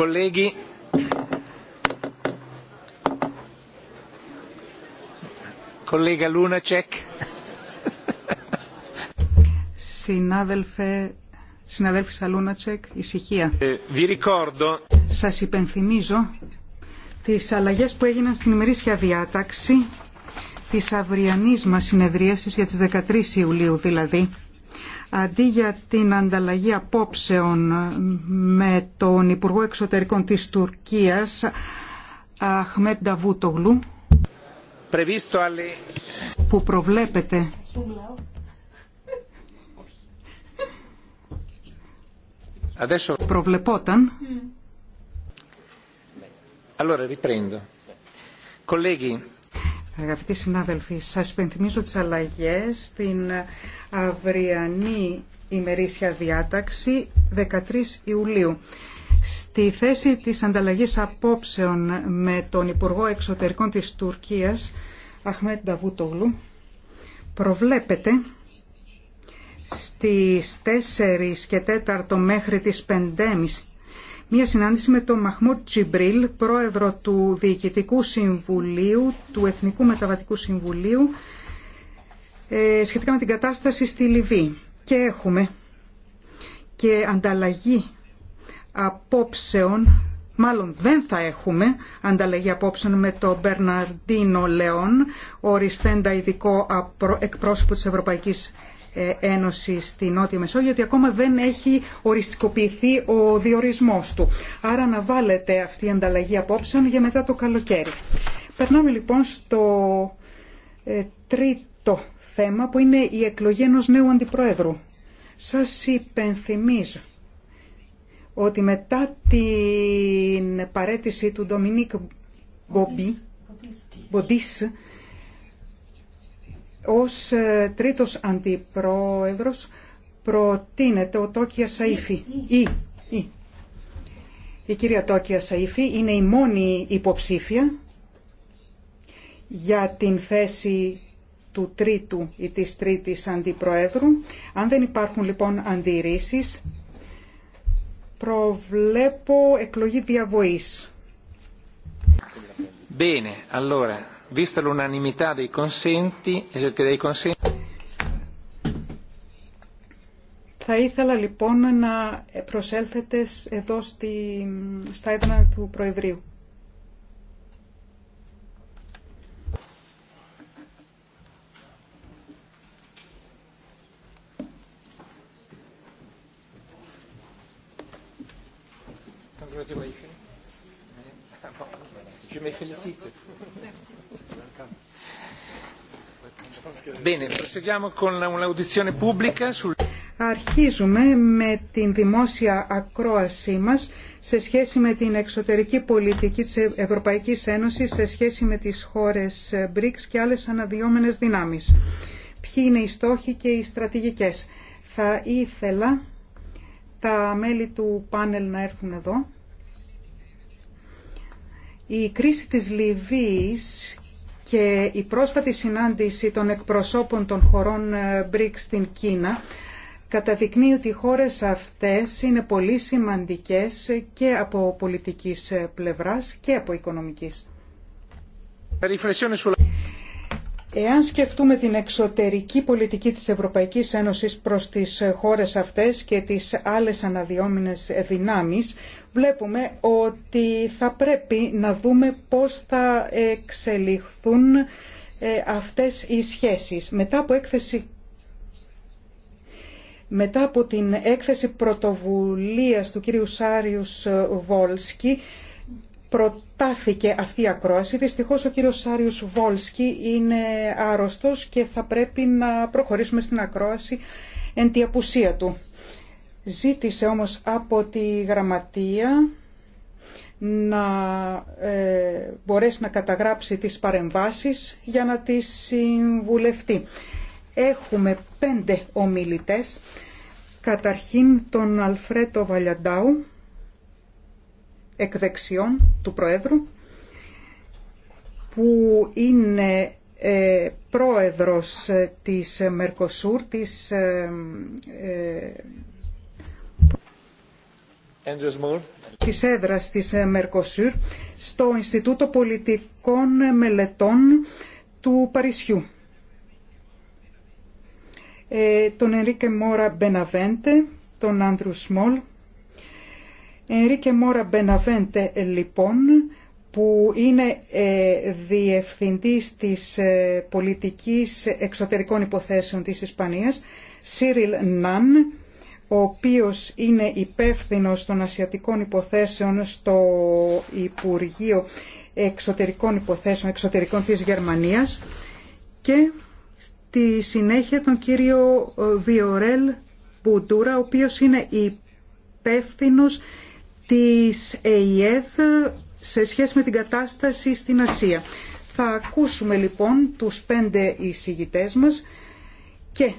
Colleghi, collega Lunacek. Συνάδελφε, Λούνατσεκ, ησυχία. Ε, ricordo... Σας υπενθυμίζω τις αλλαγές που έγιναν στην ημερήσια διάταξη της αυριανής μας συνεδρίασης για τις 13 Ιουλίου δηλαδή αντί για την ανταλλαγή απόψεων με τον Υπουργό Εξωτερικών της Τουρκίας, Αχμέτ Νταβούτογλου, που προβλέπεται προβλεπόταν allora colleghi Αγαπητοί συνάδελφοι, σας υπενθυμίζω τις αλλαγές στην αυριανή ημερήσια διάταξη 13 Ιουλίου. Στη θέση της ανταλλαγής απόψεων με τον Υπουργό Εξωτερικών της Τουρκίας, Αχμέτ Νταβούτογλου, προβλέπεται στις 4 και 4 μέχρι τις 5.30 μία συνάντηση με τον Μαχμούτ Τζιμπρίλ, πρόεδρο του Διοικητικού Συμβουλίου, του Εθνικού Μεταβατικού Συμβουλίου, ε, σχετικά με την κατάσταση στη Λιβύη. Και έχουμε και ανταλλαγή απόψεων, μάλλον δεν θα έχουμε ανταλλαγή απόψεων με τον Μπερναρντίνο Λεόν, οριστέντα ειδικό εκπρόσωπο της Ευρωπαϊκής ε, Ένωση στη Νότια Μεσόγειο, γιατί ακόμα δεν έχει οριστικοποιηθεί ο διορισμός του. Άρα να βάλετε αυτή η ανταλλαγή απόψεων για μετά το καλοκαίρι. Περνάμε λοιπόν στο ε, τρίτο θέμα που είναι η εκλογή ενός νέου αντιπρόεδρου. Σας υπενθυμίζω ότι μετά την παρέτηση του Ντομινίκ Μπομπί, ως ε, τρίτος αντιπρόεδρος προτείνεται ο Τόκια Σαΐφη. Η, η. κυρία Τόκια Σαΐφη είναι η μόνη υποψήφια για την θέση του τρίτου ή της τρίτης αντιπροέδρου. Αν δεν υπάρχουν λοιπόν αντιρρήσεις, προβλέπω εκλογή διαβοής. Bene, allora vista l'unanimità dei consenti dei consenti θα ήθελα λοιπόν να προσέλθετε εδώ στη, στα έδρανα του Προεδρείου. Congratulations. Je me félicite. Αρχίζουμε με την δημόσια ακρόασή μας σε σχέση με την εξωτερική πολιτική της ε- Ευρωπαϊκής Ένωσης σε σχέση με τις χώρες BRICS και άλλες αναδυόμενες δυνάμεις. Ποιοι είναι οι στόχοι και οι στρατηγικές. Θα ήθελα τα μέλη του πάνελ να έρθουν εδώ. Η κρίση της Λιβύης και η πρόσφατη συνάντηση των εκπροσώπων των χωρών ε, BRICS στην Κίνα καταδεικνύει ότι οι χώρες αυτές είναι πολύ σημαντικές και από πολιτικής ε, πλευράς και από οικονομικής. Εάν σκεφτούμε την εξωτερική πολιτική της Ευρωπαϊκής Ένωσης προς τις ε, χώρες αυτές και τις άλλες αναδυόμενες δυνάμεις βλέπουμε ότι θα πρέπει να δούμε πώς θα εξελιχθούν ε, αυτές οι σχέσεις. Μετά από έκθεση μετά από την έκθεση πρωτοβουλίας του κύριου Σάριους Βόλσκι προτάθηκε αυτή η ακρόαση. Δυστυχώς ο κύριος Σάριους Βόλσκι είναι άρρωστος και θα πρέπει να προχωρήσουμε στην ακρόαση εν τη απουσία του. Ζήτησε όμως από τη γραμματεία να ε, μπορέσει να καταγράψει τις παρεμβάσεις για να τις συμβουλευτεί. Έχουμε πέντε ομιλητές. Καταρχήν τον Αλφρέτο Βαλιαντάου, εκ δεξιών του Προέδρου, που είναι ε, πρόεδρος ε, της Μερκοσούρ, της ε, ε, της έδρας της Μερκοσύρ στο Ινστιτούτο Πολιτικών Μελετών του Παρισιού. Ε, τον Ενρίκε Μόρα Μπεναβέντε, τον Άντρου Σμόλ. Ενρίκε Μόρα Μπεναβέντε, ε, λοιπόν, που είναι ε, διευθυντής της ε, πολιτικής εξωτερικών υποθέσεων της Ισπανίας, Σίριλ Ναν, ο οποίος είναι υπεύθυνος των ασιατικών υποθέσεων στο Υπουργείο Εξωτερικών Υποθέσεων Εξωτερικών της Γερμανίας και στη συνέχεια τον κύριο ε, Βιορέλ Μπουντούρα, ο οποίος είναι υπεύθυνο της ΕΙΕΔ σε σχέση με την κατάσταση στην Ασία. Θα ακούσουμε λοιπόν τους πέντε εισηγητές μας και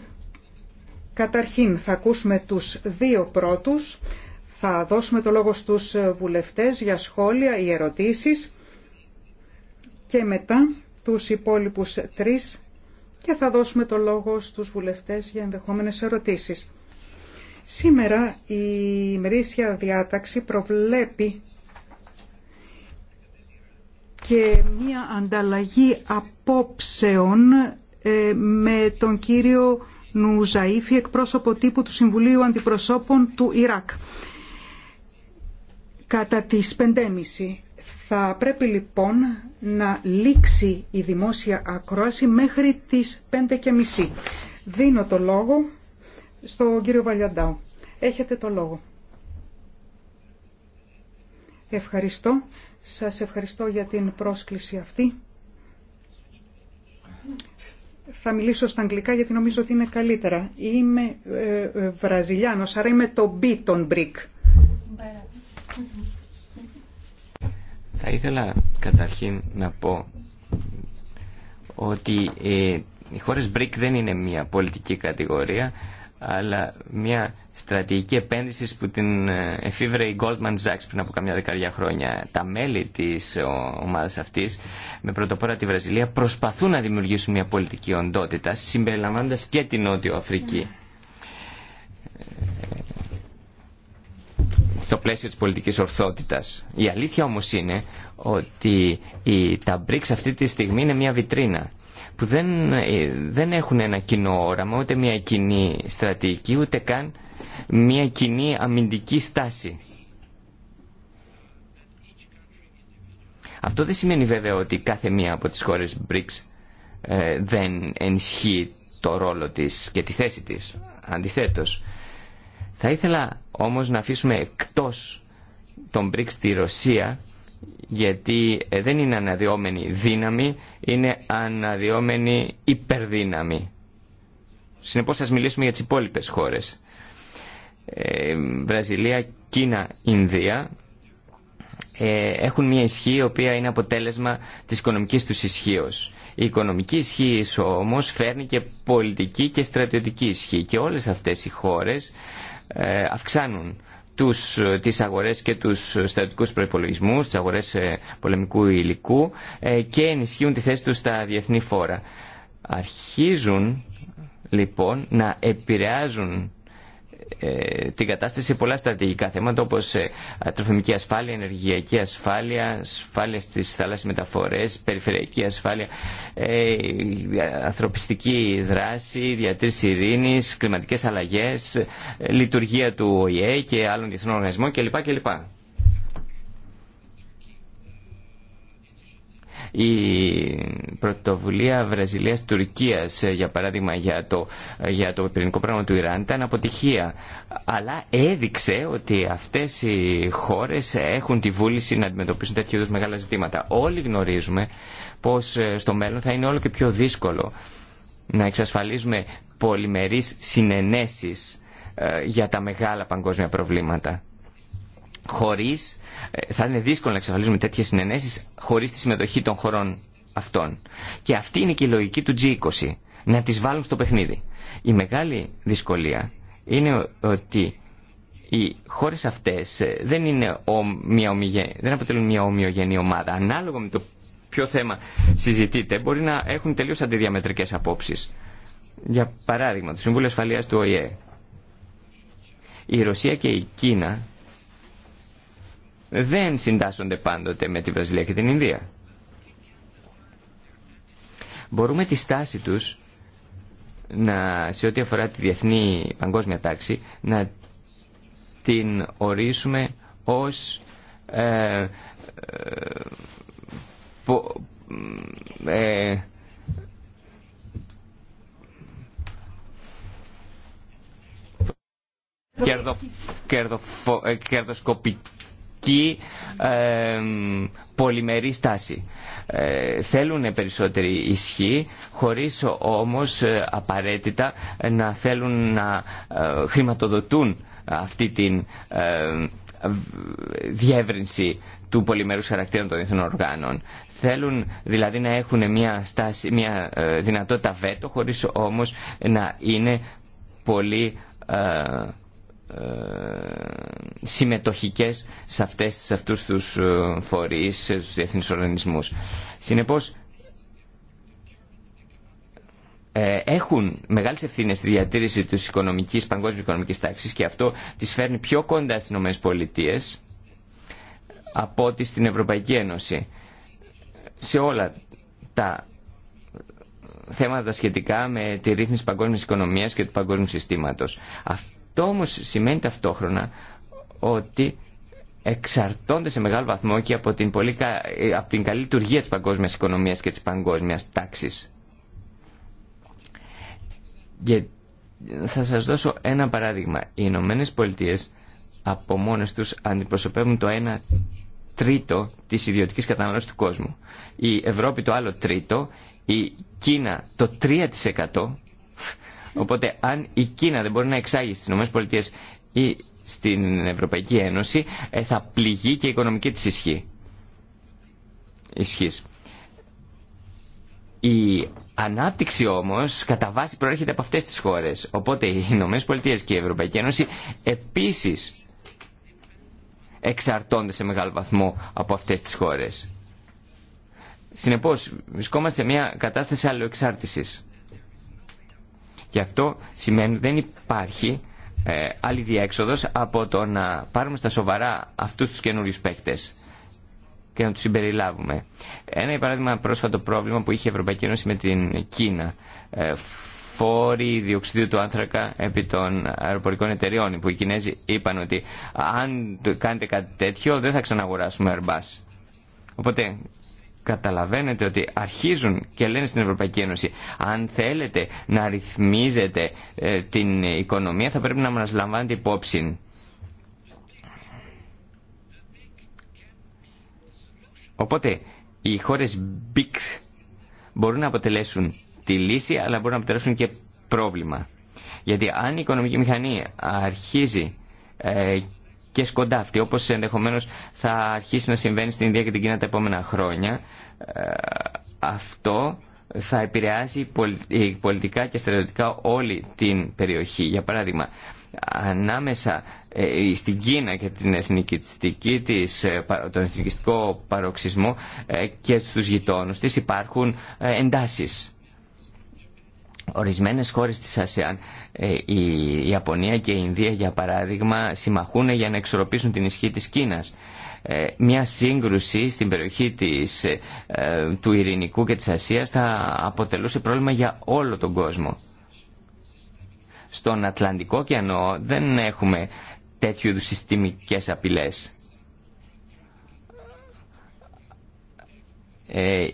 Καταρχήν θα ακούσουμε τους δύο πρώτους, θα δώσουμε το λόγο στους βουλευτές για σχόλια ή ερωτήσεις και μετά τους υπόλοιπους τρεις και θα δώσουμε το λόγο στους βουλευτές για ενδεχόμενες ερωτήσεις. Σήμερα η ημερήσια διάταξη προβλέπει και μία ανταλλαγή απόψεων ε, με τον κύριο Νουζαΐφη, εκπρόσωπο τύπου του Συμβουλίου Αντιπροσώπων του Ιράκ. Κατά τις 5.30 θα πρέπει λοιπόν να λήξει η δημόσια ακρόαση μέχρι τις 5.30. Δίνω το λόγο στον κύριο Βαλιαντάου. Έχετε το λόγο. Ευχαριστώ. Σας ευχαριστώ για την πρόσκληση αυτή θα μιλήσω στα αγγλικά γιατί νομίζω ότι είναι καλύτερα. Είμαι ε, ε βραζιλιάνος, άρα είμαι το B των BRIC. Θα ήθελα καταρχήν να πω ότι ε, οι χώρες BRIC δεν είναι μια πολιτική κατηγορία, αλλά μια στρατηγική επένδυση που την ε, εφήβρε η Goldman Sachs πριν από καμιά δεκαετία χρόνια. Τα μέλη της ε, ομάδας αυτής, με πρωτοπόρα τη Βραζιλία, προσπαθούν να δημιουργήσουν μια πολιτική οντότητα, συμπεριλαμβάνοντας και την Νότιο Αφρική. Ε, στο πλαίσιο της πολιτικής ορθότητας. Η αλήθεια όμως είναι ότι τα BRICS αυτή τη στιγμή είναι μια βιτρίνα που δεν, ε, δεν έχουν ένα κοινό όραμα, ούτε μια κοινή στρατηγική, ούτε καν μια κοινή αμυντική στάση. Αυτό δεν σημαίνει βέβαια ότι κάθε μία από τις χώρες BRICS ε, δεν ενισχύει το ρόλο της και τη θέση της. Αντιθέτως, θα ήθελα όμως να αφήσουμε εκτός τον BRICS τη Ρωσία γιατί ε, δεν είναι αναδιόμενη δύναμη, είναι αναδιόμενη υπερδύναμη. Συνεπώς ας μιλήσουμε για τις υπόλοιπε χώρες. Ε, Βραζιλία, Κίνα, Ινδία ε, έχουν μια ισχύ η οποία είναι αποτέλεσμα της οικονομικής τους ισχύω. Η οικονομική ισχύ όμως φέρνει και πολιτική και στρατιωτική ισχύ και όλες αυτές οι χώρες ε, αυξάνουν τους, τις αγορές και τους στρατιωτικούς προϋπολογισμούς, τις αγορές ε, πολεμικού υλικού ε, και ενισχύουν τη θέση τους στα διεθνή φόρα. Αρχίζουν λοιπόν να επηρεάζουν ε, την κατάσταση σε πολλά στρατηγικά θέματα όπως ε, τροφιμική ασφάλεια, ενεργειακή ασφάλεια, ασφάλεια στις θάλασσιες μεταφορές, περιφερειακή ασφάλεια, ε, ανθρωπιστική δράση, διατήρηση ειρήνης, κλιματικές αλλαγές, λειτουργία του ΟΗΕ και άλλων διεθνών οργανισμών κλπ. Η πρωτοβουλία Βραζιλίας-Τουρκίας, ε, για παράδειγμα, για το, ε, για το πυρηνικό πρόγραμμα του Ιράν ήταν αποτυχία. Αλλά έδειξε ότι αυτές οι χώρες έχουν τη βούληση να αντιμετωπίσουν τέτοιου είδους μεγάλα ζητήματα. Όλοι γνωρίζουμε πως ε, στο μέλλον θα είναι όλο και πιο δύσκολο να εξασφαλίζουμε πολυμερείς συνενέσεις για τα μεγάλα παγκόσμια προβλήματα χωρίς, ε, θα είναι δύσκολο να εξασφαλίζουμε τέτοιες συνενέσεις χωρίς τη συμμετοχή των χωρών αυτών. Και αυτή είναι και η λογική του G20, να τις βάλουν στο παιχνίδι. Η μεγάλη δυσκολία είναι ότι οι χώρες αυτές ε, δεν, είναι δεν αποτελούν μια ομοιογενή ομάδα. Ανάλογα με το ποιο θέμα συζητείτε, μπορεί να έχουν τελείως αντιδιαμετρικές απόψεις. Για παράδειγμα, το Συμβούλιο Ασφαλείας του ΟΗΕ. Η Ρωσία και η Κίνα δεν συντάσσονται πάντοτε με τη Βραζιλία και την Ινδία. Μπορούμε τη στάση τους να, σε ό,τι αφορά τη διεθνή παγκόσμια τάξη να την ορίσουμε ως ε, ε, ε, ε, ε κερδοσκοπική πολυμερή στάση. Ε, θέλουν περισσότερη ισχύ, χωρίς όμως ε, απαραίτητα να θέλουν να ε, χρηματοδοτούν αυτή την διεύρυνση του πολυμερούς χαρακτήρα των διεθνών οργάνων. Θέλουν δηλαδή να έχουν μια, στάση, μια δυνατότητα βέτο, χωρίς όμως να είναι πολύ ε, συμμετοχικές σε, αυτές, σε αυτούς τους ε, φορείς, σε τους διεθνείς οργανισμούς. Συνεπώς, ε, έχουν μεγάλες ευθύνες στη διατήρηση της οικονομικής, παγκόσμιας οικονομικής τάξης και αυτό τις φέρνει πιο κοντά στις ΗΠΑ από ότι στην Ευρωπαϊκή Ένωση. Σε όλα τα θέματα σχετικά με τη ρύθμιση παγκόσμια οικονομίας και του παγκόσμιου συστήματος. Αυτό αυτό όμως σημαίνει ταυτόχρονα ότι εξαρτώνται σε μεγάλο βαθμό και από την, πολύ, ε, από την καλή λειτουργία της παγκόσμιας οικονομίας και της παγκόσμιας τάξης. Και θα σας δώσω ένα παράδειγμα. Οι Ηνωμένε Πολιτείε από μόνες τους αντιπροσωπεύουν το 1 τρίτο της ιδιωτικής κατανάλωσης του κόσμου. Η Ευρώπη το άλλο τρίτο, η Κίνα το 3% Οπότε αν η Κίνα δεν μπορεί να εξάγει στις ΗΠΑ ή στην Ευρωπαϊκή Ένωση ε, θα πληγεί και η οικονομική της ισχύ. Η ανάπτυξη όμως κατά βάση προέρχεται από αυτές τις χώρες. Οπότε οι ΗΠΑ και η Ευρωπαϊκή Ένωση επίσης εξαρτώνται σε μεγάλο βαθμό από αυτές τις χώρες. Συνεπώς βρισκόμαστε σε μια κατάσταση αλλοεξάρτησης. Και αυτό σημαίνει ότι δεν υπάρχει ε, άλλη διέξοδος από το να πάρουμε στα σοβαρά αυτούς τους καινούριου παίκτες και να τους συμπεριλάβουμε. Ένα παράδειγμα πρόσφατο πρόβλημα που είχε η Ευρωπαϊκή Ένωση με την Κίνα. Ε, φόροι του άνθρακα επί των αεροπορικών εταιριών που οι Κινέζοι είπαν ότι αν κάνετε κάτι τέτοιο δεν θα ξαναγοράσουμε Airbus. Οπότε καταλαβαίνετε ότι αρχίζουν και λένε στην Ευρωπαϊκή Ένωση αν θέλετε να ρυθμίζετε ε, την οικονομία θα πρέπει να μας λαμβάνετε υπόψη. Οπότε οι χώρες BICS μπορούν να αποτελέσουν τη λύση αλλά μπορούν να αποτελέσουν και πρόβλημα. Γιατί αν η οικονομική μηχανή αρχίζει ε, και σκοντάφτη, όπως ενδεχομένως θα αρχίσει να συμβαίνει στην Ινδία και την Κίνα τα επόμενα χρόνια. Ε, αυτό θα επηρεάσει ε, πολιτικά και στρατιωτικά όλη την περιοχή. Για παράδειγμα, ανάμεσα ε, στην Κίνα και την εθνικιστική της, τον εθνικιστικό παροξισμό και στους γειτόνους της υπάρχουν εντάσεις. Ορισμένες χώρες της ΑΣΕΑΝ, ε, η Ιαπωνία και η Ινδία για παράδειγμα, συμμαχούν για να εξορροπήσουν την ισχύ της Κίνας. Ε, μια σύγκρουση στην περιοχή της, ε, του Ειρηνικού και της Ασίας θα αποτελούσε πρόβλημα για όλο τον κόσμο. Στον Ατλαντικό ωκεανό δεν έχουμε τέτοιου είδους συστημικές απειλές. Ε,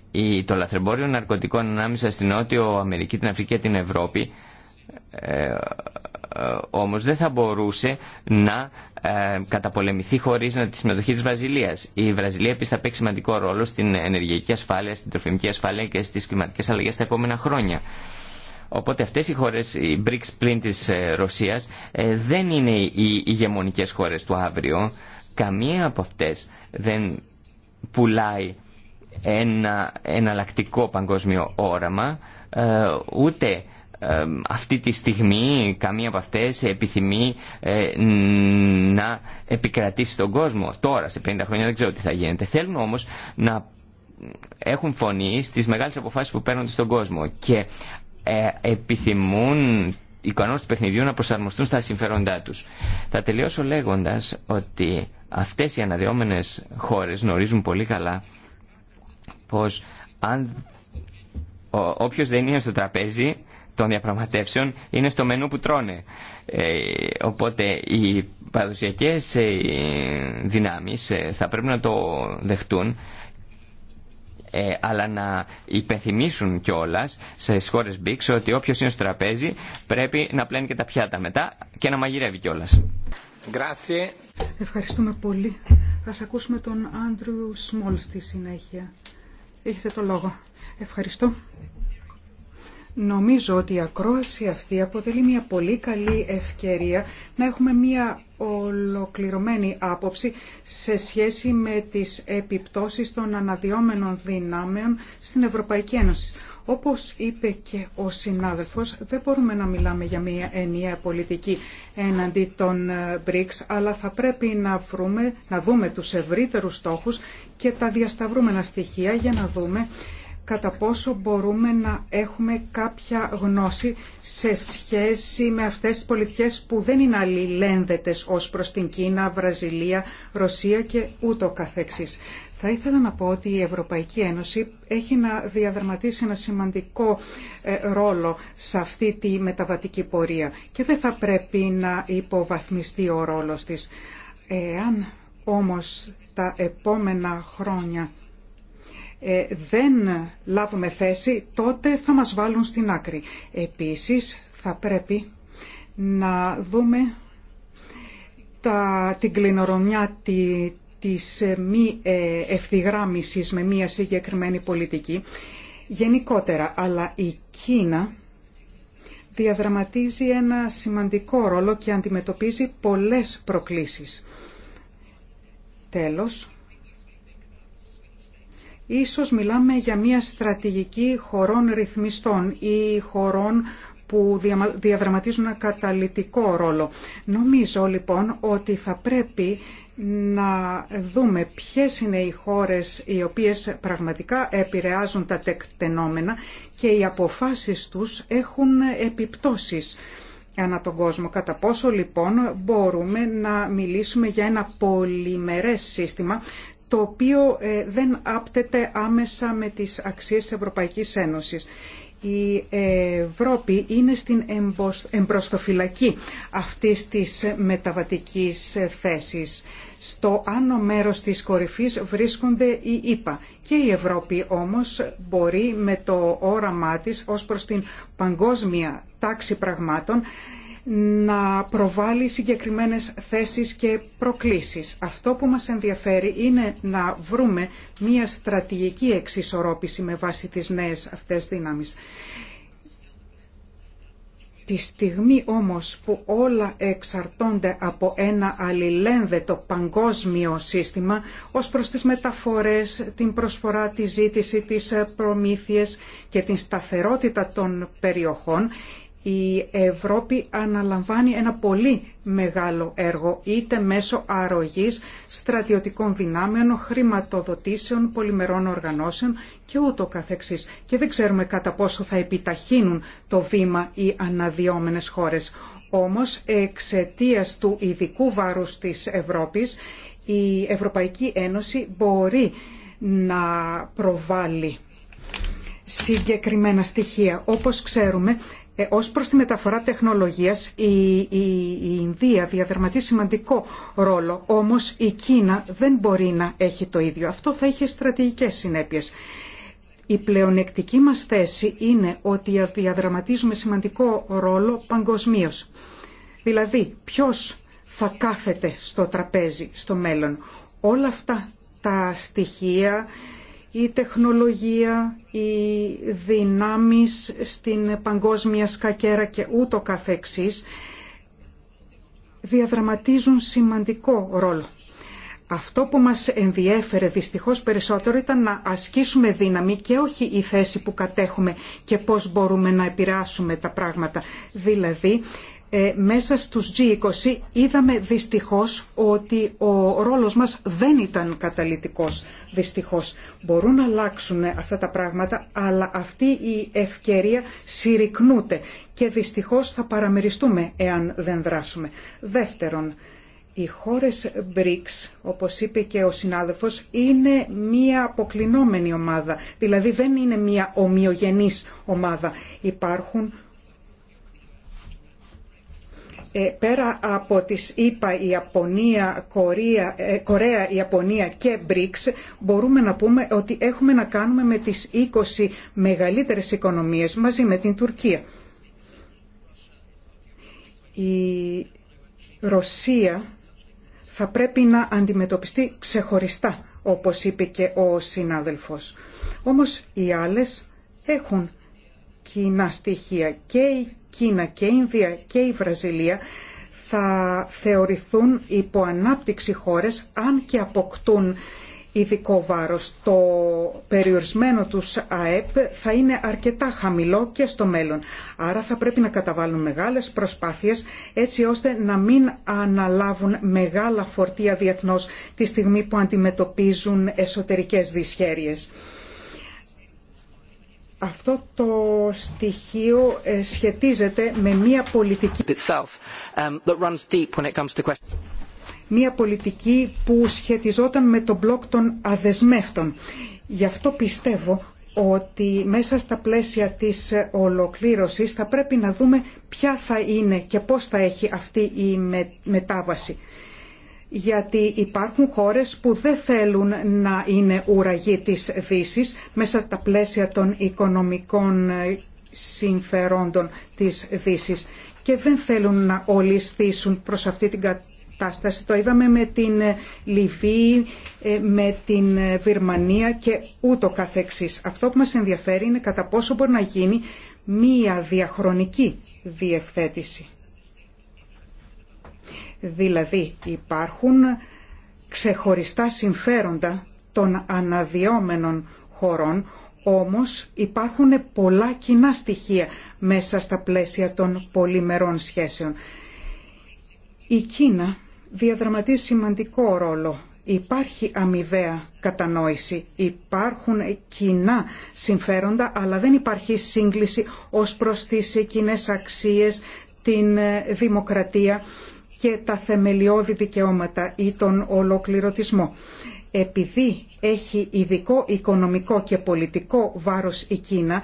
το λαθρεμπόριο ναρκωτικών ανάμεσα στην Νότιο Αμερική, την Αφρική και την Ευρώπη ε, ε, όμως δεν θα μπορούσε να καταπολεμηθεί χωρίς τη συμμετοχή της Βραζιλίας. Η Βραζιλία επίσης θα παίξει σημαντικό ρόλο στην ενεργειακή ασφάλεια, στην τροφιμική ασφάλεια και στις κλιματικές αλλαγές τα επόμενα χρόνια. Οπότε αυτές οι χώρες, οι BRICS πλήν της Ρωσίας, δεν είναι οι ηγεμονικές χώρες του αύριο. Καμία από αυτές δεν πουλάει ένα εναλλακτικό παγκόσμιο όραμα, ε, ούτε ε, αυτή τη στιγμή καμία από αυτές επιθυμεί ε, να επικρατήσει τον κόσμο. Τώρα, σε 50 χρόνια δεν ξέρω τι θα γίνεται. Θέλουν όμως να έχουν φωνή στις μεγάλες αποφάσεις που παίρνονται στον κόσμο και επιθυμούν οι κανόνες του παιχνιδιού να προσαρμοστούν στα συμφέροντά τους. Θα τελειώσω λέγοντας ότι αυτές οι αναδυόμενες χώρες γνωρίζουν πολύ καλά πως αν ο, όποιος δεν είναι στο τραπέζι των διαπραγματεύσεων είναι στο μενού που τρώνε. Ε, οπότε οι παραδοσιακές ε, δυνάμεις ε, θα πρέπει να το δεχτούν ε, αλλά να υπενθυμίσουν κιόλα σε χώρε BRICS ότι όποιο είναι στο τραπέζι πρέπει να πλένει και τα πιάτα μετά και να μαγειρεύει κιόλα. Ευχαριστούμε πολύ. Θα ακούσουμε τον Άντριου Σμόλ στη συνέχεια. Έχετε το λόγο. Ευχαριστώ. Νομίζω ότι η ακρόαση αυτή αποτελεί μια πολύ καλή ευκαιρία να έχουμε μια ολοκληρωμένη άποψη σε σχέση με τις επιπτώσεις των αναδυόμενων δυνάμεων στην Ευρωπαϊκή Ένωση. Όπως είπε και ο συνάδελφος, δεν μπορούμε να μιλάμε για μια ενιαία πολιτική έναντι των ε, BRICS, αλλά θα πρέπει να, βρούμε, να δούμε τους ευρύτερους στόχους και τα διασταυρούμενα στοιχεία για να δούμε κατά πόσο μπορούμε να έχουμε κάποια γνώση σε σχέση με αυτές τις πολιτικές που δεν είναι αλληλένδετες ως προς την Κίνα, Βραζιλία, Ρωσία και ούτω καθεξής. Θα ήθελα να πω ότι η Ευρωπαϊκή Ένωση έχει να διαδραματίσει ένα σημαντικό ε, ρόλο σε αυτή τη μεταβατική πορεία και δεν θα πρέπει να υποβαθμιστεί ο ρόλος της. Εάν όμως τα επόμενα χρόνια ε, δεν λάβουμε θέση, τότε θα μας βάλουν στην άκρη. Επίσης, θα πρέπει να δούμε τα, την κλινορομιά τη, της ε, μη ε, ευθυγράμμισης με μία συγκεκριμένη πολιτική γενικότερα, αλλά η Κίνα διαδραματίζει ένα σημαντικό ρόλο και αντιμετωπίζει πολλές προκλήσεις. Τέλος, ίσως μιλάμε για μια στρατηγική χωρών ρυθμιστών ή χωρών που διαδραματίζουν ένα καταλητικό ρόλο. Νομίζω λοιπόν ότι θα πρέπει να δούμε ποιες είναι οι χώρες οι οποίες πραγματικά επηρεάζουν τα τεκτενόμενα και οι αποφάσεις τους έχουν επιπτώσεις ανά τον κόσμο. Κατά πόσο λοιπόν μπορούμε να μιλήσουμε για ένα πολυμερές σύστημα το οποίο ε, δεν άπτεται άμεσα με τις αξίες της Ευρωπαϊκής Ένωσης. Η Ευρώπη είναι στην εμπροστοφυλακή αυτής της μεταβατικής θέσης. Στο άνω μέρος της κορυφής βρίσκονται οι ΙΠΑ και η Ευρώπη όμως μπορεί με το όραμά της ως προς την παγκόσμια τάξη πραγμάτων να προβάλλει συγκεκριμένες θέσεις και προκλήσεις. Αυτό που μας ενδιαφέρει είναι να βρούμε μια στρατηγική εξισορρόπηση με βάση τις νέες αυτές δυνάμεις. Τη στιγμή όμως που όλα εξαρτώνται από ένα αλληλένδετο παγκόσμιο σύστημα ως προς τις μεταφορές, την προσφορά, τη ζήτηση, τις προμήθειες και την σταθερότητα των περιοχών, η Ευρώπη αναλαμβάνει ένα πολύ μεγάλο έργο, είτε μέσω αρρωγής στρατιωτικών δυνάμεων, χρηματοδοτήσεων, πολυμερών οργανώσεων και ούτω καθεξής. Και δεν ξέρουμε κατά πόσο θα επιταχύνουν το βήμα οι αναδιόμενες χώρες. Όμως, εξαιτία του ειδικού βάρους της Ευρώπης, η Ευρωπαϊκή Ένωση μπορεί να προβάλλει συγκεκριμένα στοιχεία. Όπως ξέρουμε, Ω ε, ως προς τη μεταφορά τεχνολογίας, η, Ινδία διαδραματίζει σημαντικό ρόλο, όμως η Κίνα δεν μπορεί να έχει το ίδιο. Αυτό θα είχε στρατηγικές συνέπειες. Η πλεονεκτική μας θέση είναι ότι διαδραματίζουμε σημαντικό ρόλο παγκοσμίω. Δηλαδή, ποιος θα κάθεται στο τραπέζι στο μέλλον. Όλα αυτά τα στοιχεία η τεχνολογία, οι δυνάμεις στην παγκόσμια σκακέρα και ούτω καθεξής διαδραματίζουν σημαντικό ρόλο. Αυτό που μας ενδιέφερε δυστυχώς περισσότερο ήταν να ασκήσουμε δύναμη και όχι η θέση που κατέχουμε και πώς μπορούμε να επηρεάσουμε τα πράγματα. Δηλαδή ε, μέσα στους G20 είδαμε δυστυχώς ότι ο ρόλος μας δεν ήταν καταλυτικός. Δυστυχώς μπορούν να αλλάξουν αυτά τα πράγματα, αλλά αυτή η ευκαιρία συρρυκνούται και δυστυχώς θα παραμεριστούμε εάν δεν δράσουμε. Δεύτερον, οι χώρες BRICS, όπως είπε και ο συνάδελφος, είναι μία αποκλεινόμενη ομάδα. Δηλαδή δεν είναι μία ομοιογενής ομάδα. Υπάρχουν ε, πέρα από τις ΗΠΑ, η Ιαπωνία, ε, Κορέα, Ιαπωνία και BRICS, μπορούμε να πούμε ότι έχουμε να κάνουμε με τις 20 μεγαλύτερες οικονομίες μαζί με την Τουρκία. Η Ρωσία θα πρέπει να αντιμετωπιστεί ξεχωριστά, όπως είπε και ο συνάδελφος. Όμως οι άλλες έχουν κοινά στοιχεία και η Κίνα και Ινδία και η Βραζιλία θα θεωρηθούν υποανάπτυξη χώρες αν και αποκτούν ειδικό βάρος. Το περιορισμένο τους ΑΕΠ θα είναι αρκετά χαμηλό και στο μέλλον. Άρα θα πρέπει να καταβάλουν μεγάλες προσπάθειες έτσι ώστε να μην αναλάβουν μεγάλα φορτία διεθνώς τη στιγμή που αντιμετωπίζουν εσωτερικές δυσχέρειες αυτό το στοιχείο ε, σχετίζεται με μια πολιτική um, μια πολιτική που σχετιζόταν με τον μπλοκ των αδεσμεύτων. Γι' αυτό πιστεύω ότι μέσα στα πλαίσια της ε, ολοκλήρωσης θα πρέπει να δούμε ποια θα είναι και πώς θα έχει αυτή η μετάβαση γιατί υπάρχουν χώρες που δεν θέλουν να είναι ουραγοί της δύση μέσα στα πλαίσια των οικονομικών ε, συμφερόντων της δύση και δεν θέλουν να ολισθήσουν προς αυτή την κατάσταση. Το είδαμε με την ε, Λιβύη, ε, με την Βυρμανία και ούτω καθεξής. Αυτό που μας ενδιαφέρει είναι κατά πόσο μπορεί να γίνει μία διαχρονική διευθέτηση. Δηλαδή υπάρχουν ξεχωριστά συμφέροντα των αναδιόμενων χωρών, όμως υπάρχουν πολλά κοινά στοιχεία μέσα στα πλαίσια των πολυμερών σχέσεων. Η Κίνα διαδραματίζει σημαντικό ρόλο. Υπάρχει αμοιβαία κατανόηση, υπάρχουν κοινά συμφέροντα, αλλά δεν υπάρχει σύγκληση ως προς τις κοινέ αξίες, την ε, δημοκρατία και τα θεμελιώδη δικαιώματα ή τον ολοκληρωτισμό. Επειδή έχει ειδικό οικονομικό και πολιτικό βάρος η Κίνα,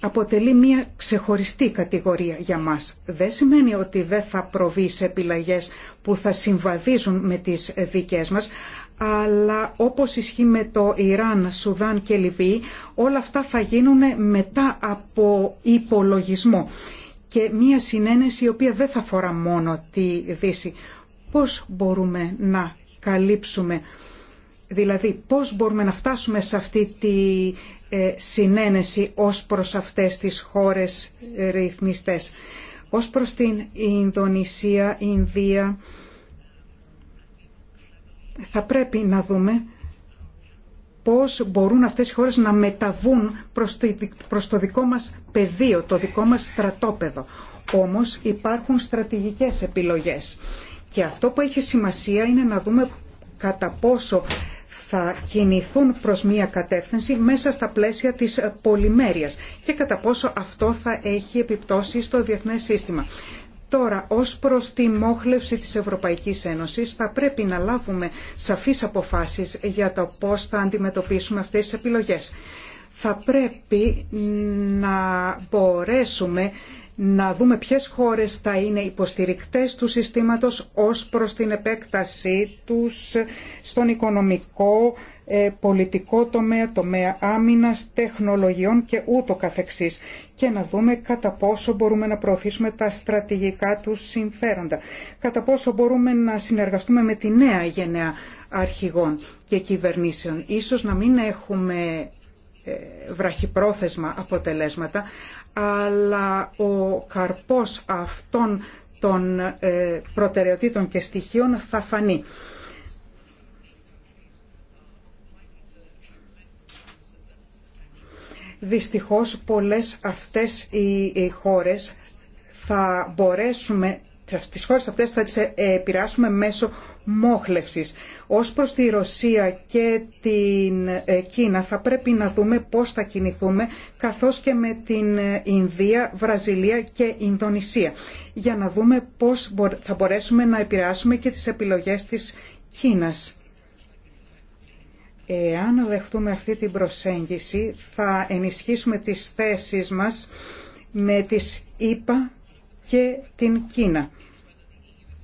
αποτελεί μια ξεχωριστή κατηγορία για μας. Δεν σημαίνει ότι δεν θα προβεί σε επιλαγές που θα συμβαδίζουν με τις δικές μας, αλλά όπως ισχύει με το Ιράν, Σουδάν και Λιβύη, όλα αυτά θα γίνουν μετά από υπολογισμό και μία συνένεση η οποία δεν θα αφορά μόνο τη Δύση. Πώς μπορούμε να καλύψουμε, δηλαδή πώς μπορούμε να φτάσουμε σε αυτή τη ε, συνένεση ως προς αυτές τις χώρες ρυθμιστές. Ως προς την Ινδονησία, Ινδία, θα πρέπει να δούμε πώς μπορούν αυτές οι χώρες να μεταβούν προς το δικό μας πεδίο, το δικό μας στρατόπεδο. Όμως υπάρχουν στρατηγικές επιλογές. Και αυτό που έχει σημασία είναι να δούμε κατά πόσο θα κινηθούν προς μία κατεύθυνση μέσα στα πλαίσια της πολυμέρειας και κατά πόσο αυτό θα έχει επιπτώσει στο διεθνές σύστημα. Τώρα, ως προς τη μόχλευση της Ευρωπαϊκής Ένωσης, θα πρέπει να λάβουμε σαφείς αποφάσεις για το πώς θα αντιμετωπίσουμε αυτές τις επιλογές. Θα πρέπει να μπορέσουμε να δούμε ποιες χώρες θα είναι υποστηρικτές του συστήματος ως προς την επέκτασή τους στον οικονομικό, ε, πολιτικό τομέα, τομέα άμυνας, τεχνολογιών και ούτω καθεξής. Και να δούμε κατά πόσο μπορούμε να προωθήσουμε τα στρατηγικά τους συμφέροντα. Κατά πόσο μπορούμε να συνεργαστούμε με τη νέα γενναία αρχηγών και κυβερνήσεων. Ίσως να μην έχουμε ε, βραχυπρόθεσμα αποτελέσματα, αλλά ο καρπός αυτών των ε, προτεραιοτήτων και στοιχείων θα φανεί. Δυστυχώς πολλές αυτές οι χώρες θα μπορέσουμε τι χώρε αυτές θα τι ε, επηρεάσουμε μέσω μόχλευσης. Ως προς τη Ρωσία και την ε, Κίνα θα πρέπει να δούμε πώς θα κινηθούμε καθώς και με την ε, Ινδία, Βραζιλία και Ινδονησία για να δούμε πώς θα μπορέσουμε να επηρεάσουμε και τις επιλογές της Κίνας. Εάν δεχτούμε αυτή την προσέγγιση θα ενισχύσουμε τις θέσεις μας με τις ΗΠΑ και την Κίνα.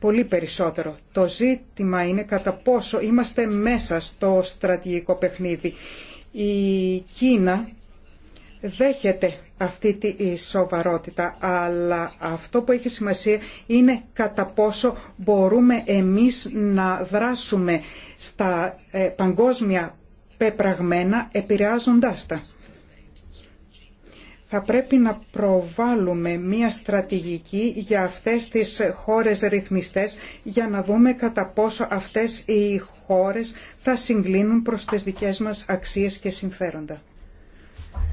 Πολύ περισσότερο. Το ζήτημα είναι κατά πόσο είμαστε μέσα στο στρατηγικό παιχνίδι. Η Κίνα δέχεται αυτή τη σοβαρότητα, αλλά αυτό που έχει σημασία είναι κατά πόσο μπορούμε εμείς να δράσουμε στα ε, παγκόσμια πεπραγμένα επηρεάζοντάς τα θα πρέπει να προβάλλουμε μία στρατηγική για αυτές τις χώρες ρυθμιστές για να δούμε κατά πόσο αυτές οι χώρες θα συγκλίνουν προς τις δικές μας αξίες και συμφέροντα.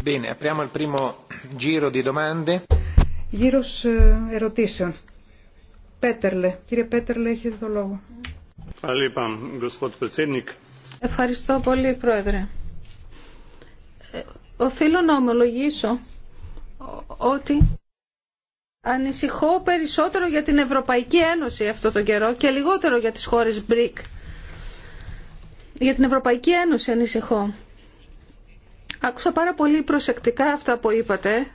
Bene, apriamo il primo giro di domande. Γύρος ε, ερωτήσεων. Πέτερλε. Κύριε Πέτερλε, έχετε το λόγο. Ευχαριστώ πολύ, Πρόεδρε. Ε, οφείλω να ομολογήσω ότι ανησυχώ περισσότερο για την Ευρωπαϊκή Ένωση αυτό τον καιρό και λιγότερο για τις χώρες BRIC. Για την Ευρωπαϊκή Ένωση ανησυχώ. Άκουσα πάρα πολύ προσεκτικά αυτά που είπατε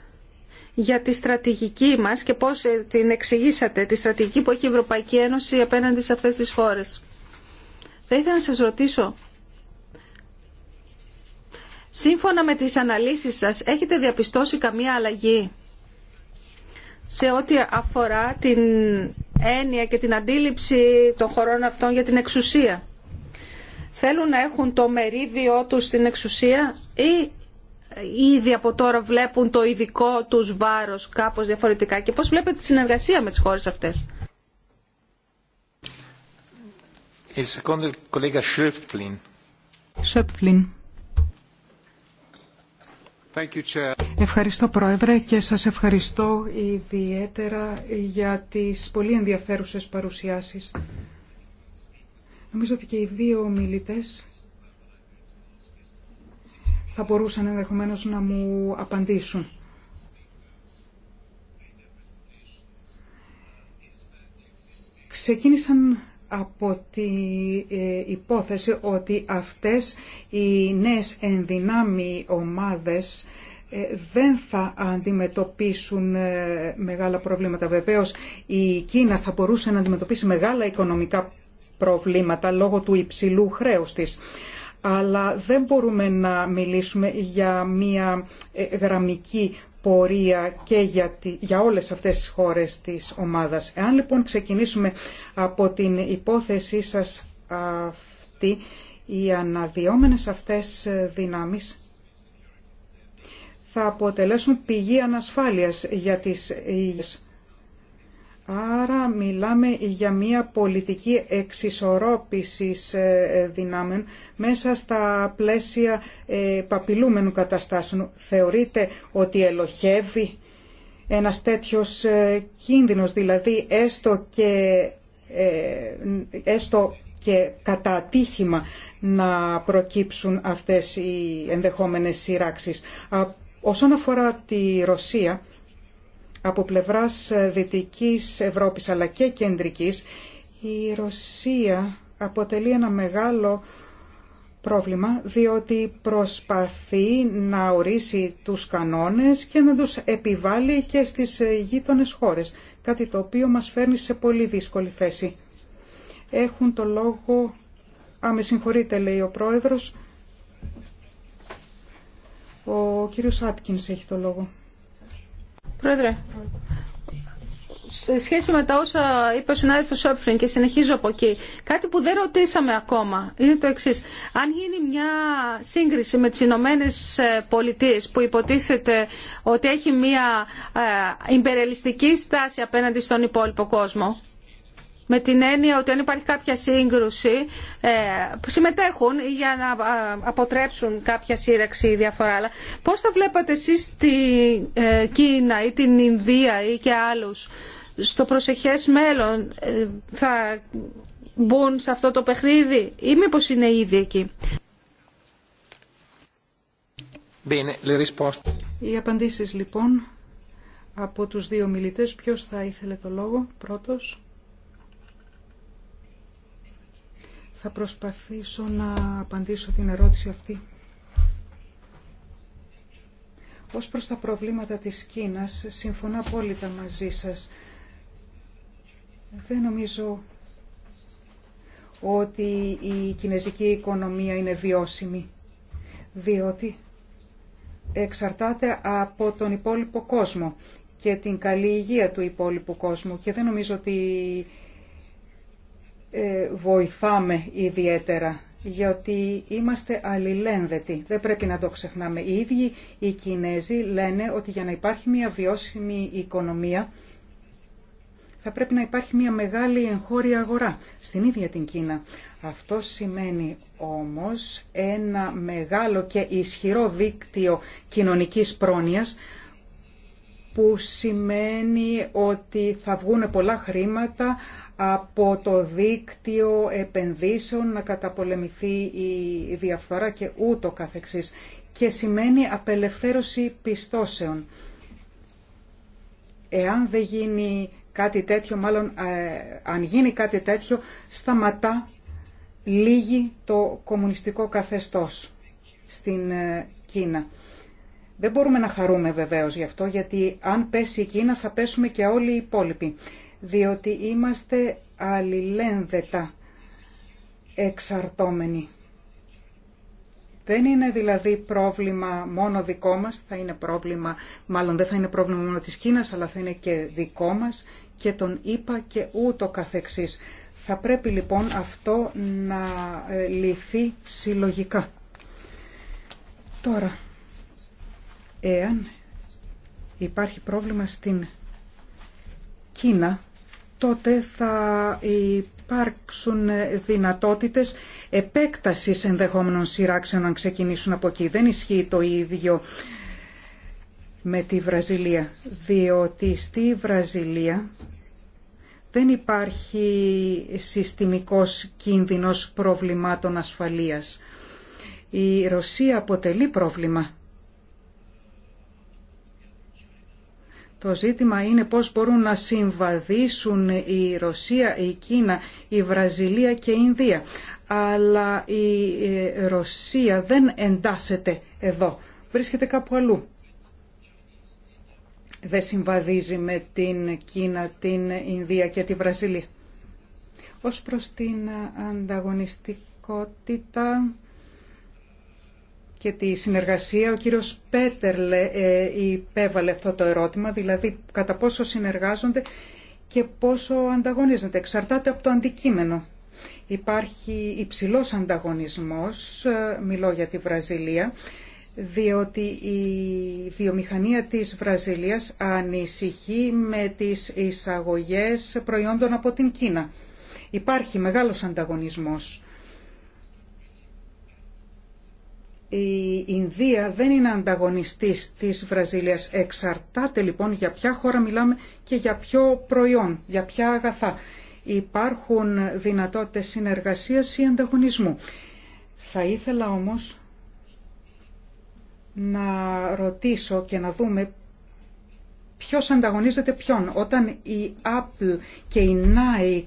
για τη στρατηγική μας και πώς ε, την εξηγήσατε, τη στρατηγική που έχει η Ευρωπαϊκή Ένωση απέναντι σε αυτές τις χώρες. Θα ήθελα να σας ρωτήσω Σύμφωνα με τις αναλύσεις σας, έχετε διαπιστώσει καμία αλλαγή σε ό,τι αφορά την έννοια και την αντίληψη των χωρών αυτών για την εξουσία. Θέλουν να έχουν το μερίδιο τους στην εξουσία ή ήδη από τώρα βλέπουν το ειδικό τους βάρος κάπως διαφορετικά και πώς βλέπετε τη συνεργασία με τις χώρες αυτές. Ευχαριστώ Πρόεδρε και σας ευχαριστώ ιδιαίτερα για τις πολύ ενδιαφέρουσες παρουσιάσεις. Νομίζω ότι και οι δύο ομιλητές θα μπορούσαν ενδεχομένως να μου απαντήσουν. Ξεκίνησαν από τη ε, υπόθεση ότι αυτές οι νέες ενδυνάμει ομάδες ε, δεν θα αντιμετωπίσουν ε, μεγάλα προβλήματα. Βεβαίως η Κίνα θα μπορούσε να αντιμετωπίσει μεγάλα οικονομικά προβλήματα λόγω του υψηλού χρέους της. Αλλά δεν μπορούμε να μιλήσουμε για μια γραμμική πορεία και για, για όλες αυτές τις χώρες της ομάδας. Εάν λοιπόν ξεκινήσουμε από την υπόθεσή σας αυτή, οι αναδυόμενες αυτές δυνάμεις θα αποτελέσουν πηγή ανασφάλειας για τις υγιές Άρα μιλάμε για μια πολιτική εξισορρόπησης ε, ε, δυνάμεων μέσα στα πλαίσια ε, παπιλούμενου καταστάσεων. Θεωρείτε ότι ελοχεύει ένας τέτοιος κίνδυνος, δηλαδή έστω και, έστω και κατά να προκύψουν αυτές οι ενδεχόμενες σειράξεις. Όσον αφορά τη Ρωσία, από πλευράς ε, Δυτικής Ευρώπης αλλά και Κεντρικής, η Ρωσία αποτελεί ένα μεγάλο πρόβλημα διότι προσπαθεί να ορίσει τους κανόνες και να τους επιβάλλει και στις ε, γείτονες χώρες, κάτι το οποίο μας φέρνει σε πολύ δύσκολη θέση. Έχουν το λόγο... Α, με συγχωρείτε, λέει ο πρόεδρος. Ο κύριος Άτκινς έχει το λόγο. Πρόεδρε, σε σχέση με τα όσα είπε ο συνάδελφος Σόπφριν και συνεχίζω από εκεί, κάτι που δεν ρωτήσαμε ακόμα είναι το εξής. Αν γίνει μια σύγκριση με τις Ηνωμένε Πολιτείε που υποτίθεται ότι έχει μια ε, στάση απέναντι στον υπόλοιπο κόσμο, με την έννοια ότι αν υπάρχει κάποια σύγκρουση ε, συμμετέχουν για να ε, αποτρέψουν κάποια σύραξη ή διαφορά. Αλλά πώς θα βλέπατε εσείς την ε, Κίνα ή την Ινδία ή και άλλους στο προσεχές μέλλον θα μπουν σε αυτό το παιχνίδι ή μήπω είναι ήδη εκεί. Οι απαντήσεις λοιπόν από τους δύο μιλητές. Ποιος θα ήθελε το λόγο πρώτος. Θα προσπαθήσω να απαντήσω την ερώτηση αυτή. Ως προς τα προβλήματα της Κίνας, συμφωνώ απόλυτα μαζί σας. Δεν νομίζω ότι η κινέζικη οικονομία είναι βιώσιμη, διότι εξαρτάται από τον υπόλοιπο κόσμο και την καλή υγεία του υπόλοιπου κόσμου και δεν νομίζω ότι ε, βοηθάμε ιδιαίτερα γιατί είμαστε αλληλένδετοι. Δεν πρέπει να το ξεχνάμε. Οι ίδιοι οι Κινέζοι λένε ότι για να υπάρχει μια βιώσιμη οικονομία θα πρέπει να υπάρχει μια μεγάλη εγχώρια αγορά στην ίδια την Κίνα. Αυτό σημαίνει όμως ένα μεγάλο και ισχυρό δίκτυο κοινωνικής πρόνοιας που σημαίνει ότι θα βγουν πολλά χρήματα από το δίκτυο επενδύσεων να καταπολεμηθεί η διαφθορά και ούτω καθεξής. Και σημαίνει απελευθέρωση πιστώσεων. Εάν δεν γίνει κάτι τέτοιο, μάλλον ε, αν γίνει κάτι τέτοιο, σταματά λίγη το κομμουνιστικό καθεστώς στην ε, Κίνα. Δεν μπορούμε να χαρούμε βεβαίως γι' αυτό, γιατί αν πέσει η Κίνα θα πέσουμε και όλοι οι υπόλοιποι, διότι είμαστε αλληλένδετα εξαρτώμενοι. Δεν είναι δηλαδή πρόβλημα μόνο δικό μας, θα είναι πρόβλημα, μάλλον δεν θα είναι πρόβλημα μόνο της Κίνας, αλλά θα είναι και δικό μας και τον είπα και ούτω καθεξής. Θα πρέπει λοιπόν αυτό να ε, λυθεί συλλογικά. Τώρα, Εάν υπάρχει πρόβλημα στην Κίνα, τότε θα υπάρξουν δυνατότητες επέκτασης ενδεχόμενων σειράξεων αν ξεκινήσουν από εκεί. Δεν ισχύει το ίδιο με τη Βραζιλία, διότι στη Βραζιλία δεν υπάρχει συστημικός κίνδυνος προβλημάτων ασφαλείας. Η Ρωσία αποτελεί πρόβλημα Το ζήτημα είναι πώς μπορούν να συμβαδίσουν η Ρωσία, η Κίνα, η Βραζιλία και η Ινδία. Αλλά η ε, Ρωσία δεν εντάσσεται εδώ. Βρίσκεται κάπου αλλού. Δεν συμβαδίζει με την Κίνα, την Ινδία και τη Βραζιλία. Ως προς την ανταγωνιστικότητα και τη συνεργασία. Ο κύριος Πέτερλε ε, υπέβαλε αυτό το ερώτημα, δηλαδή κατά πόσο συνεργάζονται και πόσο ανταγωνίζονται. Εξαρτάται από το αντικείμενο. Υπάρχει υψηλός ανταγωνισμός, ε, μιλώ για τη Βραζιλία, διότι η βιομηχανία της Βραζιλίας ανησυχεί με τις εισαγωγές προϊόντων από την Κίνα. Υπάρχει μεγάλος ανταγωνισμός η Ινδία δεν είναι ανταγωνιστής της Βραζίλιας. Εξαρτάται λοιπόν για ποια χώρα μιλάμε και για ποιο προϊόν, για ποια αγαθά. Υπάρχουν δυνατότητες συνεργασίας ή ανταγωνισμού. Θα ήθελα όμως να ρωτήσω και να δούμε ποιος ανταγωνίζεται ποιον. Όταν η Apple και η Nike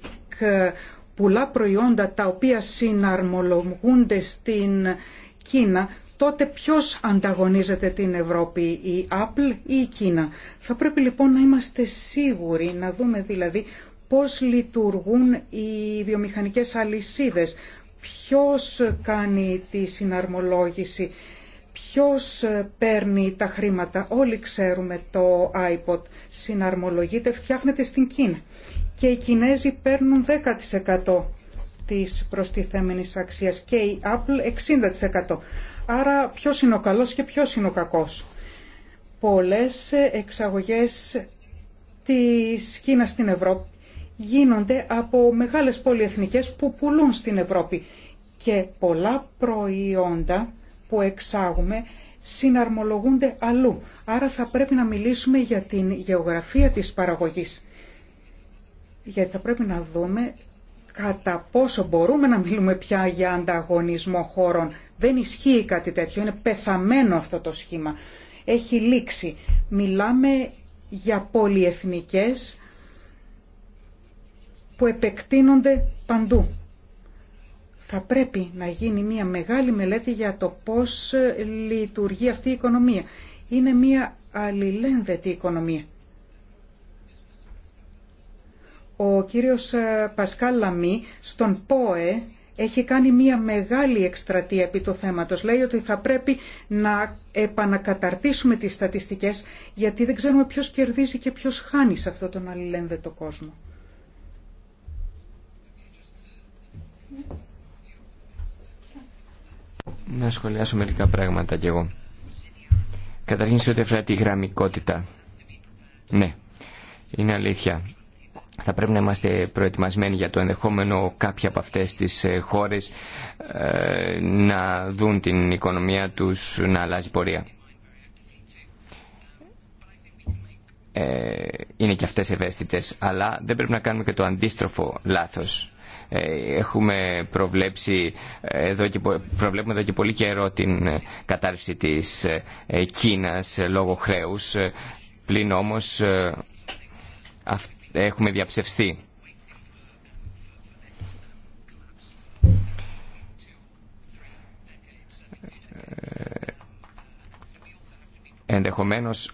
πουλά προϊόντα τα οποία συναρμολογούνται στην Κίνα, τότε ποιος ανταγωνίζεται την Ευρώπη, η Apple ή η Κίνα. Θα πρέπει λοιπόν να είμαστε σίγουροι, να δούμε δηλαδή πώς λειτουργούν οι βιομηχανικές αλυσίδες, ποιος κάνει τη συναρμολόγηση, ποιος παίρνει τα χρήματα. Όλοι ξέρουμε το iPod συναρμολογείται, φτιάχνεται στην Κίνα και οι Κινέζοι παίρνουν 10% της προστιθέμενης αξίας και η Apple 60%. Άρα ποιος είναι ο καλός και ποιος είναι ο κακός. Πολλές εξαγωγές της Κίνας στην Ευρώπη γίνονται από μεγάλες πολυεθνικές που πουλούν στην Ευρώπη και πολλά προϊόντα που εξάγουμε συναρμολογούνται αλλού. Άρα θα πρέπει να μιλήσουμε για την γεωγραφία της παραγωγής. Γιατί θα πρέπει να δούμε κατά πόσο μπορούμε να μιλούμε πια για ανταγωνισμό χώρων. Δεν ισχύει κάτι τέτοιο, είναι πεθαμένο αυτό το σχήμα. Έχει λήξει. Μιλάμε για πολυεθνικές που επεκτείνονται παντού. Θα πρέπει να γίνει μια μεγάλη μελέτη για το πώς λειτουργεί αυτή η οικονομία. Είναι μια αλληλένδετη οικονομία. Ο κύριος ε, Πασκάλ Λαμή στον ΠΟΕ έχει κάνει μια μεγάλη εκστρατεία επί του θέματος. Λέει ότι θα πρέπει να επανακαταρτήσουμε τις στατιστικές γιατί δεν ξέρουμε ποιος κερδίζει και ποιος χάνει σε αυτόν τον αλληλένδετο κόσμο. Να σχολιάσω μερικά πράγματα κι εγώ. Καταρχήν σε ό,τι αφορά τη γραμμικότητα. Ναι, είναι αλήθεια θα πρέπει να είμαστε προετοιμασμένοι για το ενδεχόμενο κάποια από αυτές τις ε, χώρες ε, να δουν την οικονομία τους να αλλάζει πορεία. Ε, είναι και αυτές ευαίσθητες, αλλά δεν πρέπει να κάνουμε και το αντίστροφο λάθος. Έχουμε προβλέψει εδώ και, προβλέπουμε εδώ και πολύ καιρό την κατάρρευση της Κίνας λόγω χρέους, πλην όμως αυτό έχουμε διαψευστεί. Ε, ενδεχομένως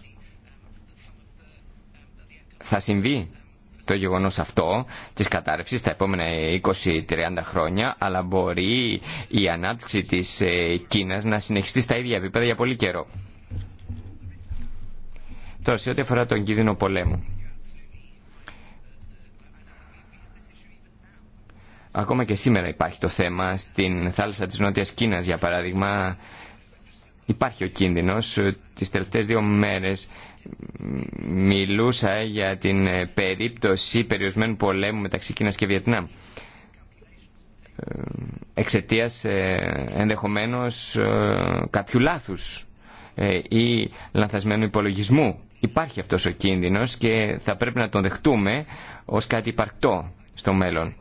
θα συμβεί το γεγονός αυτό της κατάρρευσης τα επόμενα 20-30 χρόνια αλλά μπορεί η ανάπτυξη της ε, Κίνας να συνεχιστεί στα ίδια επίπεδα για πολύ καιρό. Τώρα σε ό,τι αφορά τον κίνδυνο πολέμου. Ακόμα και σήμερα υπάρχει το θέμα. Στην θάλασσα της Νότιας Κίνας, για παράδειγμα, υπάρχει ο κίνδυνος. Τις τελευταίες δύο μέρες μιλούσα για την περίπτωση περιορισμένου πολέμου μεταξύ Κίνας και Βιετνάμ ε, εξαιτίας ε, ενδεχομένως ε, κάποιου λάθους ή λανθασμένου υπολογισμού. Υπάρχει αυτός ο κίνδυνος και θα πρέπει να τον δεχτούμε ως κάτι υπαρκτό στο μέλλον.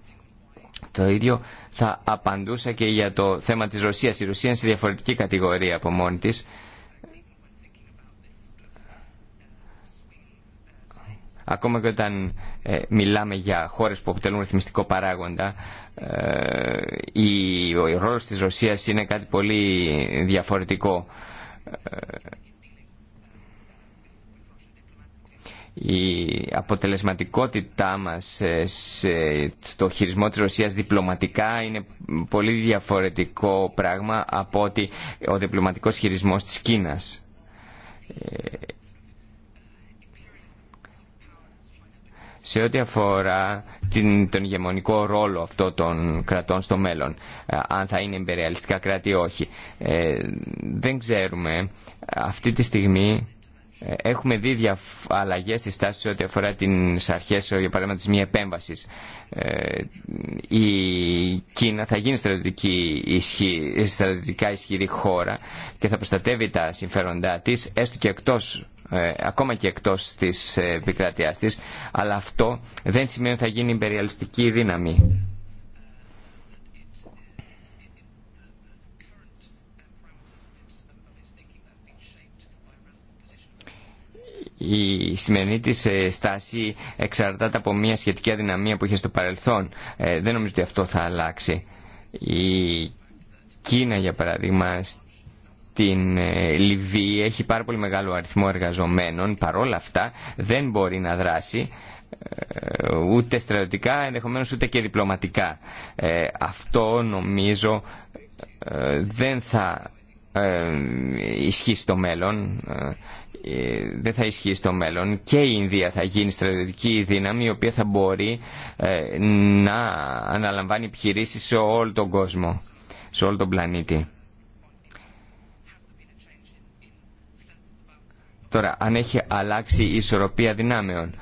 Το ίδιο θα απαντούσα και για το θέμα της Ρωσίας. Η Ρωσία είναι σε διαφορετική κατηγορία από μόνη της. Ακόμα και όταν ε, μιλάμε για χώρες που αποτελούν ρυθμιστικό παράγοντα, ε, η, ο ρόλος της Ρωσίας είναι κάτι πολύ διαφορετικό. Ε, η αποτελεσματικότητά μας ε, στο χειρισμό της Ρωσίας διπλωματικά είναι πολύ διαφορετικό πράγμα από ότι ο διπλωματικός χειρισμός της Κίνας. Ε, σε ό,τι αφορά την, τον ηγεμονικό ρόλο αυτό των κρατών στο μέλλον, ε, αν θα είναι εμπεριαλιστικά κράτη ή όχι. δεν ξέρουμε αυτή τη στιγμή Έχουμε δει διαφ... αλλαγέ στη στάση ό,τι αφορά τι αρχέ, για παράδειγμα, τη μη επέμβαση. Ε, η Κίνα θα γίνει στρατιωτική ισχύ, στρατιωτικά ισχυρή χώρα και θα προστατεύει τα συμφέροντά τη, έστω και εκτό ε, ακόμα και εκτός της επικράτειάς της, αλλά αυτό δεν σημαίνει ότι θα γίνει υπεριαλιστική δύναμη. η σημερινή της ε, στάση εξαρτάται από μια σχετική αδυναμία που είχε στο παρελθόν. Ε, δεν νομίζω ότι αυτό θα αλλάξει. Η Κίνα, για παράδειγμα, στην ε, Λιβύη έχει πάρα πολύ μεγάλο αριθμό εργαζομένων. Παρόλα αυτά δεν μπορεί να δράσει ούτε στρατιωτικά, ενδεχομένως ούτε και διπλωματικά. Αυτό νομίζω δεν θα ισχύσει στο μέλλον. Ε, δεν θα ισχύει στο μέλλον και η Ινδία θα γίνει στρατιωτική δύναμη η οποία θα μπορεί ε, να αναλαμβάνει επιχειρήσει σε όλο τον κόσμο, σε όλο τον πλανήτη. Τώρα, αν έχει αλλάξει η ισορροπία δυνάμεων.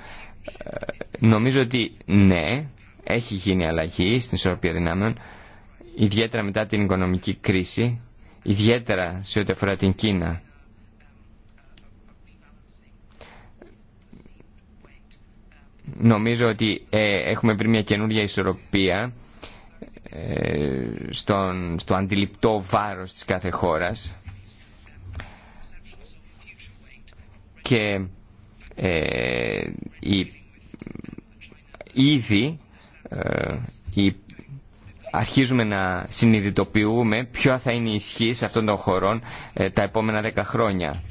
Ε, νομίζω ότι ναι, έχει γίνει αλλαγή στην ισορροπία δυνάμεων, ιδιαίτερα μετά την οικονομική κρίση, ιδιαίτερα σε ό,τι αφορά την Κίνα Νομίζω ότι ε, έχουμε βρει μια καινούργια ισορροπία ε, στον, στο αντιληπτό βάρος της κάθε χώρας και ε, η, ήδη η, αρχίζουμε να συνειδητοποιούμε ποια θα είναι η ισχύ σε αυτών των χωρών τα επόμενα δέκα χρόνια.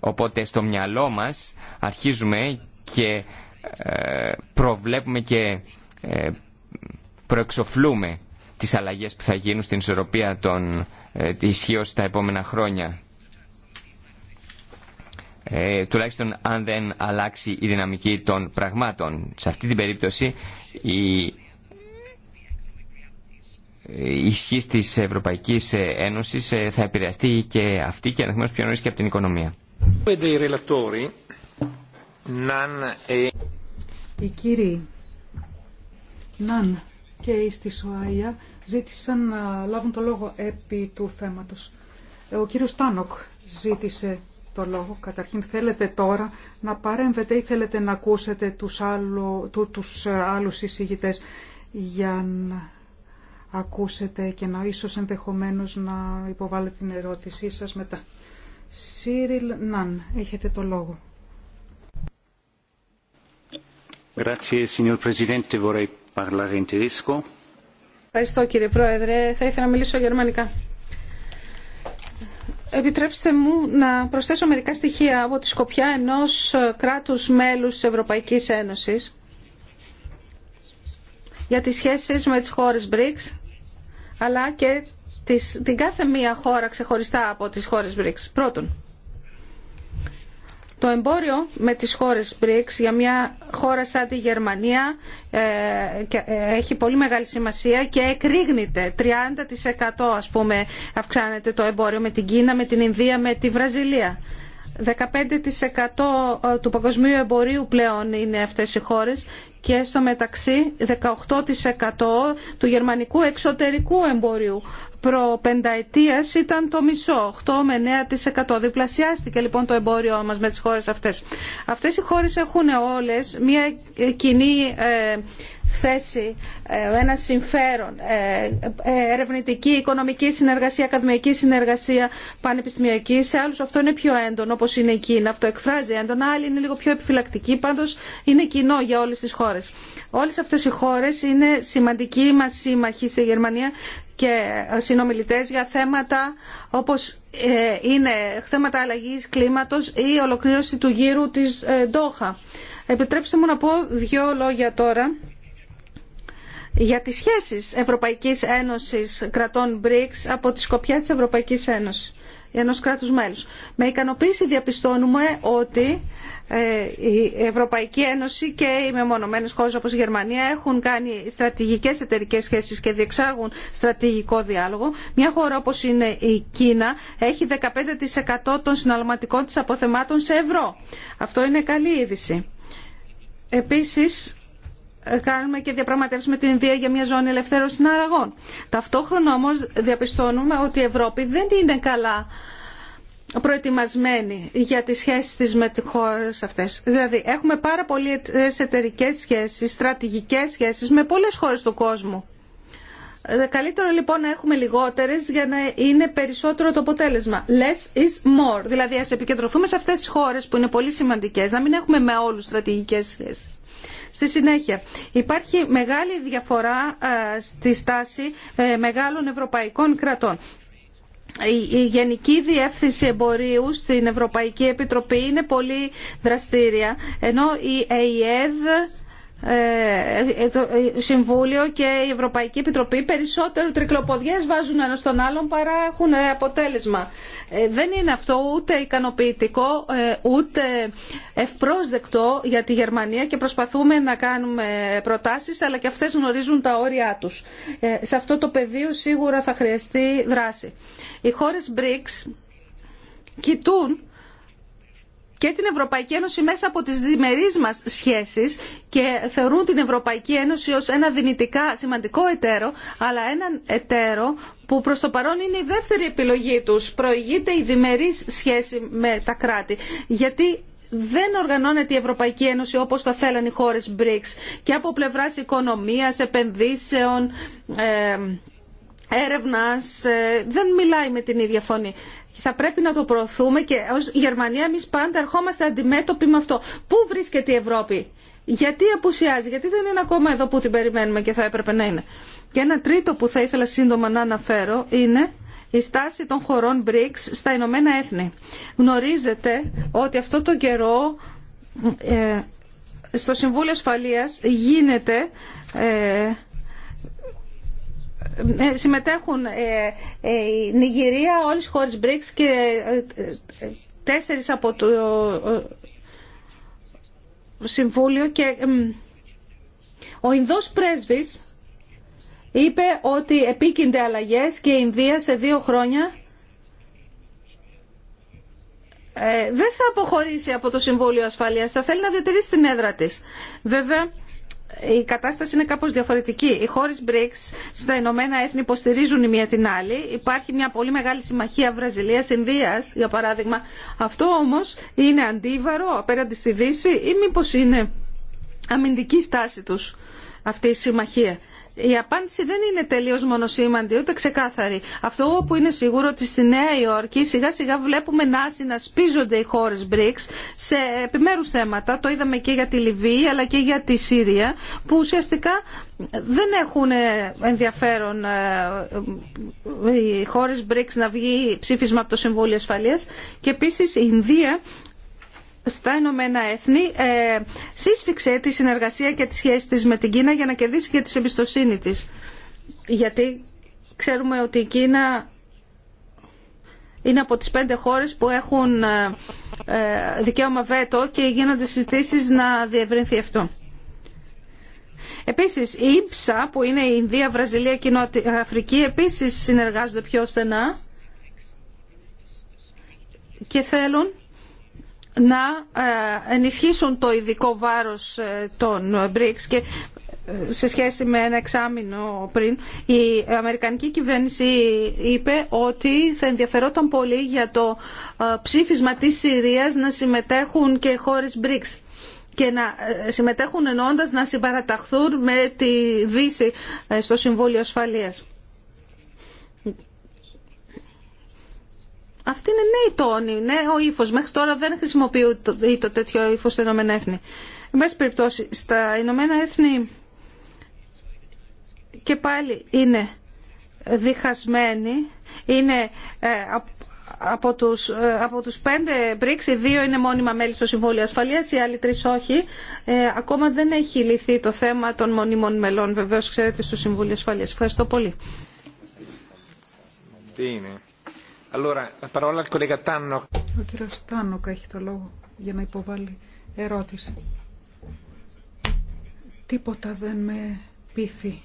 Οπότε στο μυαλό μας αρχίζουμε και προβλέπουμε και ε, προεξοφλούμε τις αλλαγές που θα γίνουν στην ισορροπία των ε, ισχύω τα επόμενα χρόνια. Ε, τουλάχιστον αν δεν αλλάξει η δυναμική των πραγμάτων. Σε αυτή την περίπτωση η ε, η ισχύ της Ευρωπαϊκής Ένωση θα επηρεαστεί και αυτή και ενδεχομένω πιο νωρίς και από την οικονομία. Ε, Οι κύριοι Ναν και η Στισοάια ζήτησαν να λάβουν το λόγο επί του θέματος. Ο κύριος Τάνοκ ζήτησε το λόγο. Καταρχήν θέλετε τώρα να παρέμβετε ή θέλετε να ακούσετε τους, του, τους ε, άλλους εισηγητές για να ακούσετε και να ίσως ενδεχομένως να υποβάλλετε την ερώτησή σας μετά. Σύριλ Ναν, έχετε το λόγο. Ευχαριστώ κύριε Πρόεδρε. Θα ήθελα να μιλήσω γερμανικά. Επιτρέψτε μου να προσθέσω μερικά στοιχεία από τη σκοπιά ενός κράτους μέλους της Ευρωπαϊκής Ένωσης για τις σχέσεις με τις χώρες BRICS αλλά και την κάθε μία χώρα ξεχωριστά από τις χώρες BRICS. Πρώτον, το εμπόριο με τις χώρες BRICS για μια χώρα σαν τη Γερμανία ε, ε, έχει πολύ μεγάλη σημασία και εκρήγνεται. 30% ας πούμε αυξάνεται το εμπόριο με την Κίνα, με την Ινδία, με τη Βραζιλία. 15% ε, του παγκοσμίου εμπορίου πλέον είναι αυτές οι χώρες και στο μεταξύ 18% του γερμανικού εξωτερικού εμπορίου Προπενταετία ήταν το μισό, 8 με 9%. Διπλασιάστηκε λοιπόν το εμπόριό μας με τις χώρες αυτές. Αυτές οι χώρες έχουν όλες μια κοινή ε, θέση, ε, ένα συμφέρον, ε, ερευνητική, οικονομική συνεργασία, ακαδημιακή συνεργασία, πανεπιστημιακή. Σε άλλου αυτό είναι πιο έντονο, όπω είναι η Κίνα, αυτό εκφράζει έντονα. Άλλοι είναι λίγο πιο επιφυλακτικοί, πάντω είναι κοινό για όλε τι χώρε. Όλες αυτές οι χώρες είναι σημαντικοί μας σύμμαχοι στη Γερμανία και συνομιλητές για θέματα όπως ε, είναι θέματα αλλαγής κλίματος ή ολοκλήρωση του γύρου της ε, Ντόχα. Επιτρέψτε μου να πω δύο λόγια τώρα για τις σχέσεις Ευρωπαϊκής Ένωσης κρατών BRICS από τη σκοπιά της Ευρωπαϊκής Ένωσης ενός κράτους μέλους. Με ικανοποίηση διαπιστώνουμε ότι ε, η Ευρωπαϊκή Ένωση και οι μεμονωμένες χώρες όπως η Γερμανία έχουν κάνει στρατηγικές εταιρικέ σχέσεις και διεξάγουν στρατηγικό διάλογο. Μια χώρα όπως είναι η Κίνα έχει 15% των συναλλαγματικών της αποθεμάτων σε ευρώ. Αυτό είναι καλή είδηση. Επίσης, κάνουμε και διαπραγματεύσουμε την Ινδία για μια ζώνη ελευθέρων συναλλαγών. Ταυτόχρονα όμως διαπιστώνουμε ότι η Ευρώπη δεν είναι καλά προετοιμασμένη για τις σχέσεις της με τις χώρες αυτές. Δηλαδή έχουμε πάρα πολλές εταιρικέ σχέσεις, στρατηγικές σχέσεις με πολλές χώρες του κόσμου. Ε, καλύτερο λοιπόν να έχουμε λιγότερες για να είναι περισσότερο το αποτέλεσμα. Less is more. Δηλαδή ας επικεντρωθούμε σε αυτές τις χώρες που είναι πολύ σημαντικές, να μην έχουμε με όλους στρατηγικές σχέσεις. Στη συνέχεια, υπάρχει μεγάλη διαφορά ε, στη στάση ε, μεγάλων ευρωπαϊκών κρατών. Η Γενική Διεύθυνση Εμπορίου στην Ευρωπαϊκή Επιτροπή είναι πολύ δραστήρια, ενώ η ΕΙΕΔ ε, ε, το ε, Συμβούλιο και η Ευρωπαϊκή Επιτροπή περισσότερο τρικλοποδιές βάζουν ένα στον άλλον παρά έχουν αποτέλεσμα. Δεν είναι αυτό ούτε ικανοποιητικό ούτε ευπρόσδεκτο για τη Γερμανία και προσπαθούμε να κάνουμε προτάσεις αλλά και αυτές γνωρίζουν τα όρια τους. Σε αυτό το πεδίο σίγουρα θα χρειαστεί δράση. Οι χώρες BRICS κοιτούν και την Ευρωπαϊκή Ένωση μέσα από τις διμερείς μας σχέσεις και θεωρούν την Ευρωπαϊκή Ένωση ως ένα δυνητικά σημαντικό εταίρο, αλλά έναν εταίρο που προς το παρόν είναι η δεύτερη επιλογή τους. Προηγείται η διμερής σχέση με τα κράτη. Γιατί δεν οργανώνεται η Ευρωπαϊκή Ένωση όπως θα θέλαν οι χώρες BRICS και από πλευράς οικονομίας, επενδύσεων, ε, έρευνας, ε, δεν μιλάει με την ίδια φωνή θα πρέπει να το προωθούμε και ως Γερμανία εμεί πάντα ερχόμαστε αντιμέτωποι με αυτό. Πού βρίσκεται η Ευρώπη, γιατί απουσιάζει, γιατί δεν είναι ακόμα εδώ που την περιμένουμε και θα έπρεπε να είναι. Και ένα τρίτο που θα ήθελα σύντομα να αναφέρω είναι η στάση των χωρών BRICS στα Ηνωμένα Έθνη. Γνωρίζετε ότι αυτό το καιρό ε, στο Συμβούλιο Ασφαλείας γίνεται ε, συμμετέχουν ε, ε, η Νιγηρία, όλες οι χώρες BRICS και ε, τέσσερις από το Συμβούλιο και ο Ινδός πρέσβης είπε ότι επίκυνται αλλαγές και η Ινδία σε δύο χρόνια δεν θα αποχωρήσει από το Συμβούλιο Ασφαλείας, θα θέλει να διατηρήσει την έδρα της. Βέβαια, η κατάσταση είναι κάπως διαφορετική. Οι χώρες BRICS στα Ηνωμένα Έθνη υποστηρίζουν η μία την άλλη. Υπάρχει μια πολύ μεγάλη συμμαχία Βραζιλίας, Ινδίας για παράδειγμα. Αυτό όμως είναι αντίβαρο απέναντι στη Δύση ή μήπως είναι αμυντική στάση τους αυτή η συμμαχία η απάντηση δεν είναι τελείως μονοσήμαντη ούτε ξεκάθαρη. Αυτό που είναι σίγουρο ότι στη Νέα Υόρκη σιγά σιγά βλέπουμε να συνασπίζονται οι χώρες BRICS σε επιμέρου θέματα. Το είδαμε και για τη Λιβύη αλλά και για τη Σύρια που ουσιαστικά δεν έχουν ε, ενδιαφέρον ε, ε, οι χώρες BRICS να βγει ψήφισμα από το Συμβούλιο ασφαλεία και επίση η Ινδία στα Ηνωμένα Έθνη ε, τη συνεργασία και τη σχέση της με την Κίνα για να κερδίσει και τη εμπιστοσύνη της. Γιατί ξέρουμε ότι η Κίνα είναι από τις πέντε χώρες που έχουν ε, ε, δικαίωμα βέτο και γίνονται συζητήσεις να διευρυνθεί αυτό. Επίσης, η ΙΠΣΑ που είναι η Ινδία, Βραζιλία και η Αφρική επίσης συνεργάζονται πιο στενά και θέλουν να ε, ενισχύσουν το ειδικό βάρος ε, των BRICS και ε, σε σχέση με ένα εξάμεινο πριν, η Αμερικανική κυβέρνηση είπε ότι θα ενδιαφερόταν πολύ για το ψήφισμα της Συρίας να συμμετέχουν και χώρες BRICS και να συμμετέχουν ενώντας να συμπαραταχθούν με τη Δύση στο Συμβούλιο Ασφαλείας. Αυτή είναι νέη τόνη, νέο ύφο. Μέχρι τώρα δεν χρησιμοποιεί το, τέτοιο ύφο στα Ηνωμένα Έθνη. Εν πάση περιπτώσει, στα Ηνωμένα Έθνη και πάλι είναι διχασμένοι, είναι ε, ε, από τους, πέντε BRICS, οι δύο είναι μόνιμα μέλη στο Συμβούλιο Ασφαλείας, οι άλλοι τρεις όχι. Ε, ακόμα δεν έχει λυθεί το θέμα των μονίμων μελών, βεβαίως ξέρετε, στο Συμβούλιο Ασφαλείας. Ευχαριστώ πολύ. Τι είναι. Ο κύριος Τάνοκ έχει το λόγο για να υποβάλει ερώτηση. Τίποτα δεν με πείθει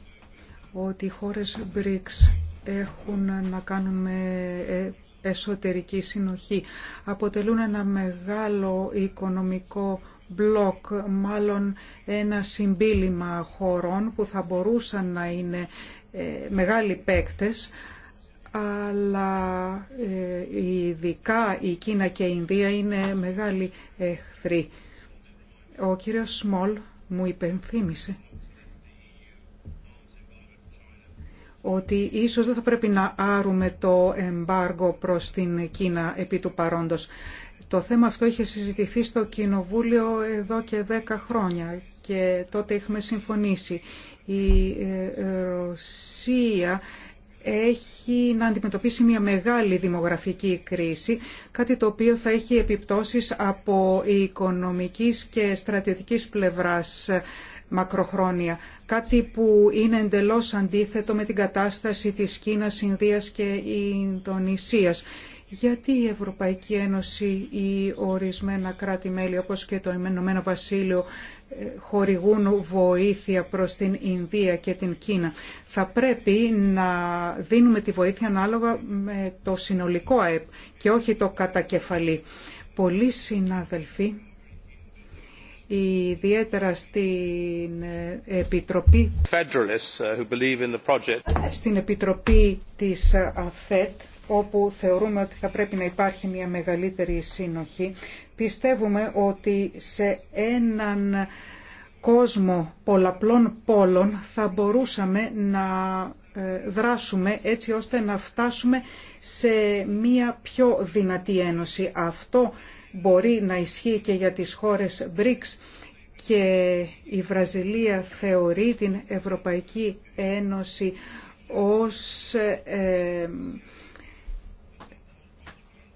ότι οι χώρες BRICS έχουν να κάνουν με ε, εσωτερική συνοχή. Αποτελούν ένα μεγάλο οικονομικό μπλοκ, μάλλον ένα συμπίλημα χωρών που θα μπορούσαν να είναι ε, μεγάλοι παίκτες, αλλά ε, ειδικά η Κίνα και η Ινδία είναι μεγάλοι εχθροί. Ο κύριος Σμολ μου υπενθύμησε ότι ίσως δεν θα πρέπει να άρουμε το εμπάργο προς την Κίνα επί του παρόντος. Το θέμα αυτό είχε συζητηθεί στο Κοινοβούλιο εδώ και δέκα χρόνια και τότε είχαμε συμφωνήσει. Η ε, Ρωσία έχει να αντιμετωπίσει μια μεγάλη δημογραφική κρίση, κάτι το οποίο θα έχει επιπτώσεις από οικονομικής και στρατιωτικής πλευράς ε, μακροχρόνια. Κάτι που είναι εντελώς αντίθετο με την κατάσταση της Κίνας, Ινδίας και Ινδονησίας. Γιατί η Ευρωπαϊκή Ένωση ή ορισμένα κράτη-μέλη όπως και το Ηνωμένο Βασίλειο ε, χορηγούν βοήθεια προς την Ινδία και την Κίνα. Θα πρέπει να δίνουμε τη βοήθεια ανάλογα με το συνολικό ΑΕΠ και όχι το κατακεφαλή. Πολλοί συνάδελφοι, ιδιαίτερα στην ε, Επιτροπή, uh, στην Επιτροπή της ε, ΑΦΕΤ, όπου θεωρούμε ότι θα πρέπει να υπάρχει μια μεγαλύτερη συνοχή, πιστεύουμε ότι σε έναν κόσμο πολλαπλών πόλων θα μπορούσαμε να ε, δράσουμε έτσι ώστε να φτάσουμε σε μια πιο δυνατή ένωση. Αυτό μπορεί να ισχύει και για τις χώρες BRICS και η Βραζιλία θεωρεί την Ευρωπαϊκή Ένωση ως ε,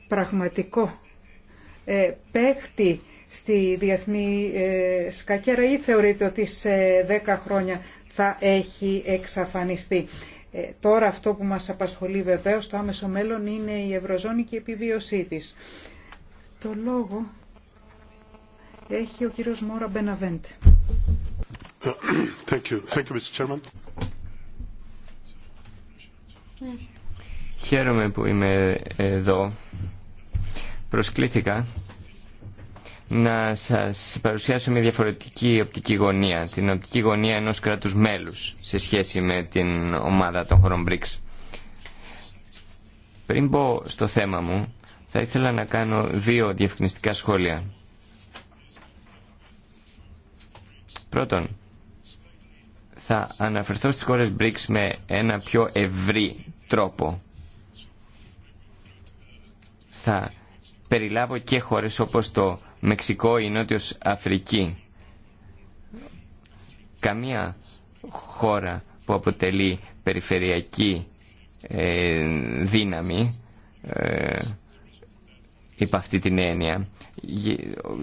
πραγματικό ε, στη διεθνή ε, σκακέρα ή θεωρείτε ότι σε 10 χρόνια θα έχει εξαφανιστεί. Ε, τώρα αυτό που μας απασχολεί βεβαίως το άμεσο μέλλον είναι η Ευρωζώνη και η επιβίωσή της. Το λόγο έχει ο κύριος Μόρα Μπεναβέντε. Thank you. Thank you, Mr. Chairman. Χαίρομαι που είμαι εδώ προσκλήθηκα να σας παρουσιάσω μια διαφορετική οπτική γωνία, την οπτική γωνία ενός κράτους μέλους σε σχέση με την ομάδα των χωρών BRICS. Πριν πω στο θέμα μου, θα ήθελα να κάνω δύο διευκρινιστικά σχόλια. Πρώτον, θα αναφερθώ στις χώρες BRICS με ένα πιο ευρύ τρόπο. Θα περιλάβω και χώρες όπως το Μεξικό ή Νότιος Αφρική. Καμία χώρα που αποτελεί περιφερειακή ε, δύναμη ε, υπ' αυτή την έννοια.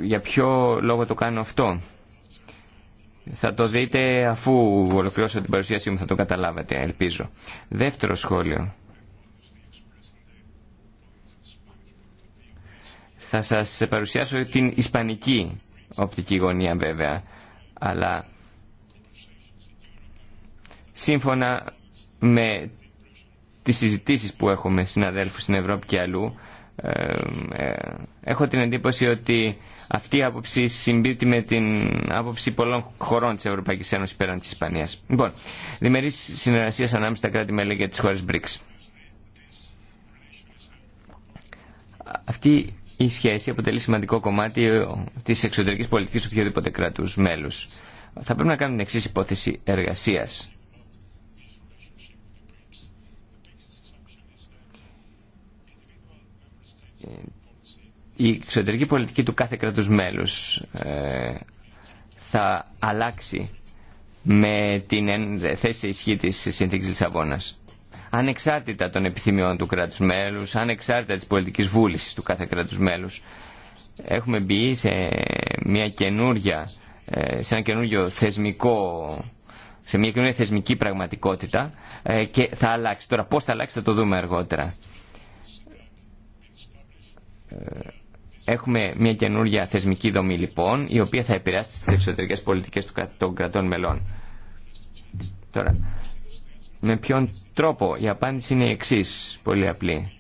Για ποιο λόγο το κάνω αυτό. Θα το δείτε αφού ολοκληρώσω την παρουσίασή μου, θα το καταλάβατε, ελπίζω. Δεύτερο σχόλιο. Θα σας παρουσιάσω την ισπανική οπτική γωνία βέβαια, αλλά σύμφωνα με τις συζητήσεις που έχουμε συναδέλφους στην Ευρώπη και αλλού, ε, ε, έχω την εντύπωση ότι αυτή η άποψη συμπίπτει με την άποψη πολλών χωρών της Ευρωπαϊκής Ένωσης πέραν της Ισπανίας. Λοιπόν, διμερείς συνεργασίας ανάμεσα στα κράτη-μέλη και τις χώρες BRICS. Αυτή η σχέση αποτελεί σημαντικό κομμάτι ε, της εξωτερικής πολιτικής οποιοδήποτε κράτου μέλους. Θα πρέπει να κάνουμε την εξής υπόθεση εργασίας. Η εξωτερική πολιτική του κάθε κράτους μέλους ε, θα αλλάξει με την θέση ισχύ της συνθήκης Λισαβόνας ανεξάρτητα των επιθυμιών του κράτους μέλους, ανεξάρτητα της πολιτικής βούλησης του κάθε κράτους μέλους. Έχουμε μπει σε, μια καινούργια, ε, σε ένα καινούργιο θεσμικό σε μια καινούργια θεσμική πραγματικότητα ε, και θα αλλάξει. Τώρα πώς θα αλλάξει θα το δούμε αργότερα. Ε, έχουμε μια καινούργια θεσμική δομή λοιπόν, η οποία θα επηρεάσει τις εξωτερικές πολιτικές των κρατών μελών. Τώρα, με ποιον τρόπο. Η απάντηση είναι η εξή, πολύ απλή.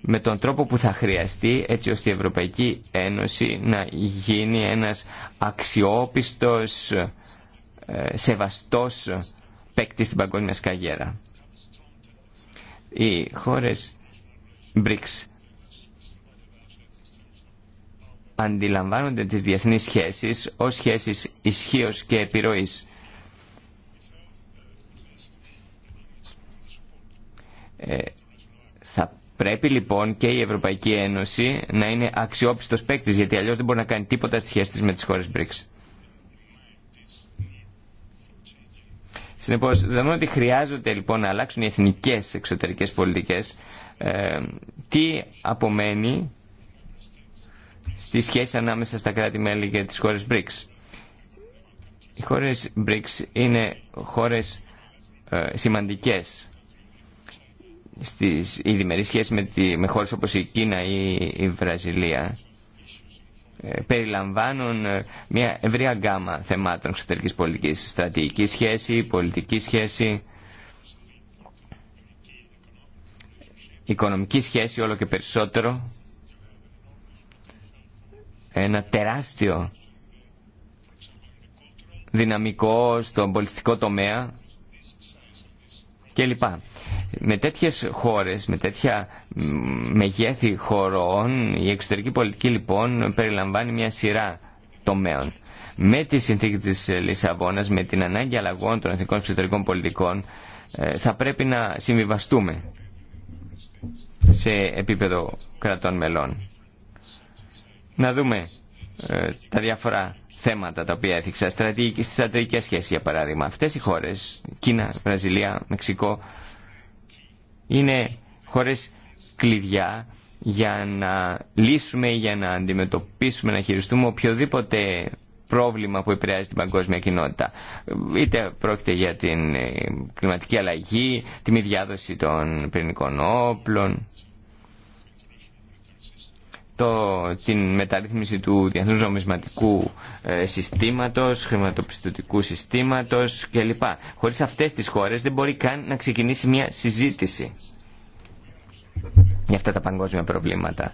Με τον τρόπο που θα χρειαστεί έτσι ώστε η Ευρωπαϊκή Ένωση να γίνει ένας αξιόπιστος, ε, σεβαστός παίκτη στην παγκόσμια σκαγέρα. Οι χώρες BRICS αντιλαμβάνονται τις διεθνείς σχέσεις ως σχέσεις ισχύω και επιρροής. Ε, θα πρέπει λοιπόν και η Ευρωπαϊκή Ένωση να είναι αξιόπιστος παίκτη, γιατί αλλιώς δεν μπορεί να κάνει τίποτα στις σχέσεις με τις χώρες BRICS. Συνεπώ, δεδομένου ότι χρειάζονται λοιπόν να αλλάξουν οι εθνικές εξωτερικές πολιτικές ε, τι απομένει στη σχέση ανάμεσα στα κράτη-μέλη και τις χώρες BRICS. Οι χώρες BRICS είναι χώρες ε, σημαντικές στις, ειδημερείς σχέσεις με, τη, με χώρες όπως η Κίνα ή η Βραζιλία ε, περιλαμβάνουν ε, μια ευρία γκάμα θεμάτων εξωτερικής πολιτικής, στρατηγική σχέση, πολιτική σχέση, οικονομική σχέση όλο και περισσότερο, ένα τεράστιο δυναμικό στον πολιτιστικό τομέα κλπ. Με τέτοιες χώρες, με τέτοια μεγέθη χωρών, η εξωτερική πολιτική λοιπόν περιλαμβάνει μια σειρά τομέων. Με τη συνθήκη της Λισαβόνας, με την ανάγκη αλλαγών των εθνικών εξωτερικών πολιτικών, ε, θα πρέπει να συμβιβαστούμε σε επίπεδο κρατών μελών. Να δούμε ε, τα διάφορα θέματα τα οποία έθιξα στις στρατηγικές σχέσεις για παράδειγμα. Αυτές οι χώρες, Κίνα, Βραζιλία, Μεξικό, είναι χώρες κλειδιά για να λύσουμε, ή για να αντιμετωπίσουμε, να χειριστούμε οποιοδήποτε πρόβλημα που επηρεάζει την παγκόσμια κοινότητα. Είτε πρόκειται για την ε, κλιματική αλλαγή, τη μη διάδοση των πυρηνικών όπλων, το, την μεταρρύθμιση του διεθνούς νομισματικού ε, συστήματος, χρηματοπιστωτικού συστήματος κλπ. Χωρίς αυτές τις χώρες δεν μπορεί καν να ξεκινήσει μια συζήτηση για αυτά τα παγκόσμια προβλήματα.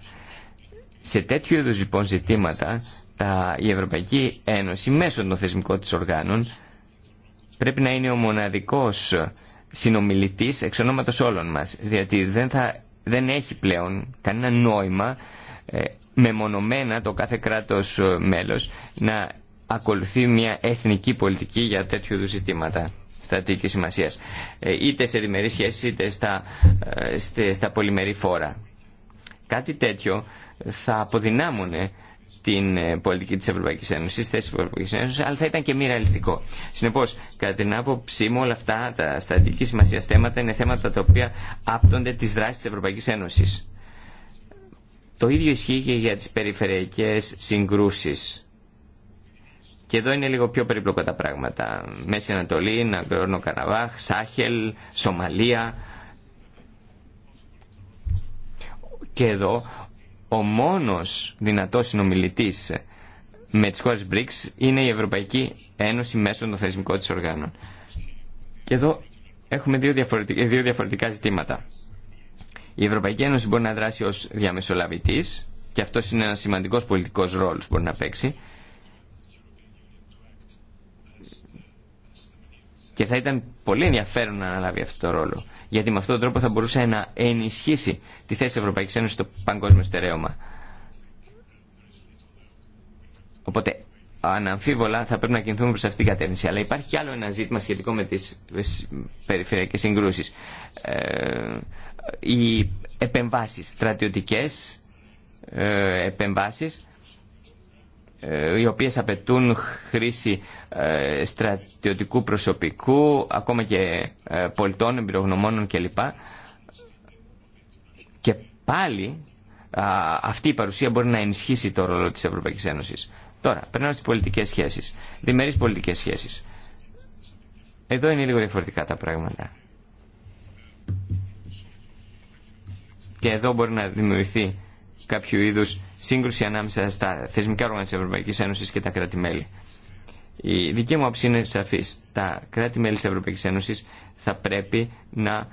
Σε τέτοιου είδους λοιπόν ζητήματα τα, η Ευρωπαϊκή Ένωση μέσω των θεσμικών της οργάνων πρέπει να είναι ο μοναδικός συνομιλητής εξ όλων μας, γιατί δεν, δεν έχει πλέον κανένα νόημα ε, μεμονωμένα το κάθε κράτος ε, μέλος να ακολουθεί μια εθνική πολιτική για τέτοιου είδους ζητήματα στατική σημασία. Ε, είτε σε διμερεί σχέσει είτε στα, στα πολυμερή φόρα. Κάτι τέτοιο θα αποδυνάμωνε την πολιτική της Ευρωπαϊκής Ένωσης της θέσει τη Ευρωπαϊκή αλλά θα ήταν και μη ρεαλιστικό. Συνεπώ, κατά την άποψή μου, όλα αυτά τα στατική σημασία θέματα είναι θέματα τα οποία άπτονται τις δράσεις τη Ευρωπαϊκή Ένωση. Το ίδιο ισχύει και για τις περιφερειακές συγκρούσεις. Και εδώ είναι λίγο πιο περίπλοκα τα πράγματα. Μέση Ανατολή, Ναγκρόνο Καραβάχ, Σάχελ, Σομαλία. Και εδώ ο μόνος δυνατός συνομιλητής με τις χώρες BRICS είναι η Ευρωπαϊκή Ένωση μέσω των θεσμικών της οργάνων. Και εδώ έχουμε δύο διαφορετικά, δύο διαφορετικά ζητήματα. Η Ευρωπαϊκή Ένωση μπορεί να δράσει ως διαμεσολαβητής και αυτό είναι ένας σημαντικός πολιτικός ρόλος που μπορεί να παίξει. Και θα ήταν πολύ ενδιαφέρον να αναλάβει αυτό το ρόλο. Γιατί με αυτόν τον τρόπο θα μπορούσε να ενισχύσει τη θέση Ευρωπαϊκής Ένωσης στο παγκόσμιο στερέωμα. Οπότε αναμφίβολα θα πρέπει να κινηθούμε προς αυτήν την κατεύθυνση. Αλλά υπάρχει κι άλλο ένα ζήτημα σχετικό με τις περιφερειακές συγκρούσεις. Ε, οι επεμβάσεις, στρατιωτικές ε, επεμβάσεις, ε, οι οποίες απαιτούν χρήση ε, στρατιωτικού προσωπικού, ακόμα και πολιτών, εμπειρογνωμόνων κλπ. Και πάλι αυτή η παρουσία μπορεί να ενισχύσει το ρόλο της Ευρωπαϊκής Ένωσης. Τώρα, περνάω στις πολιτικές σχέσεις, διμερείς πολιτικές σχέσεις. Εδώ είναι λίγο διαφορετικά τα πράγματα. Και εδώ μπορεί να δημιουργηθεί κάποιο είδου σύγκρουση ανάμεσα στα θεσμικά όργανα τη Ευρωπαϊκή Ένωση και τα κράτη-μέλη. Η δική μου άποψη είναι σαφή. Τα κράτη-μέλη τη Ευρωπαϊκή Ένωση θα πρέπει να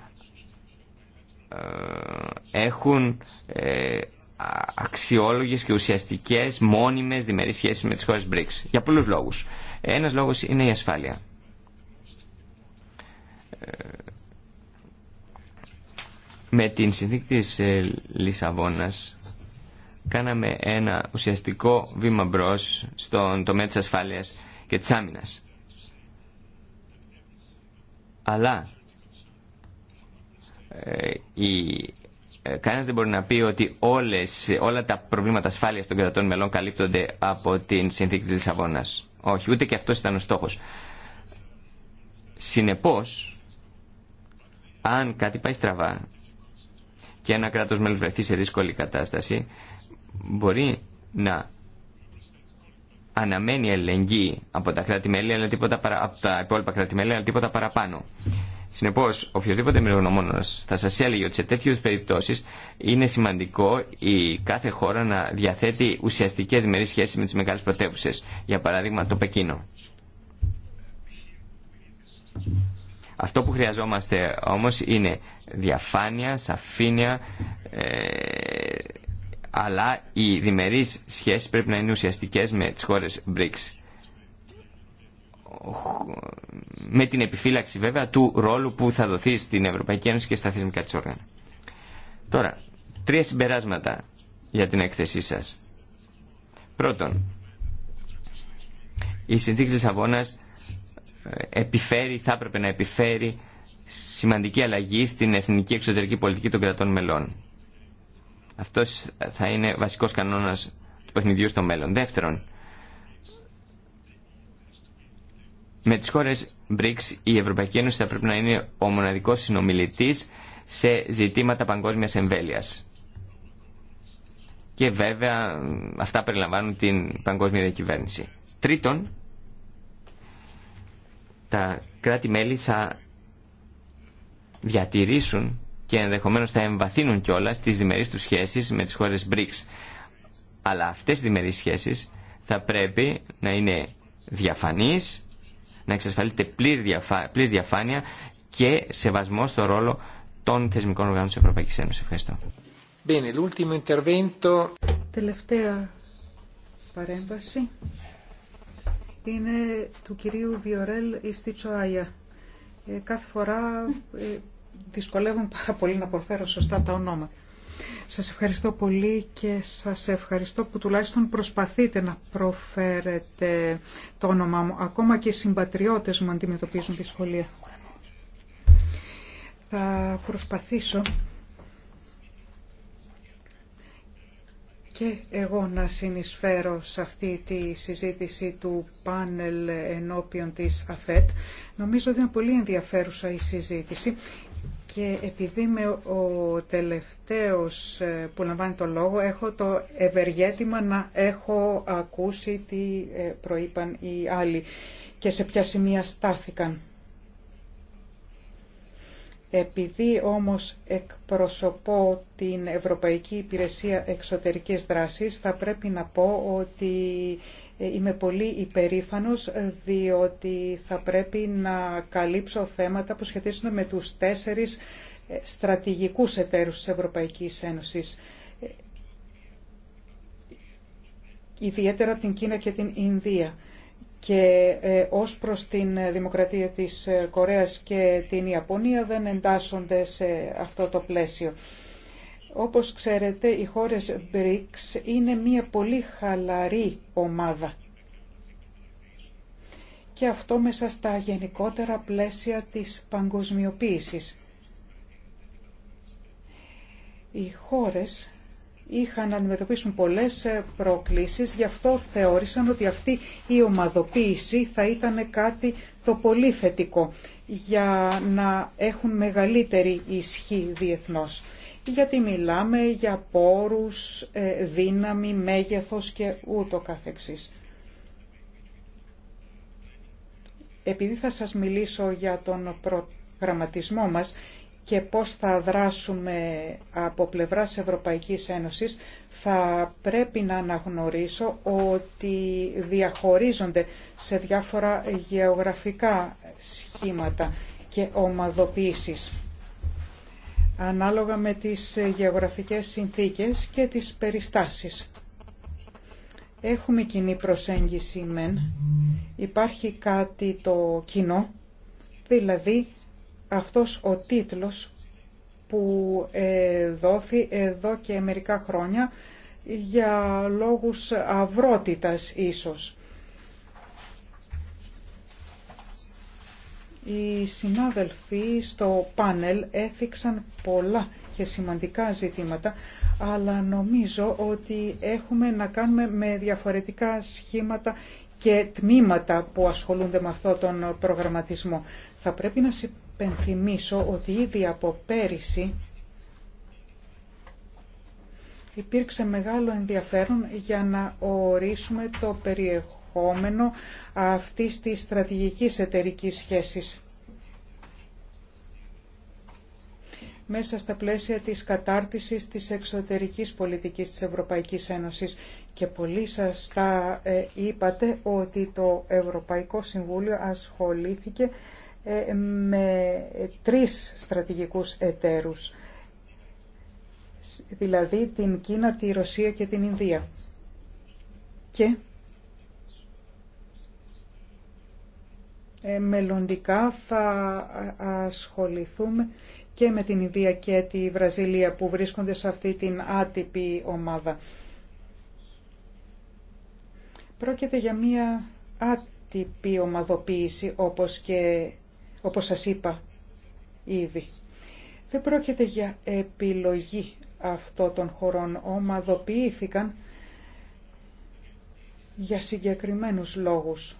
ε, έχουν ε, αξιόλογε και ουσιαστικές μόνιμες διμερείς σχέσει με τις χώρες BRICS. Για πολλούς λόγους. Ένας λόγο είναι η ασφάλεια. Ε, με την συνθήκη της ε, Λισαβόνας κάναμε ένα ουσιαστικό βήμα μπρος στον τομέα της ασφάλειας και της άμυνας. Αλλά ε, η, ε, κανένας δεν μπορεί να πει ότι όλες, όλα τα προβλήματα ασφάλειας των κρατών μελών καλύπτονται από την συνθήκη της Λισαβόνας. Όχι, ούτε και αυτός ήταν ο στόχος. Συνεπώς, αν κάτι πάει στραβά και ένα κράτος μέλος βρεθεί σε δύσκολη κατάσταση, μπορεί να αναμένει ελεγγύη από τα κρατη αλλά τίποτα από τα υπόλοιπα κράτη-μέλη, αλλά τίποτα παραπάνω. Συνεπώ, οποιοδήποτε μυρογνωμόνο θα σα έλεγε ότι σε τέτοιου περιπτώσει είναι σημαντικό η κάθε χώρα να διαθέτει ουσιαστικέ μερεί σχέσει με τι μεγάλε πρωτεύουσε. Για παράδειγμα, το Πεκίνο. Αυτό που χρειαζόμαστε όμως είναι διαφάνεια, σαφήνεια, ε, αλλά οι διμερείς σχέσεις πρέπει να είναι ουσιαστικές με τις χώρες BRICS. Με την επιφύλαξη βέβαια του ρόλου που θα δοθεί στην Ευρωπαϊκή Ένωση και στα θεσμικά της όργανα. Τώρα, τρία συμπεράσματα για την έκθεσή σας. Πρώτον, η συνθήκη Λισαβόνας επιφέρει, θα έπρεπε να επιφέρει σημαντική αλλαγή στην εθνική εξωτερική πολιτική των κρατών μελών. Αυτός θα είναι βασικός κανόνας του παιχνιδιού στο μέλλον. Δεύτερον, με τις χώρες BRICS η Ευρωπαϊκή Ένωση θα πρέπει να είναι ο μοναδικό συνομιλητής σε ζητήματα παγκόσμιας εμβέλεια. Και βέβαια αυτά περιλαμβάνουν την παγκόσμια διακυβέρνηση. Τρίτον, τα κράτη-μέλη θα διατηρήσουν και ενδεχομένως θα εμβαθύνουν κιόλα τις διμερείς του σχέσεις με τις χώρες BRICS. Αλλά αυτές οι διμερείς σχέσεις θα πρέπει να είναι διαφανείς, να εξασφαλίζεται πλήρη διαφα... πλήρης διαφάνεια και σεβασμό στο ρόλο των θεσμικών οργάνων της Ευρωπαϊκής Ένωσης. Ευχαριστώ. Bene, l'ultimo intervento. παρέμβαση είναι του κυρίου Βιορέλ Ιστιτσοάια. Ε, κάθε φορά ε, δυσκολεύουν πάρα πολύ να προφέρω σωστά τα ονόματα. Σας ευχαριστώ πολύ και σας ευχαριστώ που τουλάχιστον προσπαθείτε να προφέρετε το όνομά μου. Ακόμα και οι συμπατριώτες μου αντιμετωπίζουν τη Θα προσπαθήσω και εγώ να συνεισφέρω σε αυτή τη συζήτηση του πάνελ ενώπιον της ΑΦΕΤ. Νομίζω ότι είναι πολύ ενδιαφέρουσα η συζήτηση και επειδή είμαι ο τελευταίος ε, που λαμβάνει το λόγο, έχω το ευεργέτημα να έχω ακούσει τι ε, προείπαν οι άλλοι και σε ποια σημεία στάθηκαν. Επειδή όμως εκπροσωπώ την Ευρωπαϊκή Υπηρεσία Εξωτερικής Δράσης, θα πρέπει να πω ότι ε, είμαι πολύ υπερήφανος διότι θα πρέπει να καλύψω θέματα που σχετίζονται με τους τέσσερις ε, στρατηγικούς εταίρους της Ευρωπαϊκής Ένωσης. Ε, ιδιαίτερα την Κίνα και την Ινδία και ε, ως προς την δημοκρατία της ε, Κορέας και την Ιαπωνία δεν εντάσσονται σε αυτό το πλαίσιο. Όπως ξέρετε, οι χώρες BRICS είναι μια πολύ χαλαρή ομάδα και αυτό μέσα στα γενικότερα πλαίσια της παγκοσμιοποίησης. Οι χώρες είχαν να αντιμετωπίσουν πολλές ε, προκλήσεις, γι' αυτό θεώρησαν ότι αυτή η ομαδοποίηση θα ήταν κάτι το πολύ θετικό για να έχουν μεγαλύτερη ισχύ διεθνώς. Γιατί μιλάμε για πόρους, ε, δύναμη, μέγεθος και ούτω καθεξής. Επειδή θα σας μιλήσω για τον προγραμματισμό μας, και πώς θα δράσουμε από πλευράς Ευρωπαϊκής Ένωσης, θα πρέπει να αναγνωρίσω ότι διαχωρίζονται σε διάφορα γεωγραφικά σχήματα και ομαδοποίησεις ανάλογα με τις γεωγραφικές συνθήκες και τις περιστάσεις. Έχουμε κοινή προσέγγιση μεν, υπάρχει κάτι το κοινό, δηλαδή αυτός ο τίτλος που ε, δόθη εδώ και μερικά χρόνια για λόγους αυρότητας ίσως. Οι συνάδελφοι στο πάνελ έθιξαν πολλά και σημαντικά ζητήματα, αλλά νομίζω ότι έχουμε να κάνουμε με διαφορετικά σχήματα και τμήματα που ασχολούνται με αυτό τον προγραμματισμό. Θα πρέπει να υπενθυμίσω ότι ήδη από πέρυσι υπήρξε μεγάλο ενδιαφέρον για να ορίσουμε το περιεχόμενο αυτής της στρατηγικής εταιρικής σχέσης. μέσα στα πλαίσια της κατάρτισης της εξωτερικής πολιτικής της Ευρωπαϊκής Ένωσης. Και πολύ σας τα ε, είπατε ότι το Ευρωπαϊκό Συμβούλιο ασχολήθηκε ε, με τρεις στρατηγικούς εταίρους, δηλαδή την Κίνα, τη Ρωσία και την Ινδία. Και ε, μελλοντικά θα ασχοληθούμε και με την Ινδία και τη Βραζιλία που βρίσκονται σε αυτή την άτυπη ομάδα. Πρόκειται για μία άτυπη ομαδοποίηση όπως και όπως σας είπα ήδη. Δεν πρόκειται για επιλογή αυτών των χωρών. Ομαδοποιήθηκαν για συγκεκριμένους λόγους.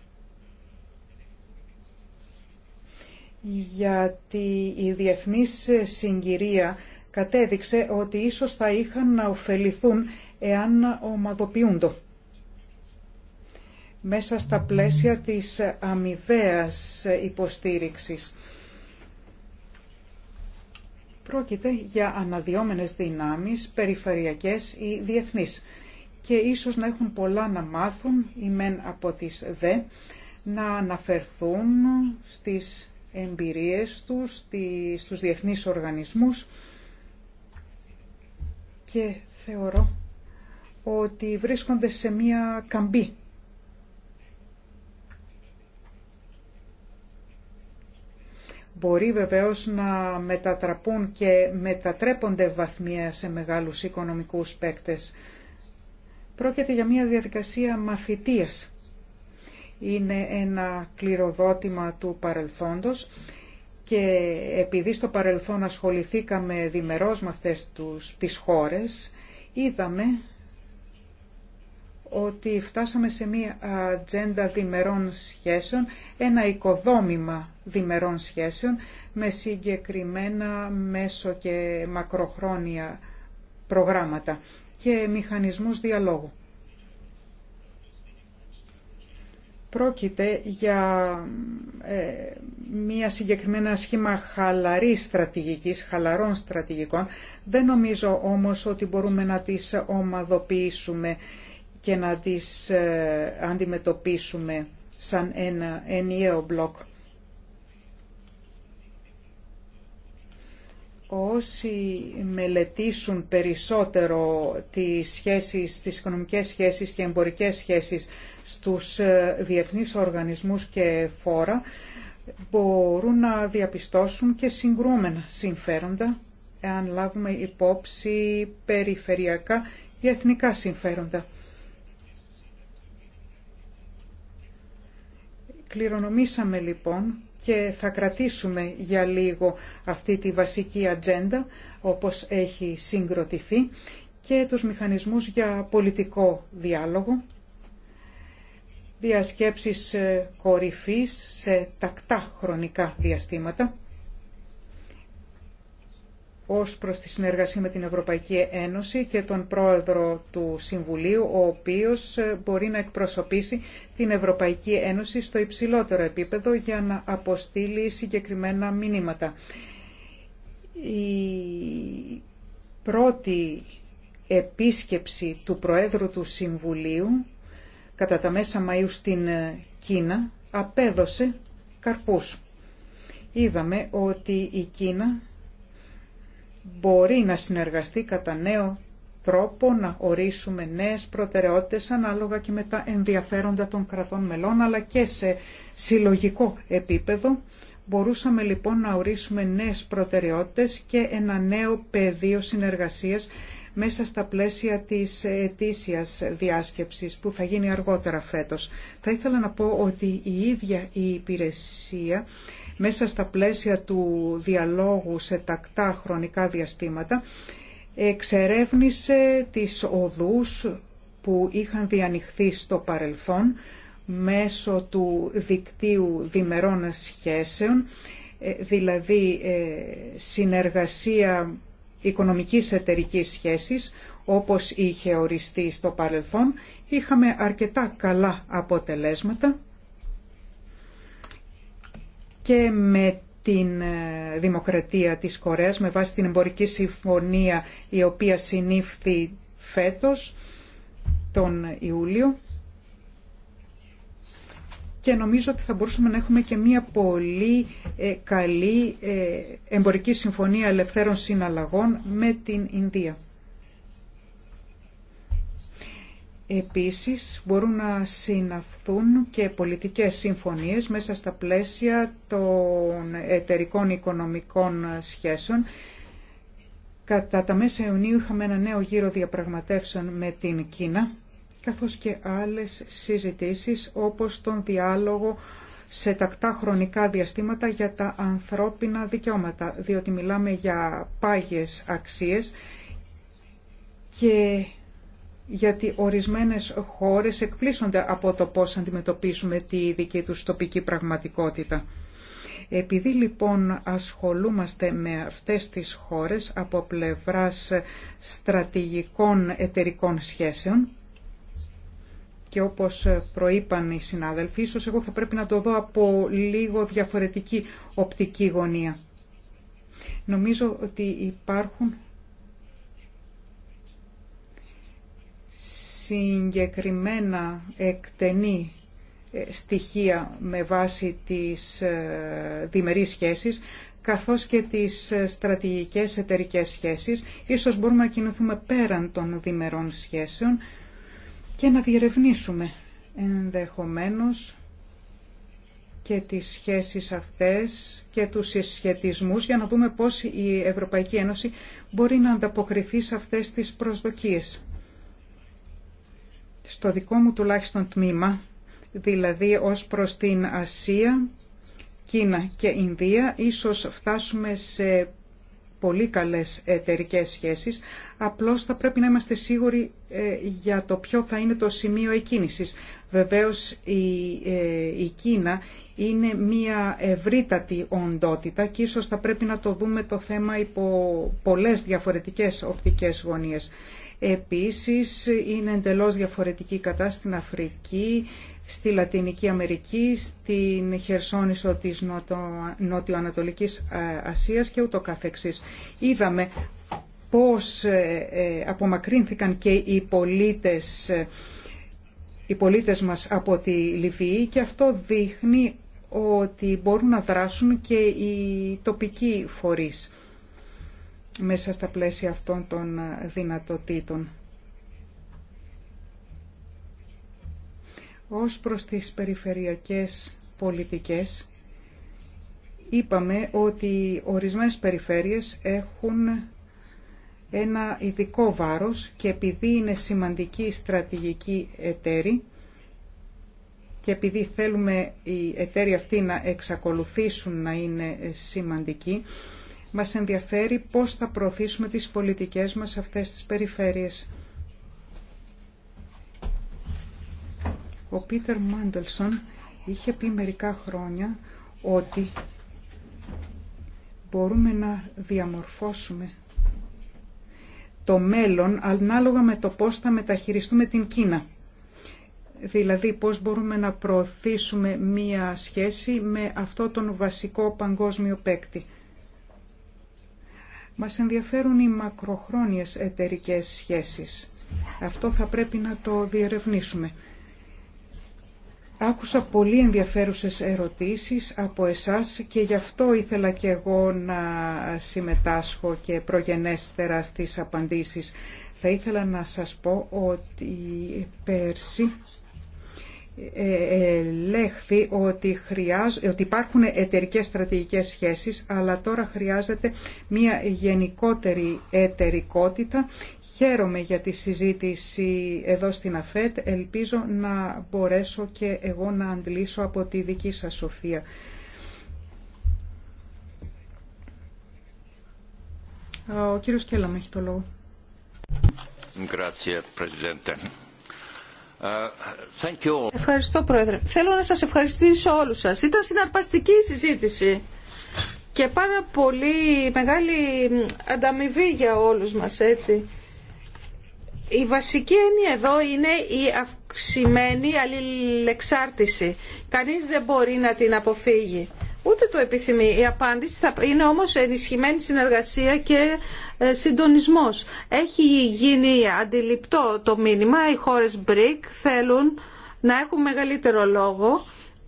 Γιατί η διεθνής συγκυρία κατέδειξε ότι ίσως θα είχαν να ωφεληθούν εάν ομαδοποιούντο μέσα στα πλαίσια της αμοιβαίας υποστήριξης. Πρόκειται για αναδιόμενες δυνάμεις, περιφερειακές ή διεθνείς και ίσως να έχουν πολλά να μάθουν ή μεν από τις δε, να αναφερθούν στις εμπειρίες τους, στους διεθνείς οργανισμούς και θεωρώ ότι βρίσκονται σε μία καμπή Μπορεί βεβαίως να μετατραπούν και μετατρέπονται βαθμία σε μεγάλους οικονομικούς παίκτες. Πρόκειται για μια διαδικασία μαθητείας. Είναι ένα κληροδότημα του παρελθόντος και επειδή στο παρελθόν ασχοληθήκαμε διμερώς με αυτές τις χώρες, είδαμε ότι φτάσαμε σε μία ατζέντα διμερών σχέσεων, ένα οικοδόμημα διμερών σχέσεων με συγκεκριμένα μέσο και μακροχρόνια προγράμματα και μηχανισμούς διαλόγου. Πρόκειται για ε, μία συγκεκριμένα σχήμα χαλαρής στρατηγικής, χαλαρών στρατηγικών. Δεν νομίζω όμως ότι μπορούμε να τις ομαδοποιήσουμε και να τις ε, αντιμετωπίσουμε σαν ένα ενιαίο μπλοκ. Όσοι μελετήσουν περισσότερο τις, σχέσεις, τις οικονομικές σχέσεις και εμπορικές σχέσεις στους ε, διεθνείς οργανισμούς και φόρα, μπορούν να διαπιστώσουν και συγκρούμενα συμφέροντα, εάν λάβουμε υπόψη περιφερειακά ή εθνικά συμφέροντα. Κληρονομήσαμε λοιπόν και θα κρατήσουμε για λίγο αυτή τη βασική ατζέντα όπως έχει συγκροτηθεί και τους μηχανισμούς για πολιτικό διάλογο, διασκέψεις ε, κορυφής σε τακτά χρονικά διαστήματα ως προς τη συνεργασία με την Ευρωπαϊκή Ένωση και τον πρόεδρο του Συμβουλίου, ο οποίος ε, μπορεί να εκπροσωπήσει την Ευρωπαϊκή Ένωση στο υψηλότερο επίπεδο για να αποστείλει συγκεκριμένα μηνύματα. Η πρώτη επίσκεψη του Προέδρου του Συμβουλίου κατά τα μέσα Μαΐου στην ε, Κίνα απέδωσε καρπούς. Είδαμε ότι η Κίνα μπορεί να συνεργαστεί κατά νέο τρόπο να ορίσουμε νέες προτεραιότητες ανάλογα και με τα ενδιαφέροντα των κρατών μελών αλλά και σε συλλογικό επίπεδο. Μπορούσαμε λοιπόν να ορίσουμε νέες προτεραιότητες και ένα νέο πεδίο συνεργασίας μέσα στα πλαίσια της ετήσιας διάσκεψης που θα γίνει αργότερα φέτος. Θα ήθελα να πω ότι η ίδια η υπηρεσία μέσα στα πλαίσια του διαλόγου σε τακτά χρονικά διαστήματα εξερεύνησε τις οδούς που είχαν διανοιχθεί στο παρελθόν μέσω του δικτύου διμερών σχέσεων, ε, δηλαδή ε, συνεργασία οικονομικής εταιρικής σχέσης, όπως είχε οριστεί στο παρελθόν, είχαμε αρκετά καλά αποτελέσματα και με την ε, Δημοκρατία της Κορέας με βάση την εμπορική συμφωνία η οποία συνήφθη φέτος τον Ιούλιο και νομίζω ότι θα μπορούσαμε να έχουμε και μια πολύ ε, καλή ε, εμπορική συμφωνία ελευθέρων συναλλαγών με την Ινδία. Επίσης μπορούν να συναυθούν και πολιτικές συμφωνίες μέσα στα πλαίσια των εταιρικών οικονομικών σχέσεων. Κατά τα μέσα Ιουνίου είχαμε ένα νέο γύρο διαπραγματεύσεων με την Κίνα, καθώς και άλλες συζητήσεις όπως τον διάλογο σε τακτά χρονικά διαστήματα για τα ανθρώπινα δικαιώματα, διότι μιλάμε για πάγιες αξίες και γιατί ορισμένες χώρες εκπλήσονται από το πώς αντιμετωπίζουμε τη δική τους τοπική πραγματικότητα. Επειδή λοιπόν ασχολούμαστε με αυτές τις χώρες από πλευράς στρατηγικών εταιρικών σχέσεων, και όπως προείπαν οι συνάδελφοι, ίσως εγώ θα πρέπει να το δω από λίγο διαφορετική οπτική γωνία. Νομίζω ότι υπάρχουν συγκεκριμένα εκτενή ε, στοιχεία με βάση τις ε, διμερείς σχέσεις καθώς και τις ε, στρατηγικές εταιρικές σχέσεις. Ίσως μπορούμε να κινηθούμε πέραν των διμερών σχέσεων και να διερευνήσουμε ενδεχομένως και τις σχέσεις αυτές και τους συσχετισμούς για να δούμε πώς η Ευρωπαϊκή Ένωση μπορεί να ανταποκριθεί σε αυτές τις προσδοκίες στο δικό μου τουλάχιστον τμήμα, δηλαδή ως προς την Ασία, Κίνα και Ινδία, ίσως φτάσουμε σε πολύ καλές εταιρικέ σχέσεις, απλώς θα πρέπει να είμαστε σίγουροι ε, για το ποιο θα είναι το σημείο εκκίνησης. Βεβαίως η, ε, η Κίνα είναι μια ευρύτατη οντότητα και ίσως θα πρέπει να το δούμε το θέμα υπό πολλές διαφορετικές οπτικές γωνίες. Επίσης είναι εντελώς διαφορετική η κατάσταση στην Αφρική, στη Λατινική Αμερική, στην Χερσόνησο της Νότιο-Ανατολικής ε, Ασίας και ούτω καθεξής. Είδαμε πώς ε, ε, απομακρύνθηκαν και οι πολίτες, οι πολίτες μας από τη Λιβύη και αυτό δείχνει ότι μπορούν να δράσουν και οι τοπικοί φορείς μέσα στα πλαίσια αυτών των δυνατοτήτων. Ως προς τις περιφερειακές πολιτικές, είπαμε ότι ορισμένες περιφέρειες έχουν ένα ειδικό βάρος και επειδή είναι σημαντική στρατηγική εταίρη και επειδή θέλουμε οι εταίροι αυτοί να εξακολουθήσουν να είναι σημαντικοί, μας ενδιαφέρει πώς θα προωθήσουμε τις πολιτικές μας σε αυτές τις περιφέρειες. Ο Πίτερ Μάντελσον είχε πει μερικά χρόνια ότι μπορούμε να διαμορφώσουμε το μέλλον ανάλογα με το πώς θα μεταχειριστούμε την Κίνα. Δηλαδή πώς μπορούμε να προωθήσουμε μία σχέση με αυτό τον βασικό παγκόσμιο παίκτη. Μας ενδιαφέρουν οι μακροχρόνιες εταιρικές σχέσεις. Αυτό θα πρέπει να το διερευνήσουμε. Άκουσα πολύ ενδιαφέρουσες ερωτήσεις από εσάς και γι' αυτό ήθελα και εγώ να συμμετάσχω και προγενέστερα στις απαντήσεις. Θα ήθελα να σας πω ότι πέρσι ε, λέχθη ότι, χρειάζ, ότι υπάρχουν εταιρικές στρατηγικές σχέσεις, αλλά τώρα χρειάζεται μια γενικότερη εταιρικότητα. Χαίρομαι για τη συζήτηση εδώ στην ΑΦΕΤ. Ελπίζω να μπορέσω και εγώ να αντλήσω από τη δική σας σοφία. Ο κύριος Κέλλαμ έχει το λόγο. Ευχαριστώ Πρόεδρε. Θέλω να σας ευχαριστήσω όλους σας. Ήταν συναρπαστική η συζήτηση και πάρα πολύ μεγάλη ανταμοιβή για όλους μας έτσι. Η βασική έννοια εδώ είναι η αυξημένη αλληλεξάρτηση. Κανείς δεν μπορεί να την αποφύγει. Ούτε το επιθυμεί. Η απάντηση θα είναι όμως ενισχυμένη συνεργασία και ε, συντονισμός. Έχει γίνει αντιληπτό το μήνυμα, οι χώρες BRIC θέλουν να έχουν μεγαλύτερο λόγο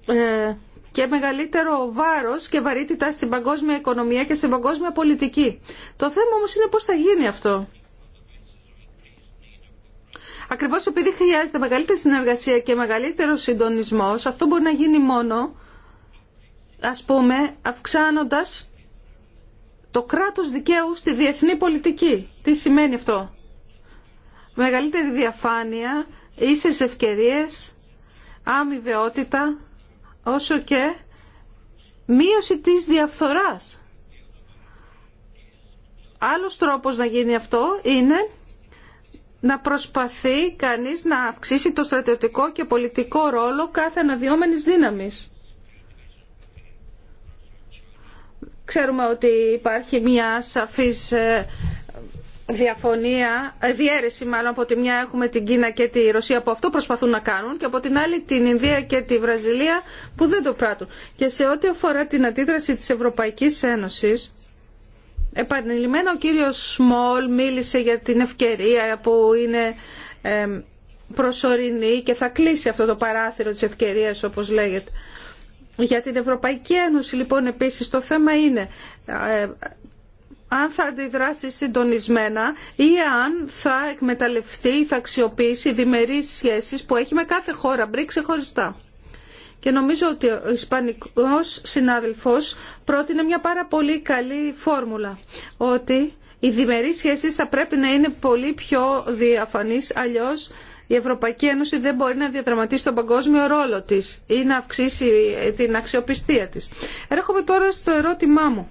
ε, και μεγαλύτερο βάρος και βαρύτητα στην παγκόσμια οικονομία και στην παγκόσμια πολιτική. Το θέμα όμως είναι πώς θα γίνει αυτό. Ακριβώς επειδή χρειάζεται μεγαλύτερη συνεργασία και μεγαλύτερο συντονισμός, αυτό μπορεί να γίνει μόνο, ας πούμε, αυξάνοντας το κράτος δικαίου στη διεθνή πολιτική. Τι σημαίνει αυτό. Μεγαλύτερη διαφάνεια, ίσες ευκαιρίες, αμοιβαιότητα, όσο και μείωση της διαφθοράς. Άλλος τρόπος να γίνει αυτό είναι να προσπαθεί κανείς να αυξήσει το στρατιωτικό και πολιτικό ρόλο κάθε αναδυόμενης δύναμης. Ξέρουμε ότι υπάρχει μια σαφής ε, διαφωνία, ε, διαίρεση μάλλον από τη μια έχουμε την Κίνα και τη Ρωσία που αυτό προσπαθούν να κάνουν και από την άλλη την Ινδία και τη Βραζιλία που δεν το πράττουν. Και σε ό,τι αφορά την αντίδραση της Ευρωπαϊκής Ένωσης, επανειλημμένα ο κύριος Σμόλ μίλησε για την ευκαιρία που είναι ε, προσωρινή και θα κλείσει αυτό το παράθυρο της ευκαιρίας όπως λέγεται. Για την Ευρωπαϊκή Ένωση λοιπόν επίσης το θέμα είναι ε, αν θα αντιδράσει συντονισμένα ή αν θα εκμεταλλευτεί ή θα αξιοποιήσει διμερείς σχέσεις που έχει με κάθε χώρα μπρήξε χωριστά. Και νομίζω ότι ο Ισπανικός συνάδελφος πρότεινε μια πάρα πολύ καλή φόρμουλα ότι οι διμερείς σχέσεις θα πρέπει να είναι πολύ πιο διαφανείς αλλιώς η Ευρωπαϊκή Ένωση δεν μπορεί να διαδραματίσει τον παγκόσμιο ρόλο της ή να αυξήσει την αξιοπιστία της. Έρχομαι τώρα στο ερώτημά μου.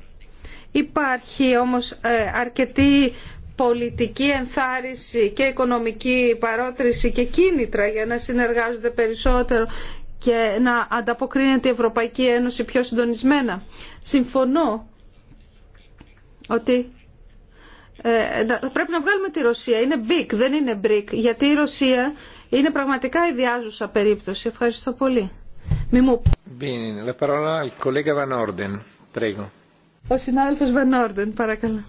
Υπάρχει όμως ε, αρκετή πολιτική ενθάρρυνση και οικονομική παρότριση και κίνητρα για να συνεργάζονται περισσότερο και να ανταποκρίνεται η Ευρωπαϊκή Ένωση πιο συντονισμένα. Συμφωνώ ότι ε, πρέπει να βγάλουμε τη Ρωσία. Είναι big, δεν είναι brick. Γιατί η Ρωσία είναι πραγματικά ιδιάζουσα περίπτωση. Ευχαριστώ πολύ. Μη μου... Ο συνάδελφος Βαν παρακαλώ.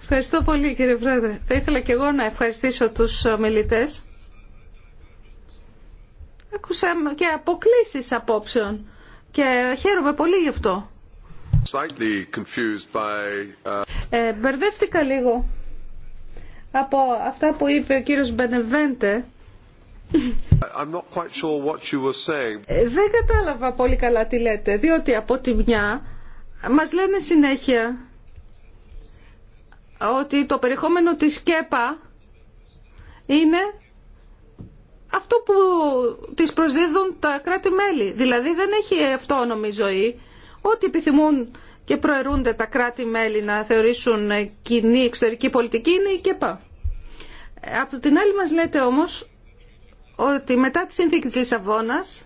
Ευχαριστώ πολύ κύριε Πρόεδρε. Θα ήθελα και εγώ να ευχαριστήσω του ομιλητέ. Ακούσαμε και αποκλήσει απόψεων και χαίρομαι πολύ γι' αυτό. Uh, ε, μπερδεύτηκα λίγο από αυτά που είπε ο κύριος Μπενεβέντε. I'm not quite sure what you were saying. Ε, δεν κατάλαβα πολύ καλά τι λέτε, διότι από τη μια μας λένε συνέχεια ότι το περιεχόμενο της ΚΕΠΑ είναι αυτό που της προσδίδουν τα κράτη-μέλη. Δηλαδή δεν έχει αυτόνομη ζωή ό,τι επιθυμούν και προερούνται τα κράτη-μέλη να θεωρήσουν κοινή εξωτερική πολιτική είναι η ΚΕΠΑ. Από την άλλη μας λέτε όμως ότι μετά τη σύνθηκη της Λισαβόνας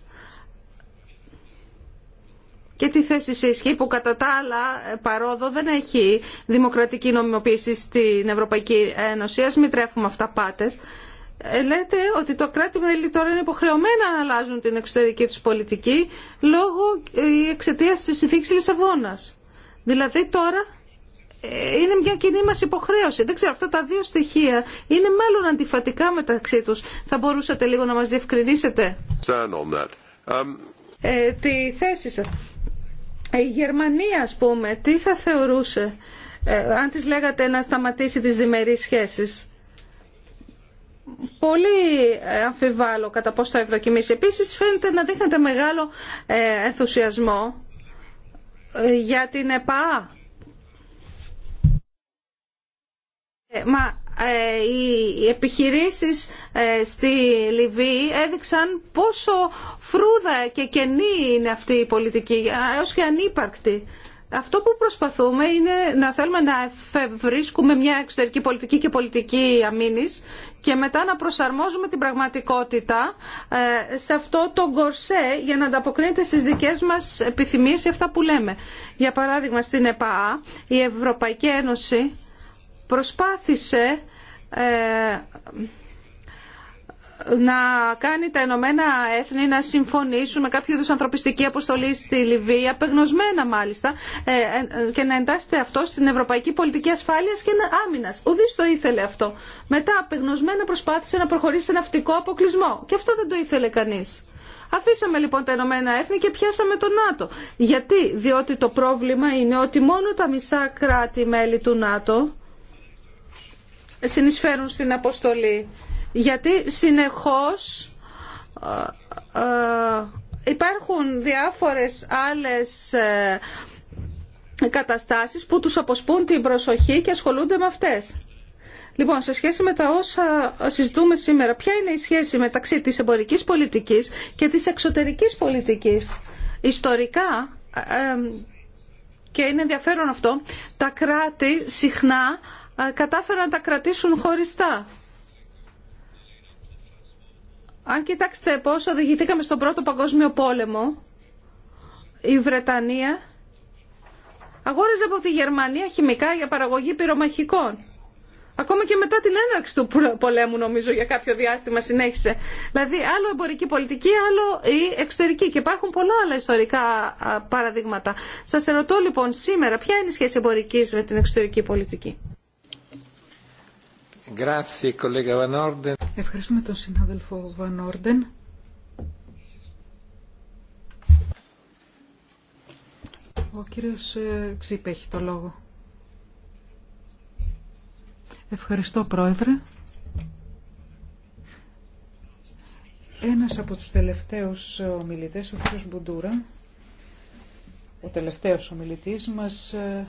και τη θέση σε ισχύ που κατά τα άλλα ε, παρόδο δεν έχει δημοκρατική νομιμοποίηση στην Ευρωπαϊκή Ένωση. Ας μην τρέφουμε αυτά πάτες. Ε, λέτε ότι το κράτη μέλη τώρα είναι υποχρεωμένα να αλλάζουν την εξωτερική τους πολιτική λόγω ε, εξαιτία τη συνθήκη Λισαβόνα. Δηλαδή τώρα ε, είναι μια κοινή μας υποχρέωση. Δεν ξέρω, αυτά τα δύο στοιχεία είναι μάλλον αντιφατικά μεταξύ τους. Θα μπορούσατε λίγο να μας διευκρινίσετε um, τη θέση σας. Η Γερμανία, ας πούμε, τι θα θεωρούσε αν της λέγατε να σταματήσει τις διμερείς σχέσεις πολύ ε, αμφιβάλλω κατά πώς θα ευδοκιμήσει. Επίσης φαίνεται να δείχνεται μεγάλο ε, ενθουσιασμό ε, για την ΕΠΑ. Μα οι επιχειρήσεις στη Λιβύη έδειξαν πόσο φρούδα και κενή είναι αυτή η πολιτική, έως και ανύπαρκτη. Αυτό που προσπαθούμε είναι να θέλουμε να βρίσκουμε μια εξωτερική πολιτική και πολιτική αμήνης και μετά να προσαρμόζουμε την πραγματικότητα ε, σε αυτό το γκορσέ για να ανταποκρίνεται στις δικές μας επιθυμίες και αυτά που λέμε. Για παράδειγμα στην ΕΠΑΑ η Ευρωπαϊκή Ένωση προσπάθησε ε, να κάνει τα Ηνωμένα Έθνη να συμφωνήσουν με κάποιο είδου ανθρωπιστική αποστολή στη Λιβύη, απεγνωσμένα μάλιστα, ε, και να εντάσσεται αυτό στην ευρωπαϊκή πολιτική ασφάλεια και άμυνα. Ουδή το ήθελε αυτό. Μετά απεγνωσμένα προσπάθησε να προχωρήσει σε ναυτικό αποκλεισμό. Και αυτό δεν το ήθελε κανεί. Αφήσαμε λοιπόν τα Ηνωμένα Έθνη και πιάσαμε το ΝΑΤΟ. Γιατί, διότι το πρόβλημα είναι ότι μόνο τα μισά κράτη-μέλη του ΝΑΤΟ συνεισφέρουν στην αποστολή γιατί συνεχώς ε, ε, υπάρχουν διάφορες άλλες ε, καταστάσεις που τους αποσπούν την προσοχή και ασχολούνται με αυτές. Λοιπόν, σε σχέση με τα όσα συζητούμε σήμερα, ποια είναι η σχέση μεταξύ της εμπορικής πολιτικής και της εξωτερικής πολιτικής. Ιστορικά, και είναι ενδιαφέρον αυτό, τα κράτη συχνά κατάφεραν να τα κρατήσουν χωριστά. Αν κοιτάξετε πώς οδηγηθήκαμε στον Πρώτο Παγκόσμιο Πόλεμο, η Βρετανία αγόραζε από τη Γερμανία χημικά για παραγωγή πυρομαχικών. Ακόμα και μετά την έναρξη του πολέμου, νομίζω, για κάποιο διάστημα συνέχισε. Δηλαδή, άλλο εμπορική πολιτική, άλλο η εξωτερική. Και υπάρχουν πολλά άλλα ιστορικά παραδείγματα. Σας ερωτώ λοιπόν σήμερα, ποια είναι η σχέση εμπορικής με την εξωτερική πολιτική. Ευχαριστούμε τον συνάδελφο Βανόρντεν. Ο κύριος ε, Ξύπ έχει το λόγο. Ευχαριστώ πρόεδρε. Ένας από τους τελευταίους ομιλητές, ο κύριος Μπουντούρα, ο τελευταίος ομιλητής μας ε,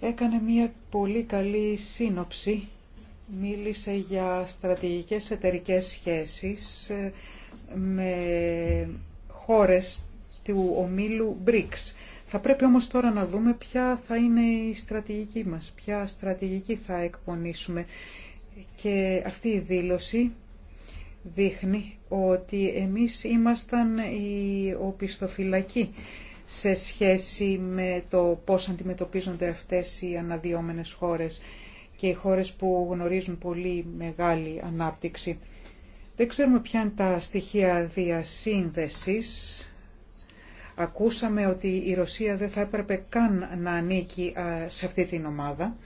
έκανε μια πολύ καλή σύνοψη μίλησε για στρατηγικές εταιρικές σχέσεις ε, με χώρες του ομίλου BRICS. Θα πρέπει όμως τώρα να δούμε ποια θα είναι η στρατηγική μας, ποια στρατηγική θα εκπονήσουμε. Και αυτή η δήλωση δείχνει ότι εμείς ήμασταν οι οπισθοφυλακοί σε σχέση με το πώς αντιμετωπίζονται αυτές οι αναδυόμενες χώρες και οι χώρες που γνωρίζουν πολύ μεγάλη ανάπτυξη. Δεν ξέρουμε ποια είναι τα στοιχεία διασύνδεσης. Ακούσαμε ότι η Ρωσία δεν θα έπρεπε καν να ανήκει σε αυτή την ομάδα.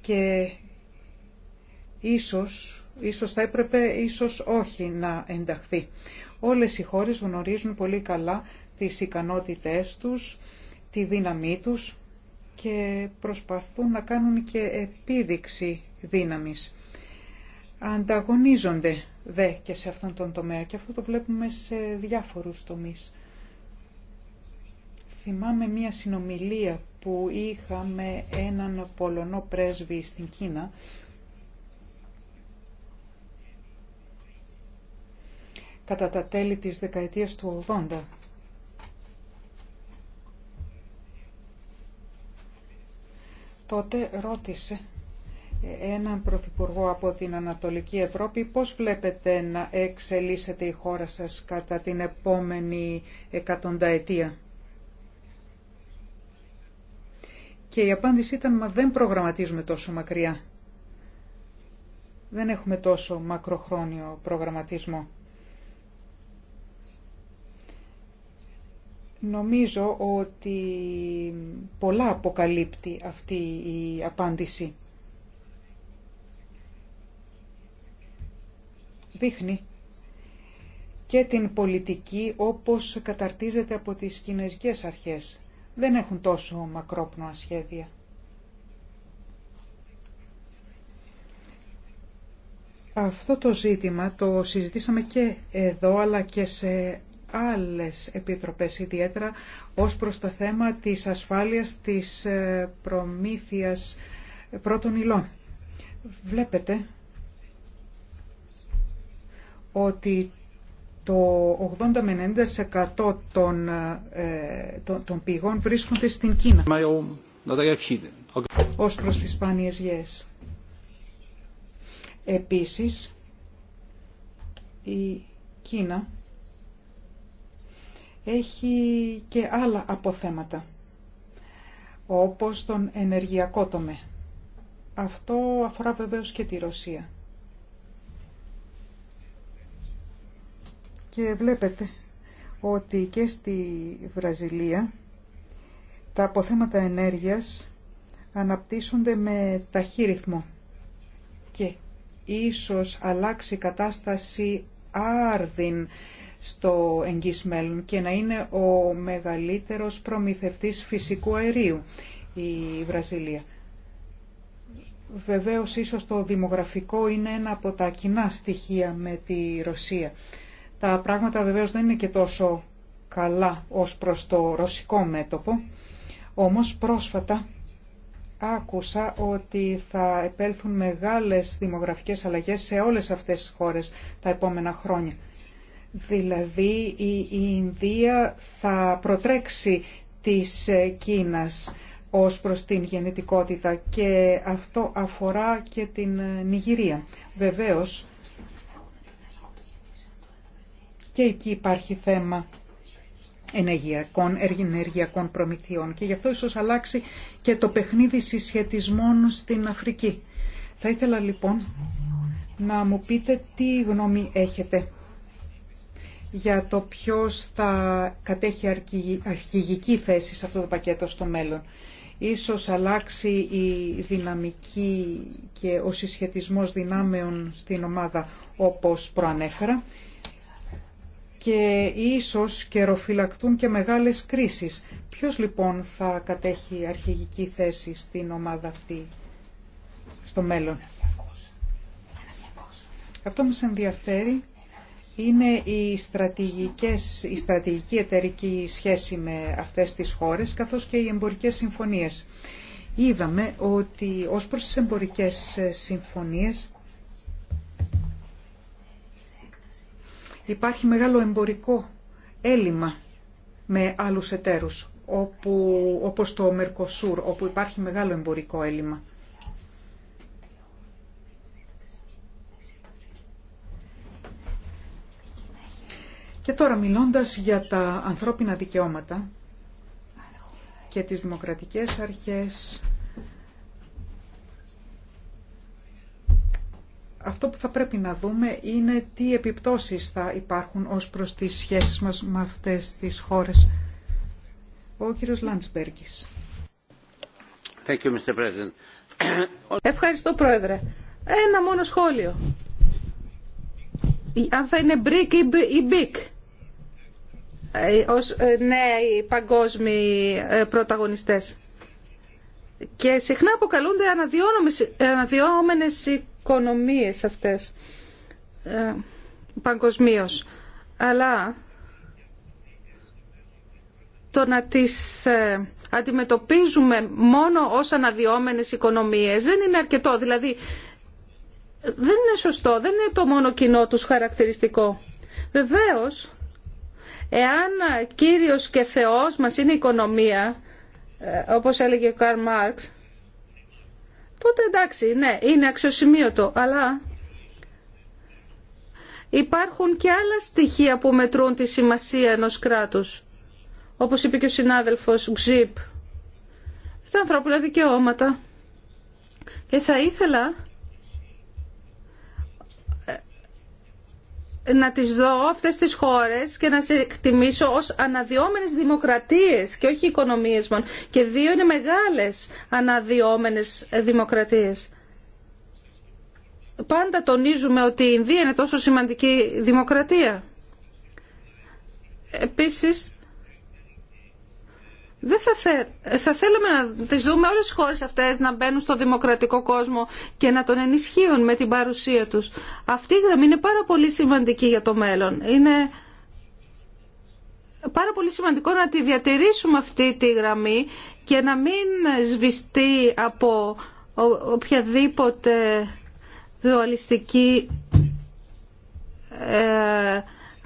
Και ίσως, ίσως θα έπρεπε, ίσως όχι να ενταχθεί. Όλες οι χώρες γνωρίζουν πολύ καλά τις ικανότητές τους, τη δύναμή τους και προσπαθούν να κάνουν και επίδειξη δύναμης. Ανταγωνίζονται δε και σε αυτόν τον τομέα και αυτό το βλέπουμε σε διάφορους τομείς. Θυμάμαι μία συνομιλία που είχαμε έναν Πολωνό πρέσβη στην Κίνα κατά τα τέλη της δεκαετίας του 80 τότε ρώτησε έναν πρωθυπουργό από την Ανατολική Ευρώπη πώς βλέπετε να εξελίσσεται η χώρα σας κατά την επόμενη εκατονταετία. Και η απάντηση ήταν «Μα δεν προγραμματίζουμε τόσο μακριά». Δεν έχουμε τόσο μακροχρόνιο προγραμματισμό. Νομίζω ότι πολλά αποκαλύπτει αυτή η απάντηση. Δείχνει και την πολιτική όπως καταρτίζεται από τις κινέζικες αρχές. Δεν έχουν τόσο μακρόπνοα σχέδια. Αυτό το ζήτημα το συζητήσαμε και εδώ αλλά και σε άλλες επιτροπές, ιδιαίτερα ως προς το θέμα της ασφάλειας της ε, προμήθειας ε, πρώτων υλών. Βλέπετε ότι το 80 με 90% ε, των, των, πηγών βρίσκονται στην Κίνα ως προς τις σπάνιες γιές. Επίσης, η Κίνα έχει και άλλα αποθέματα, όπως τον ενεργειακό τομέα. Αυτό αφορά βεβαίως και τη Ρωσία. Και βλέπετε ότι και στη Βραζιλία τα αποθέματα ενέργειας αναπτύσσονται με ταχύ ρυθμό και ίσως αλλάξει κατάσταση άρδιν στο εγγύς μέλλον και να είναι ο μεγαλύτερος προμηθευτής φυσικού αερίου η Βραζιλία. Βεβαίως ίσως το δημογραφικό είναι ένα από τα κοινά στοιχεία με τη Ρωσία. Τα πράγματα βεβαίως δεν είναι και τόσο καλά ως προς το ρωσικό μέτωπο, όμως πρόσφατα άκουσα ότι θα επέλθουν μεγάλες δημογραφικές αλλαγές σε όλες αυτές τις χώρες τα επόμενα χρόνια. Δηλαδή η Ινδία θα προτρέξει της ε, Κίνας ως προς την γεννητικότητα και αυτό αφορά και την ε, Νιγηρία. Βεβαίως και εκεί υπάρχει θέμα ενεργειακών, ενεργειακών προμηθειών και γι' αυτό ίσως αλλάξει και το παιχνίδι συσχετισμών στην Αφρική. Θα ήθελα λοιπόν να μου πείτε τι γνώμη έχετε για το ποιος θα κατέχει αρχηγική θέση σε αυτό το πακέτο στο μέλλον. Ίσως αλλάξει η δυναμική και ο συσχετισμός δυνάμεων στην ομάδα όπως προανέφερα και ίσως καιροφυλακτούν και μεγάλες κρίσεις. Ποιος λοιπόν θα κατέχει αρχηγική θέση στην ομάδα αυτή στο μέλλον. Αυτό μας ενδιαφέρει είναι η, στρατηγικές, η στρατηγική εταιρική σχέση με αυτές τις χώρες καθώς και οι εμπορικές συμφωνίες. Είδαμε ότι ως προς τις εμπορικές ε, συμφωνίες υπάρχει μεγάλο εμπορικό έλλειμμα με άλλους εταίρους, όπου, όπως το Μερκοσούρ, όπου υπάρχει μεγάλο εμπορικό έλλειμμα. Και τώρα μιλώντας για τα ανθρώπινα δικαιώματα και τις δημοκρατικές αρχές, αυτό που θα πρέπει να δούμε είναι τι επιπτώσεις θα υπάρχουν ως προς τις σχέσεις μας με αυτές τις χώρες. Ο κύριος Λαντσμπέργκης. Ευχαριστώ Πρόεδρε. Ένα μόνο σχόλιο. Αν θα είναι BRIC ή big. Ε, ως ε, νέοι παγκόσμιοι ε, πρωταγωνιστές. Και συχνά αποκαλούνται αναδυόμενες οικονομίες αυτές παγκοσμίω. Αλλά το να τις αντιμετωπίζουμε μόνο ως αναδυόμενες οικονομίες δεν είναι αρκετό. Δηλαδή δεν είναι σωστό, δεν είναι το μόνο κοινό τους χαρακτηριστικό. Βεβαίως Εάν κύριος και θεός μας είναι η οικονομία, ε, όπως έλεγε ο Καρ Μάρξ, τότε εντάξει, ναι, είναι αξιοσημείωτο, αλλά υπάρχουν και άλλα στοιχεία που μετρούν τη σημασία ενός κράτους. Όπως είπε και ο συνάδελφος Ξύπ, τα ανθρώπινα δικαιώματα. Και θα ήθελα να τις δω αυτές τις χώρες και να σε εκτιμήσω ως αναδυόμενες δημοκρατίες και όχι οικονομίες μόνο. Και δύο είναι μεγάλες αναδυόμενες δημοκρατίες. Πάντα τονίζουμε ότι η Ινδία είναι τόσο σημαντική δημοκρατία. Επίσης, δεν θα, θε... θα θέλαμε να τις δούμε όλες τις χώρες αυτές να μπαίνουν στο δημοκρατικό κόσμο και να τον ενισχύουν με την παρουσία τους. Αυτή η γραμμή είναι πάρα πολύ σημαντική για το μέλλον. Είναι πάρα πολύ σημαντικό να τη διατηρήσουμε αυτή τη γραμμή και να μην σβηστεί από οποιαδήποτε δουαλιστική ε,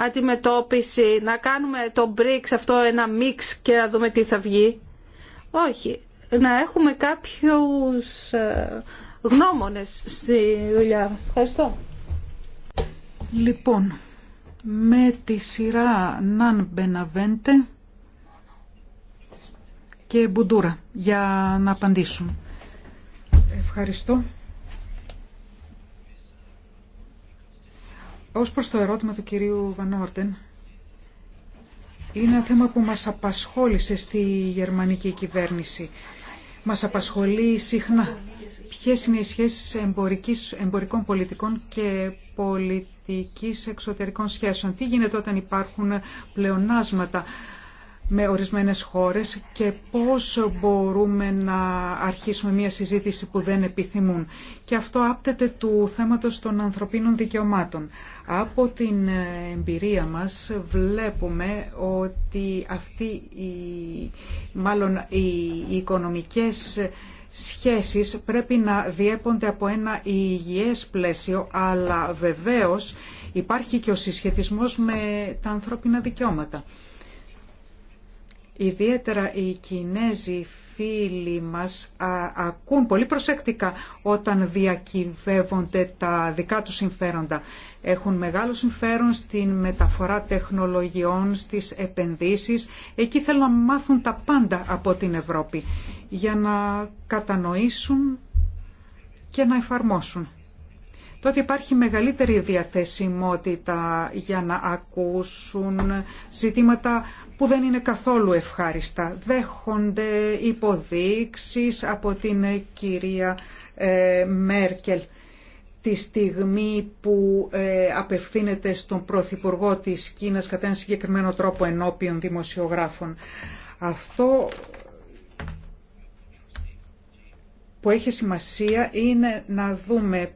αντιμετώπιση, να κάνουμε το BRICS αυτό ένα μίξ και να δούμε τι θα βγει. Όχι. Να έχουμε κάποιους ε, γνώμονες στη δουλειά. Ευχαριστώ. Λοιπόν, με τη σειρά Ναν Μπεναβέντε και Μπουντούρα για να απαντήσουν. Ευχαριστώ. Ως προς το ερώτημα του κυρίου Βανόρτεν, είναι ένα θέμα που μας απασχόλησε στη γερμανική κυβέρνηση. Μας απασχολεί συχνά ποιες είναι οι σχέσεις εμπορικής, εμπορικών πολιτικών και πολιτικής εξωτερικών σχέσεων. Τι γίνεται όταν υπάρχουν πλεονάσματα με ορισμένες χώρες και πώς μπορούμε να αρχίσουμε μια συζήτηση που δεν επιθυμούν. Και αυτό άπτεται του θέματος των ανθρωπίνων δικαιωμάτων. Από την ε, εμπειρία μας βλέπουμε ότι αυτοί οι, μάλλον οι οικονομικές σχέσεις πρέπει να διέπονται από ένα υγιές πλαίσιο, αλλά βεβαίως υπάρχει και ο συσχετισμός με τα ανθρώπινα δικαιώματα. Ιδιαίτερα οι Κινέζοι φίλοι μας ακούν πολύ προσεκτικά όταν διακυβεύονται τα δικά τους συμφέροντα. Έχουν μεγάλο συμφέρον στην μεταφορά τεχνολογιών, στις επενδύσεις. Εκεί θέλουν να μάθουν τα πάντα από την Ευρώπη για να κατανοήσουν και να εφαρμόσουν τότε υπάρχει μεγαλύτερη διαθεσιμότητα για να ακούσουν ζητήματα που δεν είναι καθόλου ευχάριστα. Δέχονται υποδείξεις από την κυρία ε, Μέρκελ τη στιγμή που ε, απευθύνεται στον Πρωθυπουργό της Κίνας κατά ένα συγκεκριμένο τρόπο ενώπιον δημοσιογράφων. Αυτό που έχει σημασία είναι να δούμε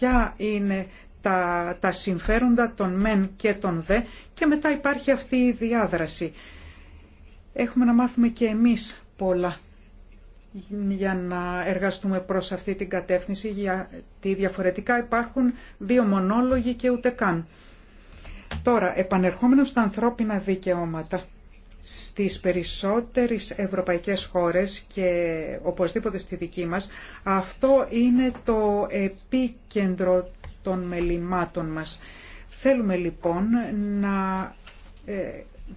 ποια είναι τα, τα συμφέροντα των μεν και των δε και μετά υπάρχει αυτή η διάδραση. Έχουμε να μάθουμε και εμείς πολλά για να εργαστούμε προς αυτή την κατεύθυνση γιατί διαφορετικά υπάρχουν δύο μονόλογοι και ούτε καν. Τώρα, επανερχόμενος στα ανθρώπινα δικαιώματα στις περισσότερες ευρωπαϊκές χώρες και οπωσδήποτε στη δική μας, αυτό είναι το επίκεντρο των μελημάτων μας. Θέλουμε λοιπόν να ε,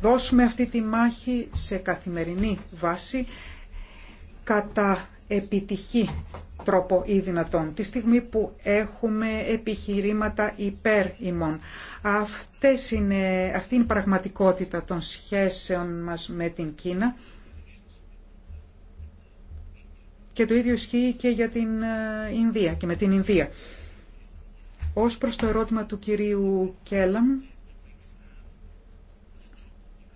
δώσουμε αυτή τη μάχη σε καθημερινή βάση κατά επιτυχή τρόπο ή δυνατόν, τη στιγμή που έχουμε επιχειρήματα υπέρ ημών. Αυτές είναι, αυτή είναι η πραγματικότητα των σχέσεων μας με την Κίνα και το ίδιο ισχύει και για την ε, Ινδία και με την Ινδία. Ως προς το ερώτημα του κυρίου Κέλαμ,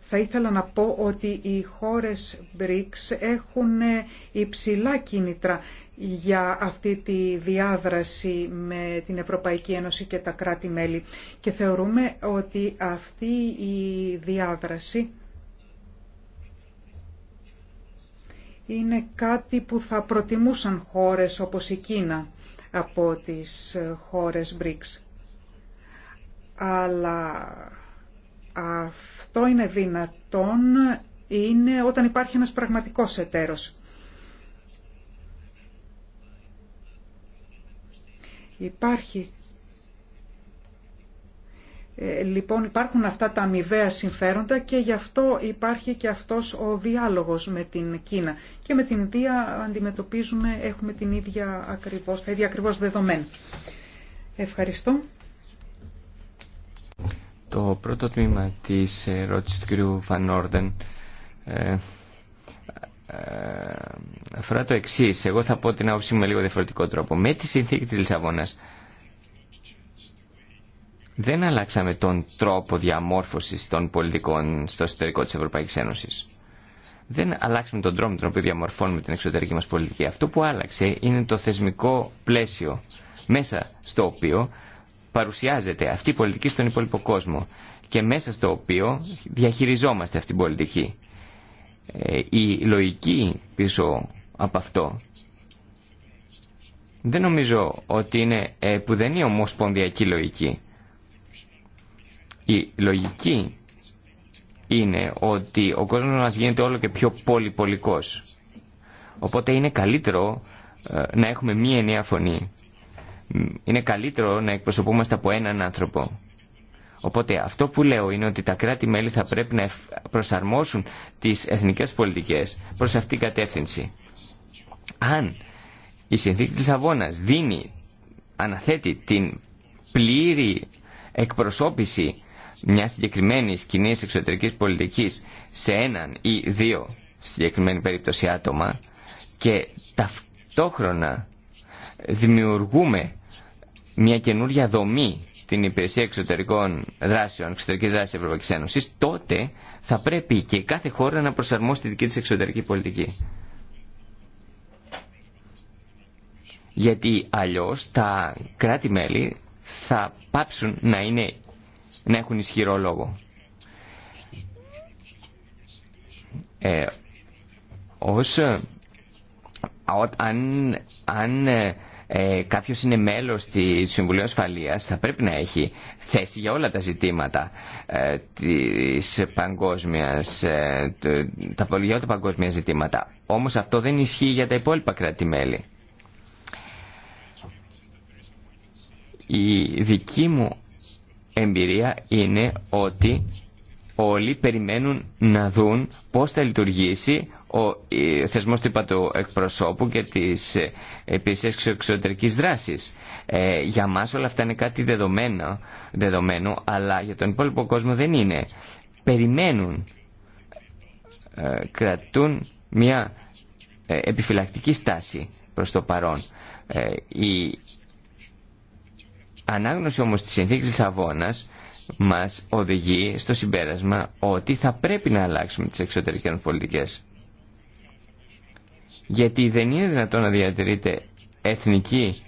θα ήθελα να πω ότι οι χώρες BRICS έχουν ε, υψηλά κίνητρα για αυτή τη διάδραση με την Ευρωπαϊκή Ένωση και τα κράτη-μέλη. Και θεωρούμε ότι αυτή η διάδραση είναι κάτι που θα προτιμούσαν χώρες όπως η Κίνα από τις χώρες BRICS. Αλλά αυτό είναι δυνατόν είναι όταν υπάρχει ένας πραγματικός εταίρος. Υπάρχει. Ε, λοιπόν, υπάρχουν αυτά τα αμοιβαία συμφέροντα και γι' αυτό υπάρχει και αυτός ο διάλογος με την Κίνα. Και με την Ινδία αντιμετωπίζουμε, έχουμε την ίδια ακριβώς, τα ίδια ακριβώς δεδομένα. Ευχαριστώ. Το πρώτο τμήμα της ερώτησης του κ. Φανόρδεν ε, αφορά το εξή. Εγώ θα πω την άποψή μου με λίγο διαφορετικό τρόπο. Με τη συνθήκη της Λισαβόνα δεν αλλάξαμε τον τρόπο διαμόρφωσης των πολιτικών στο εσωτερικό της Ευρωπαϊκής Ένωση. Δεν αλλάξαμε τον τρόπο με τον οποίο διαμορφώνουμε την εξωτερική μας πολιτική. Αυτό που άλλαξε είναι το θεσμικό πλαίσιο μέσα στο οποίο παρουσιάζεται αυτή η πολιτική στον υπόλοιπο κόσμο και μέσα στο οποίο διαχειριζόμαστε αυτή την πολιτική. Ε, η λογική πίσω από αυτό δεν νομίζω ότι είναι ε, που δεν είναι ομοσπονδιακή λογική. Η λογική είναι ότι ο κόσμος μας γίνεται όλο και πιο πολυπολικός. Οπότε είναι καλύτερο ε, να έχουμε μία ενιαία φωνή. Είναι καλύτερο να εκπροσωπούμαστε από έναν άνθρωπο. Οπότε αυτό που λέω είναι ότι τα κράτη-μέλη θα πρέπει να προσαρμόσουν τις εθνικές πολιτικές προς αυτήν την κατεύθυνση. Αν η συνθήκη της Αβώνας δίνει, αναθέτει την πλήρη εκπροσώπηση μια συγκεκριμένη κοινή εξωτερικής πολιτικής σε έναν ή δύο συγκεκριμένη περίπτωση άτομα και ταυτόχρονα δημιουργούμε μια καινούρια δομή την υπηρεσία εξωτερικών δράσεων, εξωτερική δράση τη Ευρωπαϊκή Ένωση, τότε θα πρέπει και κάθε χώρα να προσαρμόσει τη δική τη εξωτερική πολιτική. Γιατί αλλιώ τα κράτη-μέλη θα πάψουν να, είναι, να έχουν ισχυρό λόγο. Ε, αν, αν ε, ε, κάποιος είναι μέλος τη Συμβουλίου Ασφαλεία, θα πρέπει να έχει θέση για όλα τα ζητήματα ε, της παγκόσμιας, ε, τα, πολυγιώτα παγκόσμια ζητήματα. Όμως αυτό δεν ισχύει για τα υπόλοιπα κράτη-μέλη. Η δική μου εμπειρία είναι ότι όλοι περιμένουν να δουν πώς θα λειτουργήσει ο θεσμός του υπατού εκπροσώπου και της επίσης εξωτερικής δράσης. Ε, για μας όλα αυτά είναι κάτι δεδομένο, δεδομένο, αλλά για τον υπόλοιπο κόσμο δεν είναι. Περιμένουν, ε, κρατούν μια ε, επιφυλακτική στάση προς το παρόν. Ε, η ανάγνωση όμως της συνθήκης αβώνας μας οδηγεί στο συμπέρασμα ότι θα πρέπει να αλλάξουμε τις εξωτερικές πολιτικές. Γιατί δεν είναι δυνατόν να διατηρείται εθνική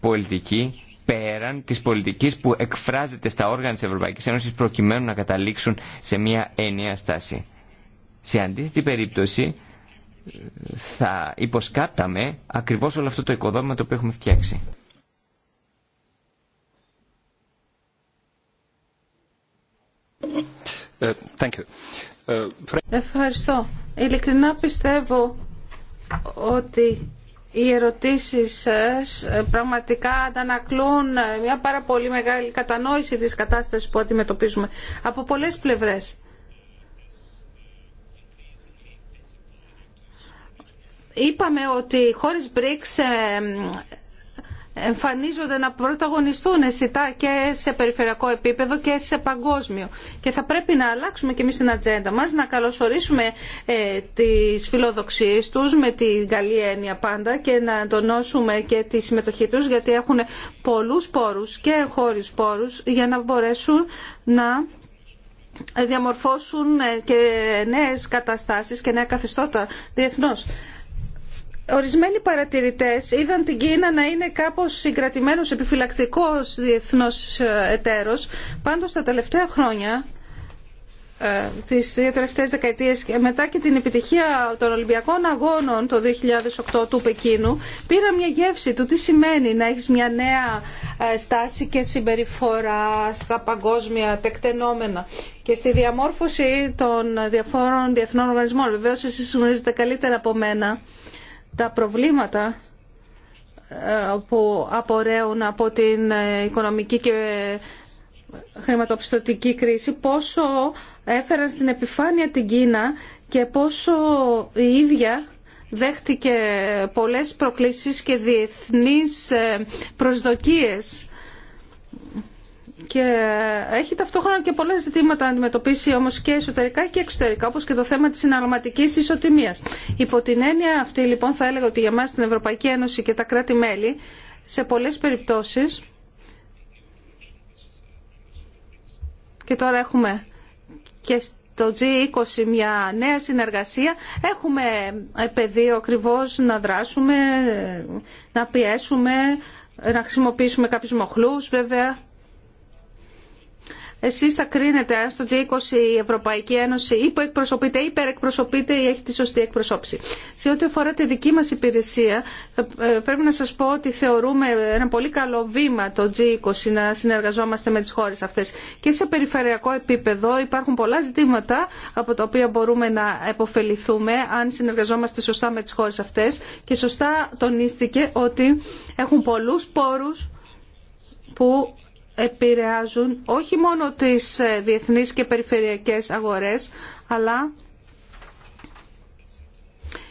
πολιτική πέραν της πολιτικής που εκφράζεται στα όργανα της Ευρωπαϊκής Ένωσης προκειμένου να καταλήξουν σε μια ενιαία στάση. Σε αντίθετη περίπτωση θα υποσκάπταμε ακριβώς όλο αυτό το οικοδόμημα το οποίο έχουμε φτιάξει. Ε, ε, Ευχαριστώ. Ειλικρινά πιστεύω ότι οι ερωτήσεις σας ε, πραγματικά αντανακλούν μια πάρα πολύ μεγάλη κατανόηση της κατάστασης που αντιμετωπίζουμε από πολλές πλευρές. Είπαμε ότι χωρίς χώρες BRICS εμφανίζονται να πρωταγωνιστούν αισθητά και σε περιφερειακό επίπεδο και σε παγκόσμιο. Και θα πρέπει να αλλάξουμε και εμείς την ατζέντα μας, να καλωσορίσουμε ε, τις φιλοδοξίες τους με την καλή έννοια πάντα και να τονώσουμε και τη συμμετοχή τους γιατί έχουν πολλούς πόρους και χώριους πόρους για να μπορέσουν να διαμορφώσουν ε, και νέες καταστάσεις και νέα καθεστώτα διεθνώς. Ορισμένοι παρατηρητές είδαν την Κίνα να είναι κάπως συγκρατημένος επιφυλακτικός διεθνός ε, εταίρος. Πάντως τα τελευταία χρόνια, ε, τις δύο τελευταίες δεκαετίες και μετά και την επιτυχία των Ολυμπιακών Αγώνων το 2008 του Πεκίνου, πήρα μια γεύση του τι σημαίνει να έχεις μια νέα ε, στάση και συμπεριφορά στα παγκόσμια τεκτενόμενα και στη διαμόρφωση των διαφόρων διεθνών οργανισμών. Βεβαίως εσείς γνωρίζετε καλύτερα από μένα τα προβλήματα ε, που απορρέουν από την ε, οικονομική και χρηματοπιστωτική κρίση, πόσο έφεραν στην επιφάνεια την Κίνα και πόσο η ίδια δέχτηκε πολλές προκλήσεις και διεθνείς ε, προσδοκίες και έχει ταυτόχρονα και πολλά ζητήματα να αντιμετωπίσει όμω και εσωτερικά και εξωτερικά, όπω και το θέμα τη συναλλαγματική ισοτιμία. Υπό την έννοια αυτή, λοιπόν, θα έλεγα ότι για εμά στην Ευρωπαϊκή Ένωση και τα κράτη-μέλη, σε πολλέ περιπτώσει. Και τώρα έχουμε και στο G20 μια νέα συνεργασία. Έχουμε πεδίο ακριβώ να δράσουμε, να πιέσουμε, να χρησιμοποιήσουμε κάποιου μοχλούς βέβαια Εσεί θα κρίνετε αν στο G20 η Ευρωπαϊκή Ένωση υποεκπροσωπείται ή υπερεκπροσωπείται ή έχει τη σωστή εκπροσώψη. Σε ό,τι αφορά τη δική μα υπηρεσία, ε, πρέπει να σα πω ότι θεωρούμε ένα πολύ καλό βήμα το G20 να συνεργαζόμαστε με τι χώρε αυτέ. Και σε περιφερειακό επίπεδο υπάρχουν πολλά ζητήματα από τα οποία μπορούμε να επωφεληθούμε αν συνεργαζόμαστε σωστά με τι χώρε αυτέ. και σωστά τονίστηκε ότι έχουν πολλού πόρου που επηρεάζουν όχι μόνο τις ε, διεθνείς και περιφερειακές αγορές, αλλά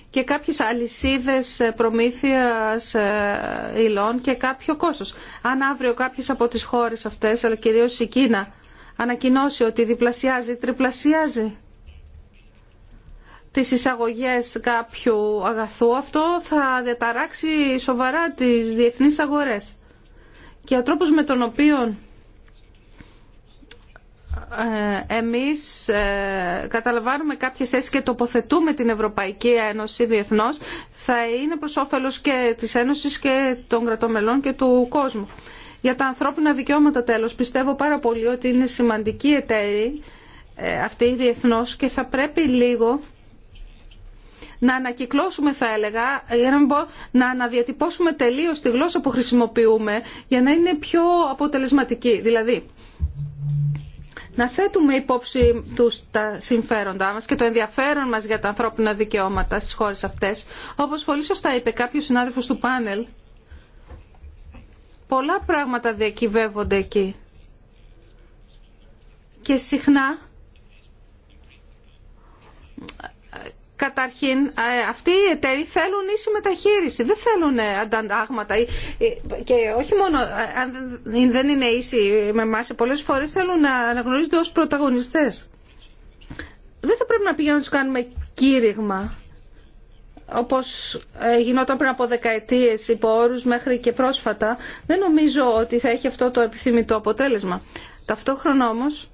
και κάποιες αλυσίδες ε, προμήθειας ε, υλών και κάποιο κόστος. Αν αύριο κάποιες από τις χώρες αυτές, αλλά κυρίως η Κίνα, ανακοινώσει ότι διπλασιάζει, τριπλασιάζει τις εισαγωγές κάποιου αγαθού, αυτό θα διαταράξει σοβαρά τις διεθνείς αγορές και ο τρόπος με τον οποίο ε, εμείς ε, καταλαμβάνουμε κάποιες θέσεις και τοποθετούμε την Ευρωπαϊκή Ένωση διεθνώς θα είναι προς όφελος και της Ένωσης και των κρατομελών και του κόσμου. Για τα ανθρώπινα δικαιώματα τέλος πιστεύω πάρα πολύ ότι είναι σημαντική εταίρη ε, αυτή διεθνώς και θα πρέπει λίγο να ανακυκλώσουμε θα έλεγα, για να να αναδιατυπώσουμε τελείως τη γλώσσα που χρησιμοποιούμε για να είναι πιο αποτελεσματική. Δηλαδή, να θέτουμε υπόψη τους τα συμφέροντά μας και το ενδιαφέρον μας για τα ανθρώπινα δικαιώματα στις χώρες αυτές. Όπως πολύ σωστά είπε κάποιος συνάδελφος του πάνελ, πολλά πράγματα διακυβεύονται εκεί. Και συχνά Καταρχήν, ε, αυτοί οι εταίροι θέλουν ίση μεταχείριση. Δεν θέλουν ε, ανταντάγματα. Ε, και όχι μόνο, αν δεν είναι ίση με εμά, πολλέ φορέ θέλουν να αναγνωρίζονται ω πρωταγωνιστέ. Δεν θα πρέπει να πηγαίνουν να του κάνουμε κήρυγμα όπως γινόταν πριν από δεκαετίες υπό όρου μέχρι και πρόσφατα, δεν νομίζω ότι θα έχει αυτό το επιθυμητό αποτέλεσμα. Ταυτόχρονα όμως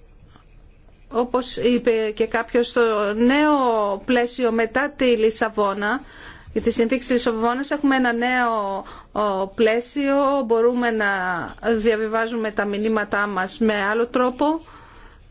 όπως είπε και κάποιος στο νέο πλαίσιο μετά τη Λισαβόνα, για τη συνθήκη της Λισαβόνας έχουμε ένα νέο πλαίσιο, μπορούμε να διαβιβάζουμε τα μηνύματά μας με άλλο τρόπο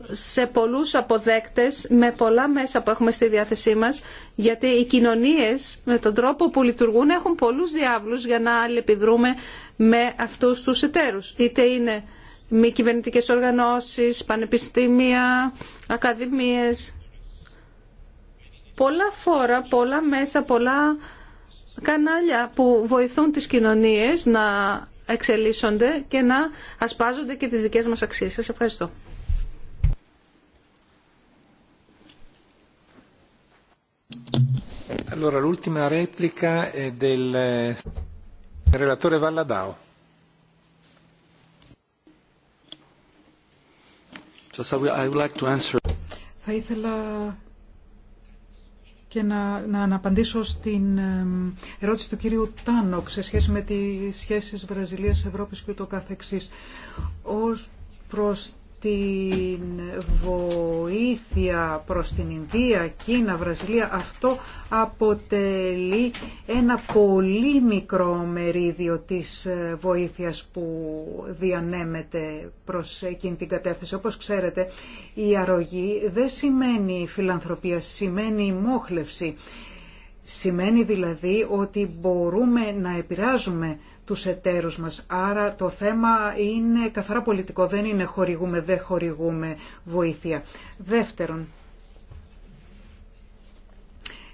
σε πολλούς αποδέκτες με πολλά μέσα που έχουμε στη διάθεσή μας γιατί οι κοινωνίες με τον τρόπο που λειτουργούν έχουν πολλούς διάβλους για να αλληλεπιδρούμε με αυτούς τους εταίρους είτε είναι μη κυβερνητικές οργανώσεις, πανεπιστήμια, ακαδημίες. Πολλά φόρα, πολλά μέσα, πολλά κανάλια που βοηθούν τις κοινωνίες να εξελίσσονται και να ασπάζονται και τις δικές μας αξίες. Σας ευχαριστώ. Allora, l'ultima replica è del relatore Valladao. Θα ήθελα και να, να, στην ερώτηση του κύριου Τάνοκ σε σχέση με τις σχέσεις Βραζιλίας-Ευρώπης και το καθεξής. Ως προς την βοήθεια προς την Ινδία, Κίνα, Βραζιλία, αυτό αποτελεί ένα πολύ μικρό μερίδιο της ε, βοήθειας που διανέμεται προς εκείνη την κατεύθυνση. Όπως ξέρετε, η αρρωγή δεν σημαίνει φιλανθρωπία, σημαίνει μόχλευση. Σημαίνει δηλαδή ότι μπορούμε να επηρεάζουμε τους εταίρους μας. Άρα το θέμα είναι καθαρά πολιτικό, δεν είναι χορηγούμε, δεν χορηγούμε βοήθεια. Δεύτερον,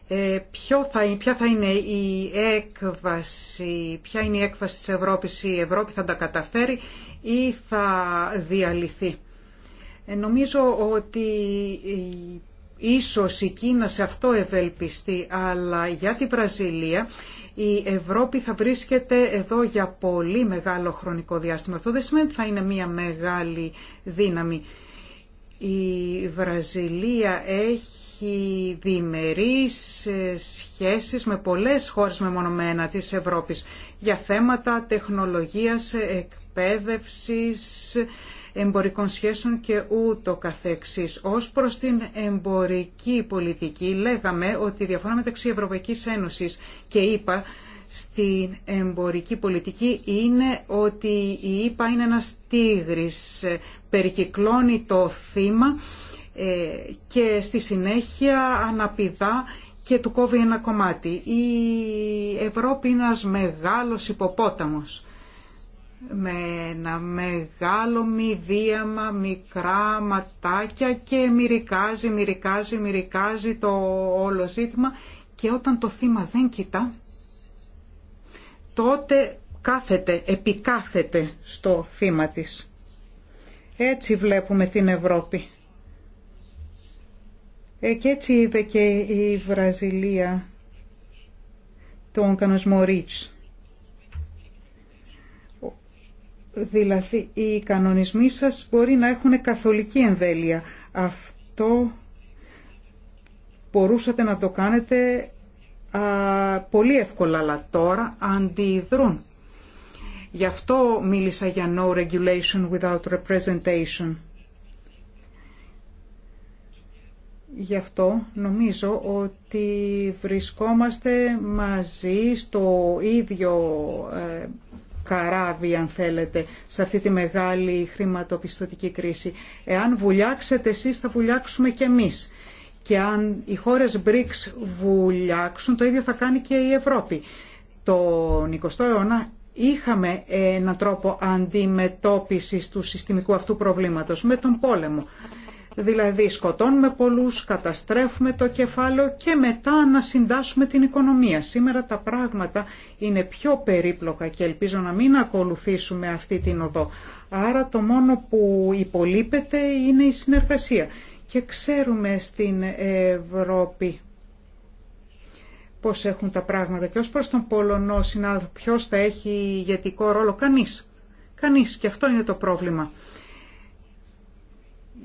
ε, ποιο θα, ποια θα είναι η έκβαση, ποια είναι η έκβαση της Ευρώπης, η Ευρώπη θα τα καταφέρει ή θα διαλυθεί. Ε, νομίζω ότι Ίσως η Κίνα σε αυτό ευελπιστεί, αλλά για τη Βραζιλία η Ευρώπη θα βρίσκεται εδώ για πολύ μεγάλο χρονικό διάστημα. Αυτό δεν σημαίνει ότι θα είναι μια μεγάλη δύναμη. Η Βραζιλία έχει διμερείς ε, σχέσεις με πολλές χώρες μεμονωμένα της Ευρώπης για θέματα τεχνολογίας, εκπαίδευσης, εμπορικών σχέσεων και ούτω καθεξής. Ως προς την εμπορική πολιτική λέγαμε ότι η διαφορά μεταξύ Ευρωπαϊκής Ένωσης και ήπα στην εμπορική πολιτική είναι ότι η ήπα είναι ένας τίγρης, περικυκλώνει το θύμα ε, και στη συνέχεια αναπηδά και του κόβει ένα κομμάτι. Η Ευρώπη είναι ένας μεγάλος υποπόταμος με ένα μεγάλο μηδίαμα, μικρά ματάκια και μυρικάζει, μυρικάζει, μυρικάζει το όλο ζήτημα και όταν το θύμα δεν κοιτά, τότε κάθεται, επικάθεται στο θύμα της. Έτσι βλέπουμε την Ευρώπη. Ε, και έτσι είδε και η Βραζιλία τον κανονισμό Δηλαδή, οι κανονισμοί σας μπορεί να έχουν καθολική εμβέλεια. Αυτό μπορούσατε να το κάνετε πολύ εύκολα, αλλά τώρα αντιδρούν. Γι' αυτό μίλησα για no regulation without representation. Γι' αυτό νομίζω ότι βρισκόμαστε μαζί στο ίδιο ε, καράβι, αν θέλετε, σε αυτή τη μεγάλη χρηματοπιστωτική κρίση. Εάν βουλιάξετε εσείς, θα βουλιάξουμε και εμείς. Και αν οι χώρες BRICS βουλιάξουν, το ίδιο θα κάνει και η Ευρώπη. Τον 20ο αιώνα είχαμε έναν τρόπο αντιμετώπισης του συστημικού αυτού προβλήματος με τον πόλεμο. Δηλαδή σκοτώνουμε πολλούς, καταστρέφουμε το κεφάλαιο και μετά να συντάσσουμε την οικονομία. Σήμερα τα πράγματα είναι πιο περίπλοκα και ελπίζω να μην ακολουθήσουμε αυτή την οδό. Άρα το μόνο που υπολείπεται είναι η συνεργασία. Και ξέρουμε στην Ευρώπη πώς έχουν τα πράγματα και ως προς τον Πολωνό συνάδελφο ποιος θα έχει ηγετικό ρόλο, κανείς. Κανείς και αυτό είναι το πρόβλημα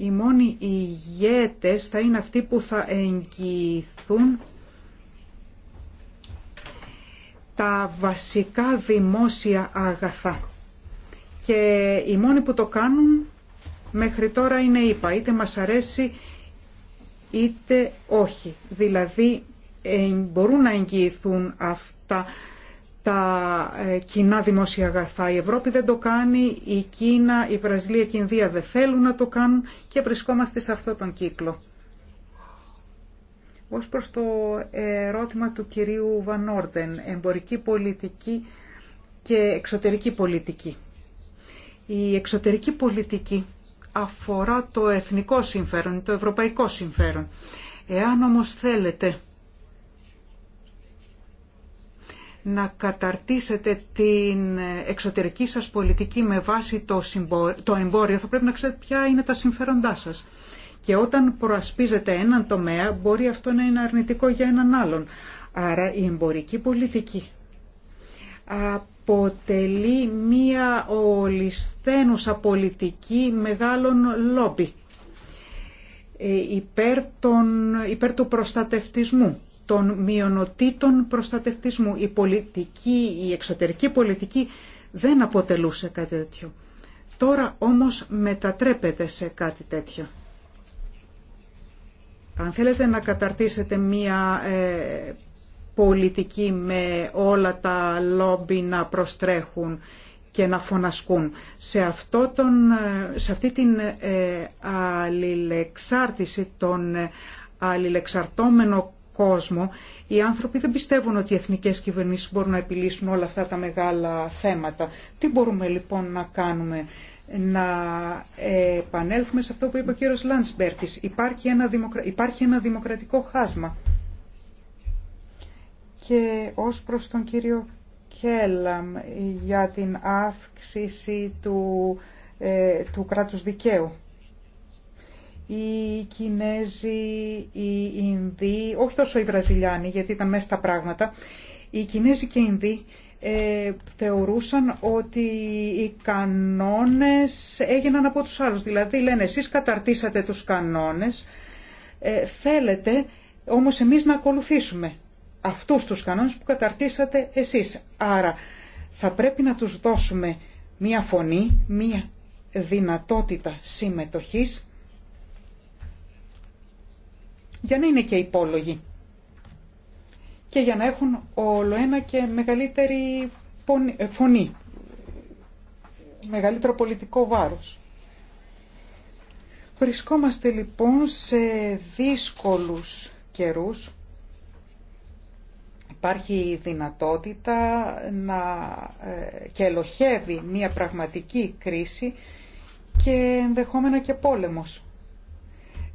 οι μόνοι ηγέτες θα είναι αυτοί που θα εγγυηθούν τα βασικά δημόσια αγαθά. Και οι μόνοι που το κάνουν μέχρι τώρα είναι είπα, είτε μας αρέσει είτε όχι. Δηλαδή ε, μπορούν να εγγυηθούν αυτά τα ε, κοινά δημόσια αγαθά. Η Ευρώπη δεν το κάνει, η Κίνα, η Βραζιλία και η Ινδία δεν θέλουν να το κάνουν και βρισκόμαστε σε αυτόν τον κύκλο. Ως προς το ερώτημα του κυρίου Βανόρτεν, εμπορική πολιτική και εξωτερική πολιτική. Η εξωτερική πολιτική αφορά το εθνικό συμφέρον, το ευρωπαϊκό συμφέρον. Εάν όμως θέλετε να καταρτήσετε την εξωτερική σας πολιτική με βάση το, το εμπόριο, θα πρέπει να ξέρετε ποια είναι τα συμφέροντά σας. Και όταν προασπίζετε έναν τομέα, μπορεί αυτό να είναι αρνητικό για έναν άλλον. Άρα η εμπορική πολιτική αποτελεί μία ολισθένουσα πολιτική μεγάλων λόμπι ε, υπέρ, υπέρ του προστατευτισμού των μειονοτήτων προστατευτισμού. Η, πολιτική, η εξωτερική πολιτική δεν αποτελούσε κάτι τέτοιο. Τώρα όμως μετατρέπεται σε κάτι τέτοιο. Αν θέλετε να καταρτήσετε μία ε, πολιτική με όλα τα λόμπι να προστρέχουν και να φωνασκούν. Σε, αυτό τον, ε, σε αυτή την ε, αλληλεξάρτηση των ε, αλληλεξαρτώμενο κόσμο, οι άνθρωποι δεν πιστεύουν ότι οι εθνικές κυβερνήσεις μπορούν να επιλύσουν όλα αυτά τα μεγάλα θέματα. Τι μπορούμε λοιπόν να κάνουμε να ε, επανέλθουμε σε αυτό που είπε ο κύριος Λανσμπέρκης. Υπάρχει ένα, δημοκρα... Υπάρχει ένα δημοκρατικό χάσμα. Και ως προς τον κύριο Κέλαμ για την αύξηση του, ε, του κράτους δικαίου οι Κινέζοι, οι Ινδοί, όχι τόσο οι Βραζιλιάνοι γιατί ήταν μέσα στα πράγματα, οι Κινέζοι και οι Ινδοί ε, θεωρούσαν ότι οι κανόνες έγιναν από τους άλλους. Δηλαδή λένε εσείς καταρτήσατε τους κανόνες, ε, θέλετε όμως εμείς να ακολουθήσουμε αυτούς τους κανόνες που καταρτήσατε εσείς. Άρα θα πρέπει να τους δώσουμε μία φωνή, μία δυνατότητα συμμετοχής για να είναι και υπόλογοι και για να έχουν όλο ένα και μεγαλύτερη ε, φωνή, μεγαλύτερο πολιτικό βάρος. Βρισκόμαστε λοιπόν σε δύσκολους καιρούς. Υπάρχει η δυνατότητα να ε, και ελοχεύει μια πραγματική κρίση και ενδεχόμενα και πόλεμος.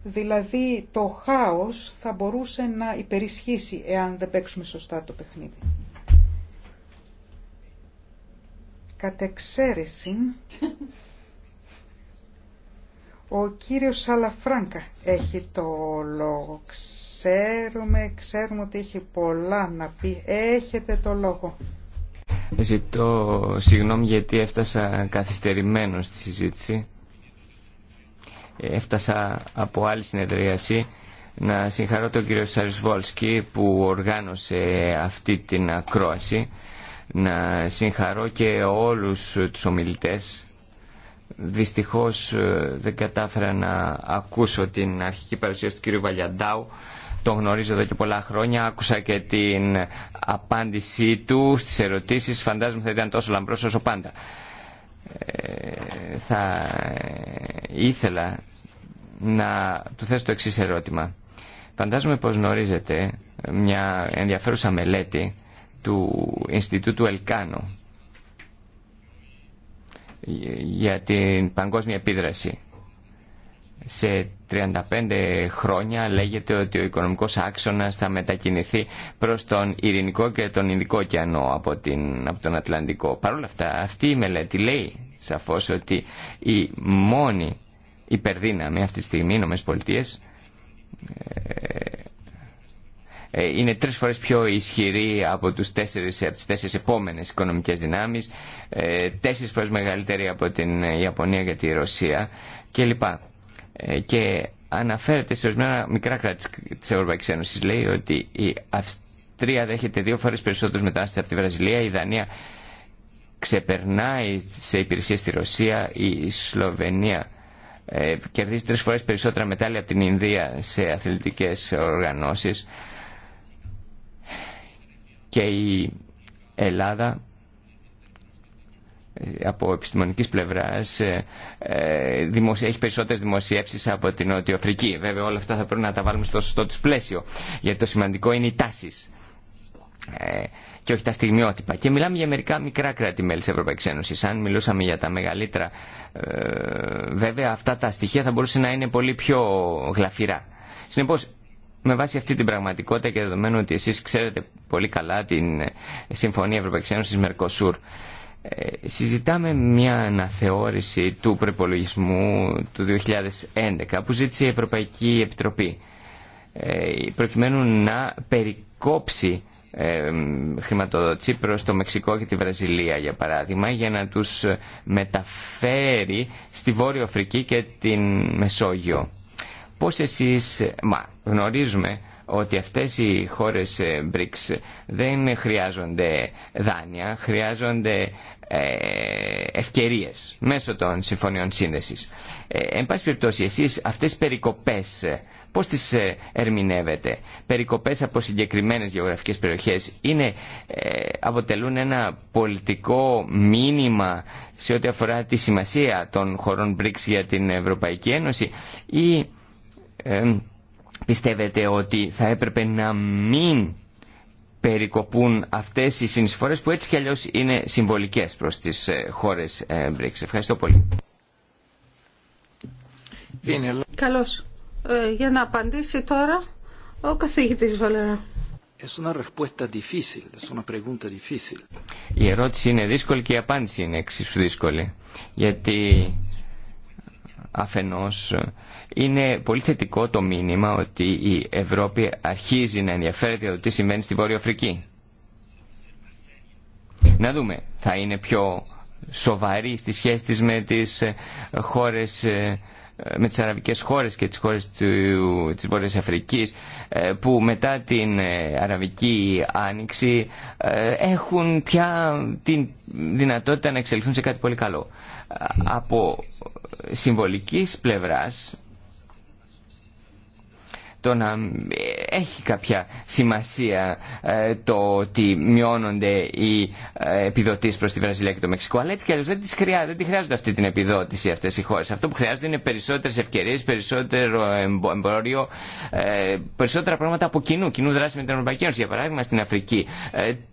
Δηλαδή το χάος θα μπορούσε να υπερισχύσει εάν δεν παίξουμε σωστά το παιχνίδι. Κατ' εξαίρεση, ο κύριος Σαλαφράγκα έχει το λόγο. Ξέρουμε, ξέρουμε ότι έχει πολλά να πει. Έχετε το λόγο. Ζητώ συγγνώμη γιατί έφτασα καθυστερημένο στη συζήτηση έφτασα από άλλη συνεδρίαση να συγχαρώ τον κύριο Σαρισβόλσκι που οργάνωσε αυτή την ακρόαση να συγχαρώ και όλους τους ομιλητές δυστυχώς ε, δεν κατάφερα να ακούσω την αρχική παρουσίαση του κύριου Βαλιαντάου Το γνωρίζω εδώ και πολλά χρόνια. Άκουσα και την απάντησή του στις ερωτήσεις. Φαντάζομαι θα ήταν τόσο λαμπρός όσο πάντα. Ε, θα ήθελα να του θέσω το εξή ερώτημα. Φαντάζομαι πως γνωρίζετε μια ενδιαφέρουσα μελέτη του Ινστιτούτου Ελκάνου για την παγκόσμια επίδραση. Σε 35 χρόνια λέγεται ότι ο οικονομικός άξονας θα μετακινηθεί προς τον Ειρηνικό και τον Ινδικό ωκεανό από, από τον Ατλαντικό. Παρ' όλα αυτά αυτή η μελέτη λέει σαφώς ότι η μόνη υπερδύναμη αυτή τη στιγμή, οι Ε, Πολιτείες, είναι τρει φορέ πιο ισχυρή από, τι τέσσερις, επόμενε οικονομικέ δυνάμει, επόμενες οικονομικές δυνάμεις, ε, μεγαλύτερη από την Ιαπωνία και τη Ρωσία κλπ. Ε, και αναφέρεται σε ορισμένα μικρά κράτη τη Ευρωπαϊκή Ένωση Λέει ότι η Αυστρία δέχεται δύο φορέ περισσότερους μετανάστε από τη Βραζιλία, η Δανία ξεπερνάει σε υπηρεσίες στη Ρωσία, η Σλοβενία ε, κερδίζει τρεις φορές περισσότερα μετάλλια από την Ινδία σε αθλητικές οργανώσεις και η Ελλάδα ε, από επιστημονικής πλευράς ε, ε, έχει περισσότερες δημοσιεύσεις από την Νοτιοφρική. Βέβαια όλα αυτά θα πρέπει να τα βάλουμε στο σωστό τους πλαίσιο γιατί το σημαντικό είναι οι τάσεις και όχι τα στιγμιότυπα. Και μιλάμε για μερικά μικρά κράτη-μέλη τη Ευρωπαϊκή Ένωση. Αν μιλούσαμε για τα μεγαλύτερα, ε, βέβαια αυτά τα στοιχεία θα μπορούσαν να είναι πολύ πιο γλαφυρά. Συνεπώ, με βάση αυτή την πραγματικότητα και δεδομένου ότι εσεί ξέρετε πολύ καλά την ε, Συμφωνία Ευρωπαϊκή Ένωση Μερκοσούρ, ε, συζητάμε μια αναθεώρηση του προπολογισμού του 2011 που ζήτησε η Ευρωπαϊκή Επιτροπή προκειμένου να περικόψει ε, προ προς το Μεξικό και τη Βραζιλία για παράδειγμα για να τους μεταφέρει στη Βόρεια Αφρική και την Μεσόγειο. Πώς εσείς, μα γνωρίζουμε ότι αυτές οι χώρες ε, BRICS δεν χρειάζονται δάνεια, χρειάζονται ε, ευκαιρίες μέσω των συμφωνιών σύνδεσης. Ε, εν πάση περιπτώσει, εσείς αυτές τις περικοπές ε, Πώς τις ε, ερμηνεύετε. Περικοπές από συγκεκριμένες γεωγραφικές περιοχές είναι, ε, αποτελούν ένα πολιτικό μήνυμα σε ό,τι αφορά τη σημασία των χωρών BRICS για την Ευρωπαϊκή Ένωση ή ε, πιστεύετε ότι θα έπρεπε να μην περικοπούν αυτές οι συνεισφορές που έτσι κι αλλιώς είναι συμβολικές προς τις χώρες BRICS. Ευχαριστώ πολύ. Καλώς. Ε, για να απαντήσει τώρα ο καθηγητής Βαλερά. Η ερώτηση είναι δύσκολη και η απάντηση είναι εξίσου δύσκολη. Γιατί αφενός είναι πολύ θετικό το μήνυμα ότι η Ευρώπη αρχίζει να ενδιαφέρεται για το τι συμβαίνει στη Βόρεια Αφρική. Να δούμε, θα είναι πιο σοβαρή στη σχέση της με τις χώρες ε, ε, με τις αραβικές χώρες και τις χώρες του, της Βόρειας Αφρικής ε, που μετά την ε, Αραβική Άνοιξη έχουν πια την δυνατότητα να εξελιχθούν σε κάτι πολύ καλό. Από συμβολικής πλευράς το να έχει κάποια σημασία ε, το ότι μειώνονται οι ε, επιδοτήσει προ τη Βραζιλία και το Μεξικό. Αλλά έτσι κι αλλιώ δεν, δεν τη χρειάζονται αυτή την επιδότηση αυτέ οι χώρε. Αυτό που χρειάζονται είναι περισσότερε ευκαιρίε, περισσότερο εμπόριο, ε, περισσότερα πράγματα από κοινού, κοινού δράση με την Ευρωπαϊκή Ένωση. Για παράδειγμα στην Αφρική,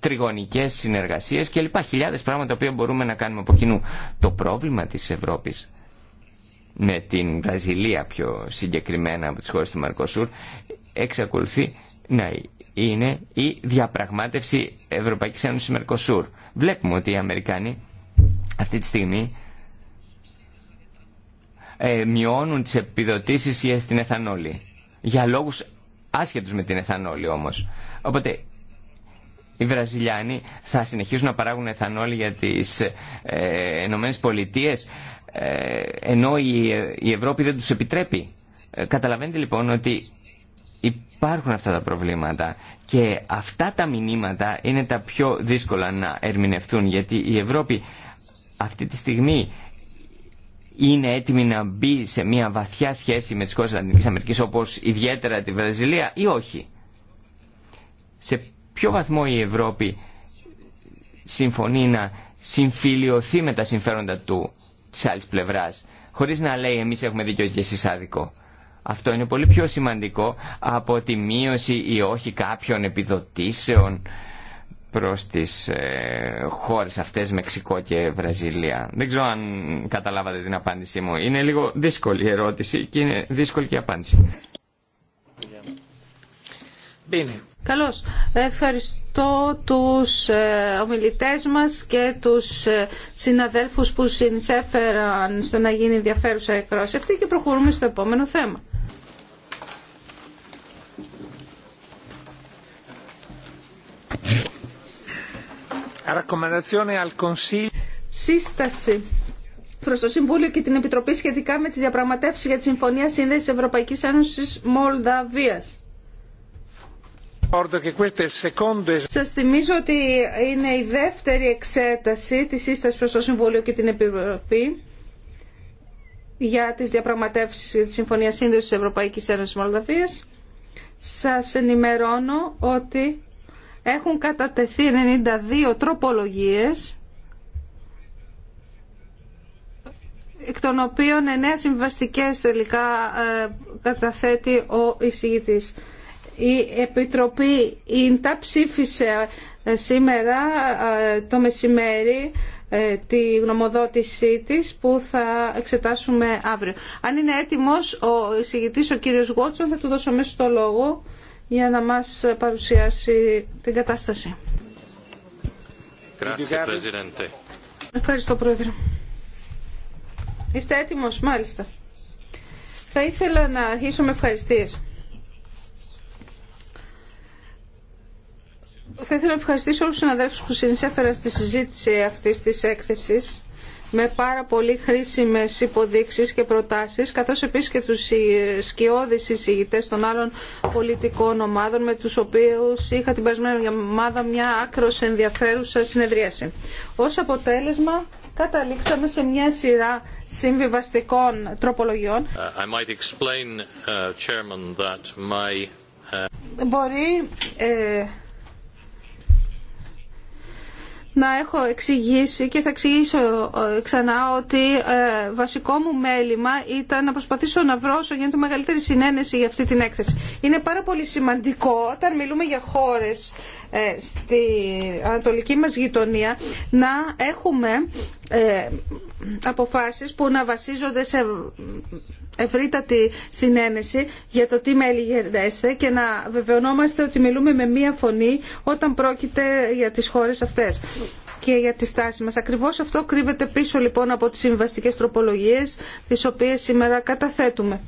τριγωνικέ συνεργασίε κλπ. Χιλιάδε πράγματα που μπορούμε να κάνουμε από κοινού. Το πρόβλημα τη Ευρώπη με την Βραζιλία πιο συγκεκριμένα από τις χώρες του Μαρκοσούρ εξακολουθεί να είναι η διαπραγμάτευση Ευρωπαϊκής Ένωσης Μερκοσούρ. Βλέπουμε ότι οι Αμερικάνοι αυτή τη στιγμή ε, μειώνουν τις επιδοτήσεις στην εθανόλη. Για λόγους άσχετους με την εθανόλη όμως. Οπότε οι Βραζιλιάνοι θα συνεχίσουν να παράγουν εθανόλη για τις ε, ε, ενώ η Ευρώπη δεν τους επιτρέπει. Ε, καταλαβαίνετε λοιπόν ότι υπάρχουν αυτά τα προβλήματα και αυτά τα μηνύματα είναι τα πιο δύσκολα να ερμηνευτούν γιατί η Ευρώπη αυτή τη στιγμή είναι έτοιμη να μπει σε μια βαθιά σχέση με τις χώρες της Αμερικής όπως ιδιαίτερα τη Βραζιλία ή όχι. Σε ποιο βαθμό η Ευρώπη συμφωνεί να συμφιλειωθεί με τα συμφέροντα του τη άλλη πλευρά, χωρί να λέει εμεί έχουμε δίκιο και εσεί άδικο. Αυτό είναι πολύ πιο σημαντικό από τη μείωση ή όχι κάποιων επιδοτήσεων προς τις ε, χώρες αυτές Μεξικό και Βραζιλία. Δεν ξέρω αν καταλάβατε την απάντησή μου. Είναι λίγο δύσκολη η ερώτηση και είναι δύσκολη και η απάντηση. Bene. Καλώς. Ευχαριστώ τους ε, ομιλητές μας και τους ε, συναδέλφους που συνεισέφεραν στο να γίνει ενδιαφέρουσα εκπρόση αυτή και προχωρούμε στο επόμενο θέμα. Σύσταση προς το Συμβούλιο και την Επιτροπή σχετικά με τις διαπραγματεύσεις για τη Συμφωνία Σύνδεσης Ευρωπαϊκής Ένωσης Μολδαβίας. Σας θυμίζω ότι είναι η δεύτερη εξέταση της σύσταση προς το Συμβούλιο και την Επιτροπή για τις διαπραγματεύσεις της Συμφωνίας Σύνδεσης της Ευρωπαϊκής Ένωσης Μολδαβίας. Σας ενημερώνω ότι έχουν κατατεθεί 92 τροπολογίες εκ των οποίων 9 συμβαστικές τελικά ε, καταθέτει ο εισηγητής. Η Επιτροπή Ίντα ψήφισε ε, σήμερα ε, το μεσημέρι ε, τη γνωμοδότησή της που θα εξετάσουμε αύριο. Αν είναι έτοιμος ο εισηγητής ο κύριος Γότσον θα του δώσω μέσα το λόγο για να μας παρουσιάσει την κατάσταση. Ευχαριστώ Πρόεδρε. Είστε έτοιμος, μάλιστα. Θα ήθελα να αρχίσω με ευχαριστίες. Θα ήθελα να ευχαριστήσω όλους τους συναδέλφους που συνεισέφεραν στη συζήτηση αυτής της έκθεσης με πάρα πολύ χρήσιμες υποδείξεις και προτάσεις, καθώς επίσης και τους σκιώδεις εισηγητές των άλλων πολιτικών ομάδων, με τους οποίους είχα την περασμένη ομάδα μια άκρος ενδιαφέρουσα συνεδρίαση. Ως αποτέλεσμα, καταλήξαμε σε μια σειρά συμβιβαστικών τροπολογιών. Uh, explain, uh, chairman, uh, Μπορεί... Ε, να έχω εξηγήσει και θα εξηγήσω ε, ξανά ότι ε, βασικό μου μέλημα ήταν να προσπαθήσω να βρω όσο γίνεται μεγαλύτερη συνένεση για αυτή την έκθεση. Είναι πάρα πολύ σημαντικό όταν μιλούμε για χώρες ε, στη ανατολική μας γειτονία να έχουμε ε, αποφάσεις που να βασίζονται σε ευρύτατη συνένεση για το τι μέλη και να βεβαιωνόμαστε ότι μιλούμε με μία φωνή όταν πρόκειται για τις χώρες αυτές και για τη στάση μας. Ακριβώς αυτό κρύβεται πίσω λοιπόν από τις συμβαστικές τροπολογίες τις οποίες σήμερα καταθέτουμε.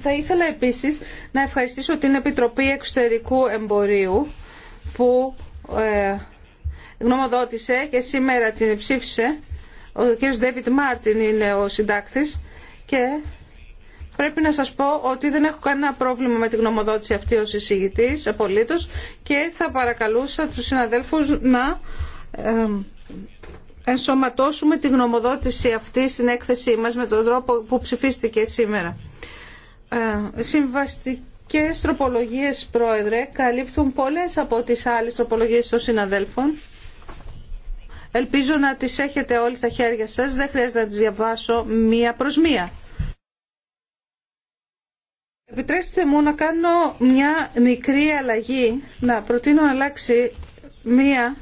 Θα ήθελα επίσης να ευχαριστήσω την Επιτροπή Εξωτερικού Εμπορίου που ε, γνωμοδότησε και σήμερα την ψήφισε. Ο κ. Ντέβιτ Μάρτιν είναι ο συντάκτης και πρέπει να σας πω ότι δεν έχω κανένα πρόβλημα με τη γνωμοδότηση αυτή ως εισηγητής απολύτως και θα παρακαλούσα τους συναδέλφους να ε, ενσωματώσουμε τη γνωμοδότηση αυτή στην έκθεσή μας με τον τρόπο που ψηφίστηκε σήμερα. Ε, και τροπολογίε πρόεδρε καλύπτουν πολλές από τις άλλες τροπολογίε των συναδέλφων. Ελπίζω να τις έχετε όλοι στα χέρια σας, δεν χρειάζεται να τις διαβάσω μία προς μία. Επιτρέψτε μου να κάνω μια μικρή αλλαγή, να προτείνω να αλλάξει μία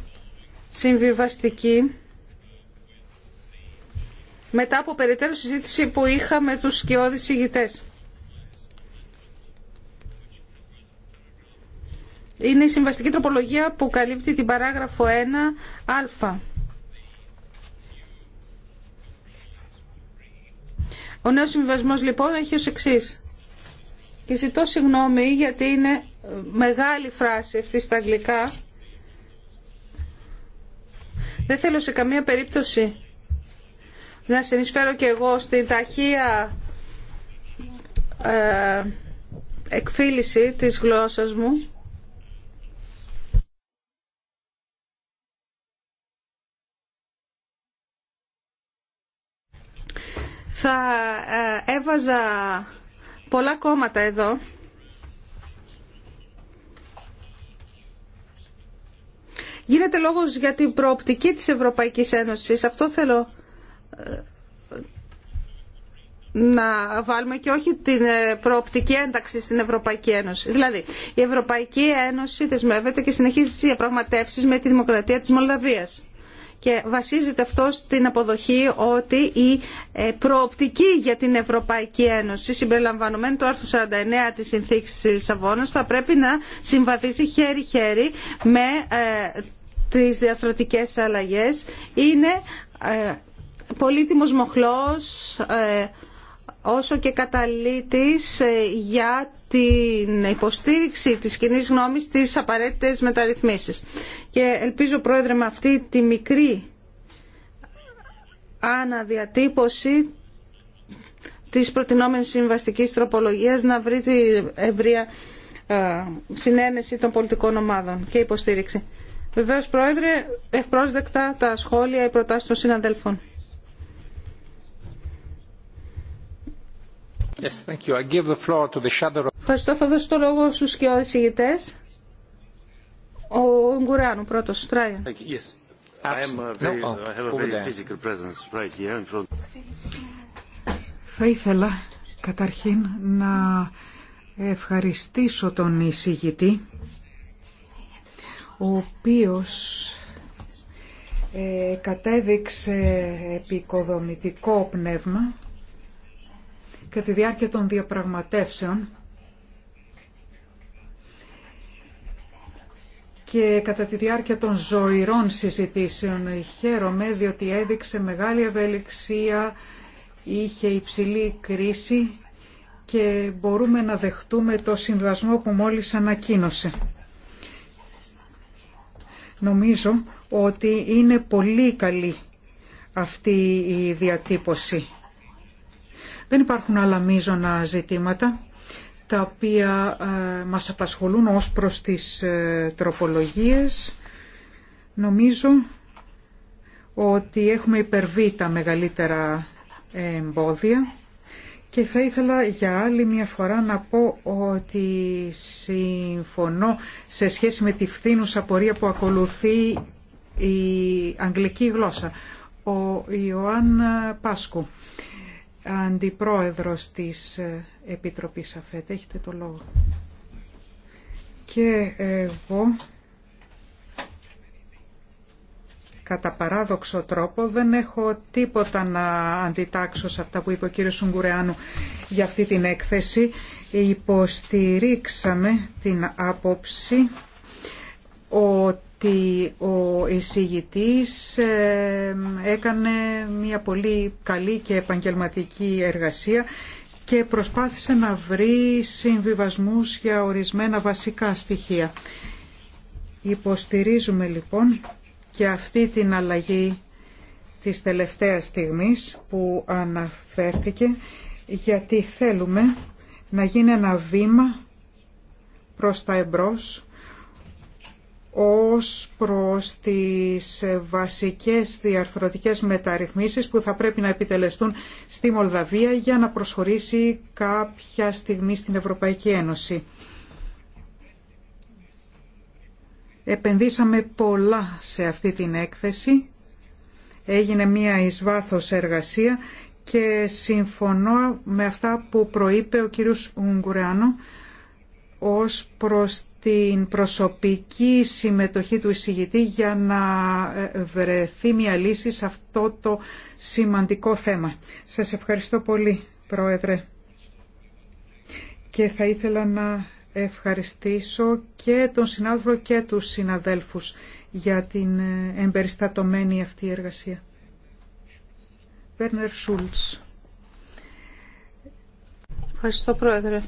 συμβιβαστική μετά από περιττέρω συζήτηση που είχα με τους σκιώδεις ηγητές. Είναι η συμβαστική τροπολογία που καλύπτει την παράγραφο 1α. Ο νέος συμβιβασμός λοιπόν έχει ως εξής. Και ζητώ συγγνώμη γιατί είναι μεγάλη φράση αυτή στα αγγλικά. Δεν θέλω σε καμία περίπτωση να συνεισφέρω και εγώ στην ταχεία ε, εκφύληση της γλώσσας μου. Θα ε, έβαζα πολλά κόμματα εδώ. Γίνεται λόγος για την προοπτική της Ευρωπαϊκής Ένωσης. Αυτό θέλω ε, να βάλουμε και όχι την ε, προοπτική ένταξη στην Ευρωπαϊκή Ένωση. Δηλαδή, η Ευρωπαϊκή Ένωση δεσμεύεται και συνεχίζει τις διαπραγματεύσεις με τη Δημοκρατία της Μολδαβίας και βασίζεται αυτό στην αποδοχή ότι η ε, προοπτική για την Ευρωπαϊκή Ένωση συμπεριλαμβανομένου του άρθρου 49 της Συνθήκης της Λισαβόνα, θα πρέπει να συμβαδίζει χέρι-χέρι με ε, τις διαθροτικές αλλαγές. Είναι ε, πολύτιμος μοχλός όσο και καταλήτης ε, για την υποστήριξη της κοινή γνώμης στις απαραίτητες μεταρρυθμίσεις. Και ελπίζω, Πρόεδρε, με αυτή τη μικρή αναδιατύπωση της προτινόμενης συμβαστικής τροπολογίας να βρει τη ευρεία ε, συνένεση των πολιτικών ομάδων και υποστήριξη. Βεβαίως, Πρόεδρε, ευπρόσδεκτα τα σχόλια ή προτάσεις των συναδέλφων. Yes, thank you. I give the floor to the shadow... Ευχαριστώ. Θα δώσω το λόγο στους και ηγητές. Ο Γκουράνου πρώτος, Τράιον. Yes. Very, no. oh, right here in front. Θα ήθελα καταρχήν να ευχαριστήσω τον εισηγητή ο οποίος ε, κατέδειξε επικοδομητικό πνεύμα κατά τη διάρκεια των διαπραγματεύσεων και κατά τη διάρκεια των ζωηρών συζητήσεων. Χαίρομαι διότι έδειξε μεγάλη ευελιξία, είχε υψηλή κρίση και μπορούμε να δεχτούμε το συμβασμό που μόλις ανακοίνωσε. Νομίζω ότι είναι πολύ καλή αυτή η διατύπωση δεν υπάρχουν άλλα μείζωνα ζητήματα τα οποία ε, μας απασχολούν ως προς τις ε, τροπολογίες. Νομίζω ότι έχουμε υπερβεί τα μεγαλύτερα εμπόδια και θα ήθελα για άλλη μια φορά να πω ότι συμφωνώ σε σχέση με τη φθήνουσα πορεία που ακολουθεί η αγγλική γλώσσα. Ο Ιωάννα Πάσκου αντιπρόεδρος της ε, Επιτροπής ΑΦΕΤ. Έχετε το λόγο. Και εγώ, κατά παράδοξο τρόπο, δεν έχω τίποτα να αντιτάξω σε αυτά που είπε ο κύριος Σουγκουρεάνου για αυτή την έκθεση. Υποστηρίξαμε την άποψη ότι ότι ο εισηγητής ε, έκανε μια πολύ καλή και επαγγελματική εργασία και προσπάθησε να βρει συμβιβασμούς για ορισμένα βασικά στοιχεία. Υποστηρίζουμε λοιπόν και αυτή την αλλαγή της τελευταίας στιγμής που αναφέρθηκε γιατί θέλουμε να γίνει ένα βήμα προς τα εμπρός ως προς τις βασικές διαρθρωτικές μεταρρυθμίσεις που θα πρέπει να επιτελεστούν στη Μολδαβία για να προσχωρήσει κάποια στιγμή στην Ευρωπαϊκή Ένωση. Επενδύσαμε πολλά σε αυτή την έκθεση. Έγινε μία εις εργασία και συμφωνώ με αυτά που προείπε ο κύριος Ουγγουράνο ως προς την προσωπική συμμετοχή του εισηγητή για να ε, βρεθεί μια λύση σε αυτό το σημαντικό θέμα. Σας ευχαριστώ πολύ, Πρόεδρε. Και θα ήθελα να ευχαριστήσω και τον συνάδελφο και τους συναδέλφους για την ε, εμπεριστατωμένη αυτή εργασία. Βέρνερ Σούλτς. Ευχαριστώ, Πρόεδρε.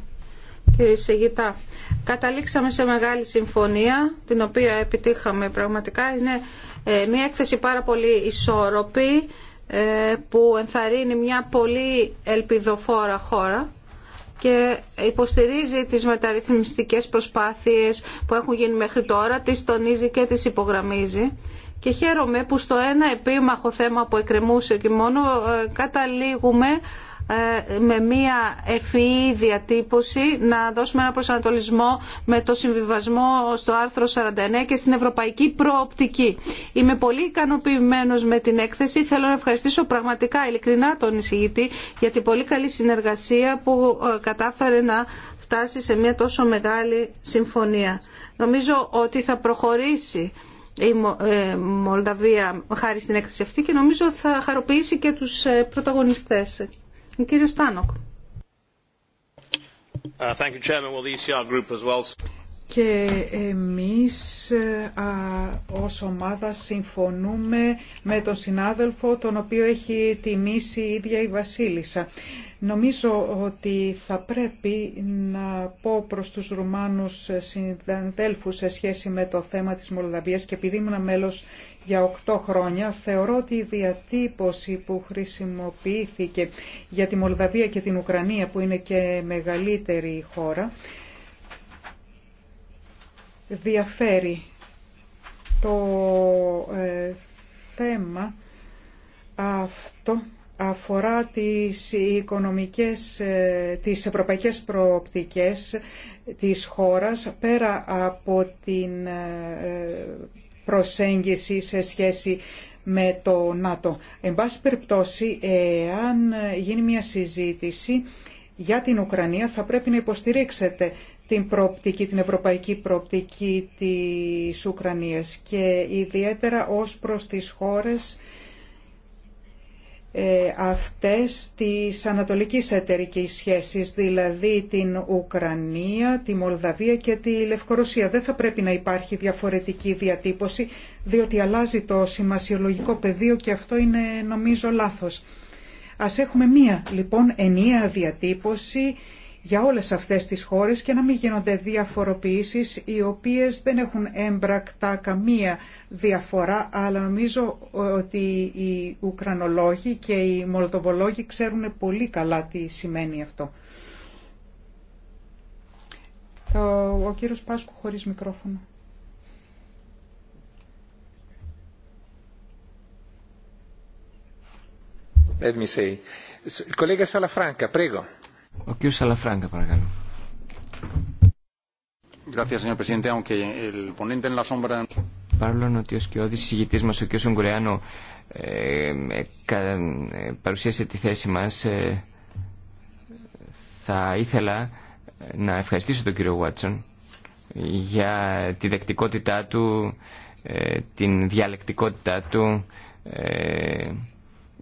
Σιγητά, Καταλήξαμε σε μεγάλη συμφωνία, την οποία επιτύχαμε πραγματικά. Είναι ε, μια έκθεση πάρα πολύ ισόρροπη, ε, που ενθαρρύνει μια πολύ ελπιδοφόρα χώρα και υποστηρίζει τις μεταρρυθμιστικές προσπάθειες που έχουν γίνει μέχρι τώρα, τις τονίζει και τις υπογραμμίζει. Και χαίρομαι που στο ένα επίμαχο θέμα που εκκρεμούσε και μόνο ε, καταλήγουμε ε, με μία ευφυή διατύπωση να δώσουμε ένα προσανατολισμό με το συμβιβασμό στο άρθρο 49 και στην ευρωπαϊκή προοπτική. Είμαι πολύ ικανοποιημένο με την έκθεση. Θέλω να ευχαριστήσω πραγματικά ειλικρινά τον εισηγητή για την πολύ καλή συνεργασία που ε, κατάφερε να φτάσει σε μια τόσο μεγάλη συμφωνία. Νομίζω ότι θα προχωρήσει η ε, Μολδαβία χάρη στην έκθεση αυτή και νομίζω θα χαροποιήσει και τους πρωταγωνιστές. Και εμείς uh, α, ως ομάδα συμφωνούμε με τον συνάδελφο τον οποίο έχει τιμήσει η ίδια η Βασίλισσα. Νομίζω ότι θα πρέπει να πω προς τους Ρουμάνους συνδελφούς σε σχέση με το θέμα της Μολδαβίας και επειδή ήμουν μέλος για 8 χρόνια, θεωρώ ότι η διατύπωση που χρησιμοποιήθηκε για τη Μολδαβία και την Ουκρανία, που είναι και μεγαλύτερη χώρα, διαφέρει το ε, θέμα αυτό αφορά τις οικονομικές, ε, τις ευρωπαϊκές προοπτικές της χώρας πέρα από την ε, προσέγγιση σε σχέση με το ΝΑΤΟ. Εν πάση περιπτώσει, εάν γίνει μια συζήτηση για την Ουκρανία θα πρέπει να υποστηρίξετε την προοπτική, την ευρωπαϊκή προοπτική της Ουκρανίας και ιδιαίτερα ως προς τις χώρες ε, αυτές τις ανατολικής εταιρικής σχέσεις, δηλαδή την Ουκρανία, τη Μολδαβία και τη Λευκορωσία. Δεν θα πρέπει να υπάρχει διαφορετική διατύπωση, διότι αλλάζει το σημασιολογικό πεδίο και αυτό είναι νομίζω λάθος. Ας έχουμε μία λοιπόν ενιαία διατύπωση για όλες αυτές τις χώρες και να μην γίνονται διαφοροποιήσεις οι οποίες δεν έχουν έμπρακτα καμία διαφορά αλλά νομίζω ότι οι Ουκρανολόγοι και οι Μολδοβολόγοι ξέρουν πολύ καλά τι σημαίνει αυτό. Ο κύριος Πάσκου χωρίς μικρόφωνο. Let me say. Collega Salafranca, prego. Ο κύριος Σαλαφράγκα, παρακαλώ. Παρόλο ότι ο σκιώδη συγητής μα, ο κ. Ογκουρεάνο, ε, ε, ε, παρουσίασε τη θέση μας, θα ήθελα να ευχαριστήσω τον κύριο Βάτσον για τη δεκτικότητά του, την διαλεκτικότητά του.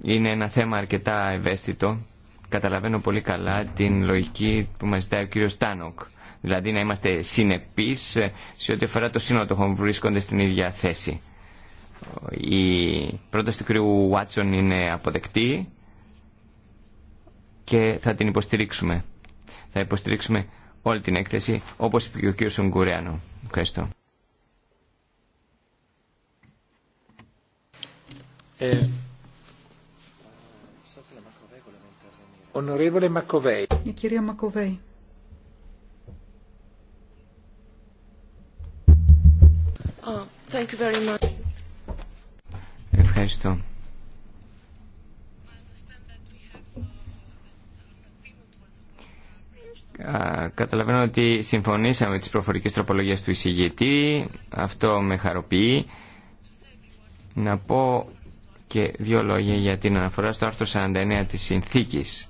είναι ένα θέμα αρκετά ευαίσθητο καταλαβαίνω πολύ καλά την λογική που μας ζητάει ο κύριος Τάνοκ. Δηλαδή να είμαστε συνεπείς σε ό,τι αφορά το σύνολο των βρίσκονται στην ίδια θέση. Η πρόταση του κύριου Βάτσον είναι αποδεκτή και θα την υποστηρίξουμε. Θα υποστηρίξουμε όλη την έκθεση όπως είπε και ο κύριος Ευχαριστώ. Ε... Η κυρία Μακοβέη. Oh, Ευχαριστώ. Καταλαβαίνω ότι συμφωνήσαμε τις προφορικές τροπολογίες του εισηγητή. Αυτό με χαροποιεί. Να πω και δύο λόγια για την αναφορά στο άρθρο 49 της συνθήκης.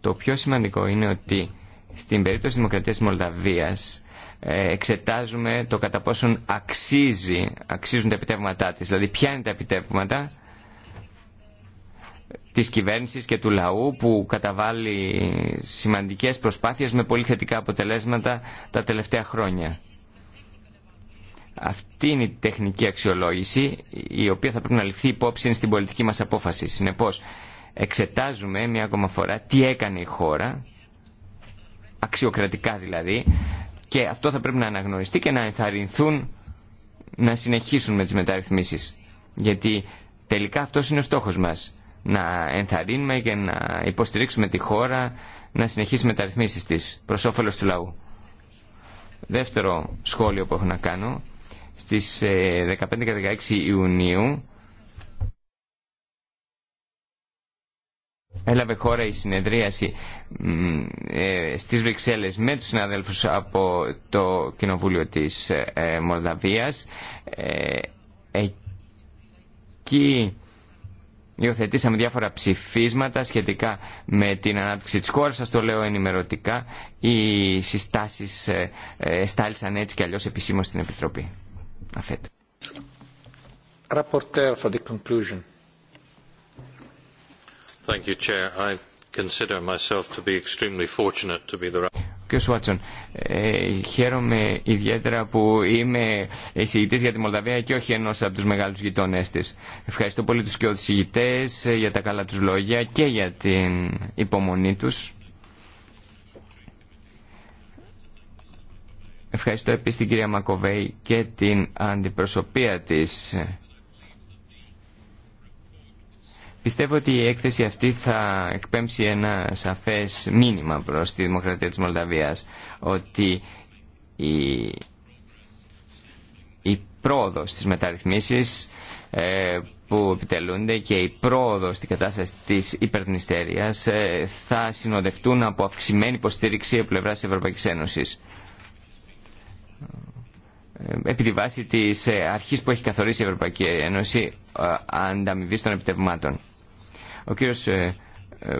Το πιο σημαντικό είναι ότι στην περίπτωση της Δημοκρατίας της Μολδαβίας ε, εξετάζουμε το κατά πόσον αξίζει, αξίζουν τα επιτεύγματά της. Δηλαδή ποια είναι τα επιτεύγματα της κυβέρνησης και του λαού που καταβάλει σημαντικές προσπάθειες με πολύ θετικά αποτελέσματα τα τελευταία χρόνια. Αυτή είναι η τεχνική αξιολόγηση η οποία θα πρέπει να ληφθεί υπόψη στην πολιτική μας απόφαση. Συνεπώς, εξετάζουμε μια ακόμα φορά τι έκανε η χώρα, αξιοκρατικά δηλαδή, και αυτό θα πρέπει να αναγνωριστεί και να ενθαρρυνθούν να συνεχίσουν με τις μεταρρυθμίσεις. Γιατί τελικά αυτός είναι ο στόχος μας, να ενθαρρύνουμε και να υποστηρίξουμε τη χώρα να συνεχίσει με ρυθμίσεις της προς όφελος του λαού. Δεύτερο σχόλιο που έχω να κάνω, στις 15 ε, και 16 Ιουνίου έλαβε χώρα η συνεδρίαση ε, στις Βρυξέλλες με τους συναδέλφους από το Κοινοβούλιο της ε, Μολδαβίας. Ε, εκεί υιοθετήσαμε διάφορα ψηφίσματα σχετικά με την ανάπτυξη της χώρας, σας το λέω ενημερωτικά. Οι συστάσεις στάλησαν έτσι και αλλιώς επισήμως στην Επιτροπή. Αφέτο. Rapporteur for the Thank you, Chair. I consider myself to be extremely fortunate to be the Σουάτσον, ε, χαίρομαι ιδιαίτερα που είμαι εισηγητή για τη Μολδαβία και όχι ενό από του μεγάλου γειτονέ τη. Ευχαριστώ πολύ του και οδηγητέ ε, για τα καλά του λόγια και για την υπομονή του. Ευχαριστώ επίσης την κυρία Μακοβέη και την αντιπροσωπεία της Πιστεύω ότι η έκθεση αυτή θα εκπέμψει ένα σαφές μήνυμα προς τη Δημοκρατία της Μολδαβίας ότι η, η πρόοδος της μεταρρυθμίσης ε, που επιτελούνται και η πρόοδος στην κατάσταση της υπερδνηστέριας ε, θα συνοδευτούν από αυξημένη υποστήριξη από πλευράς της Ευρωπαϊκής Ένωσης ε, επί τη βάση της αρχής που έχει καθορίσει η Ευρωπαϊκή Ένωση ανταμοιβή των επιτευγμάτων. Ο κύριος ε, ε,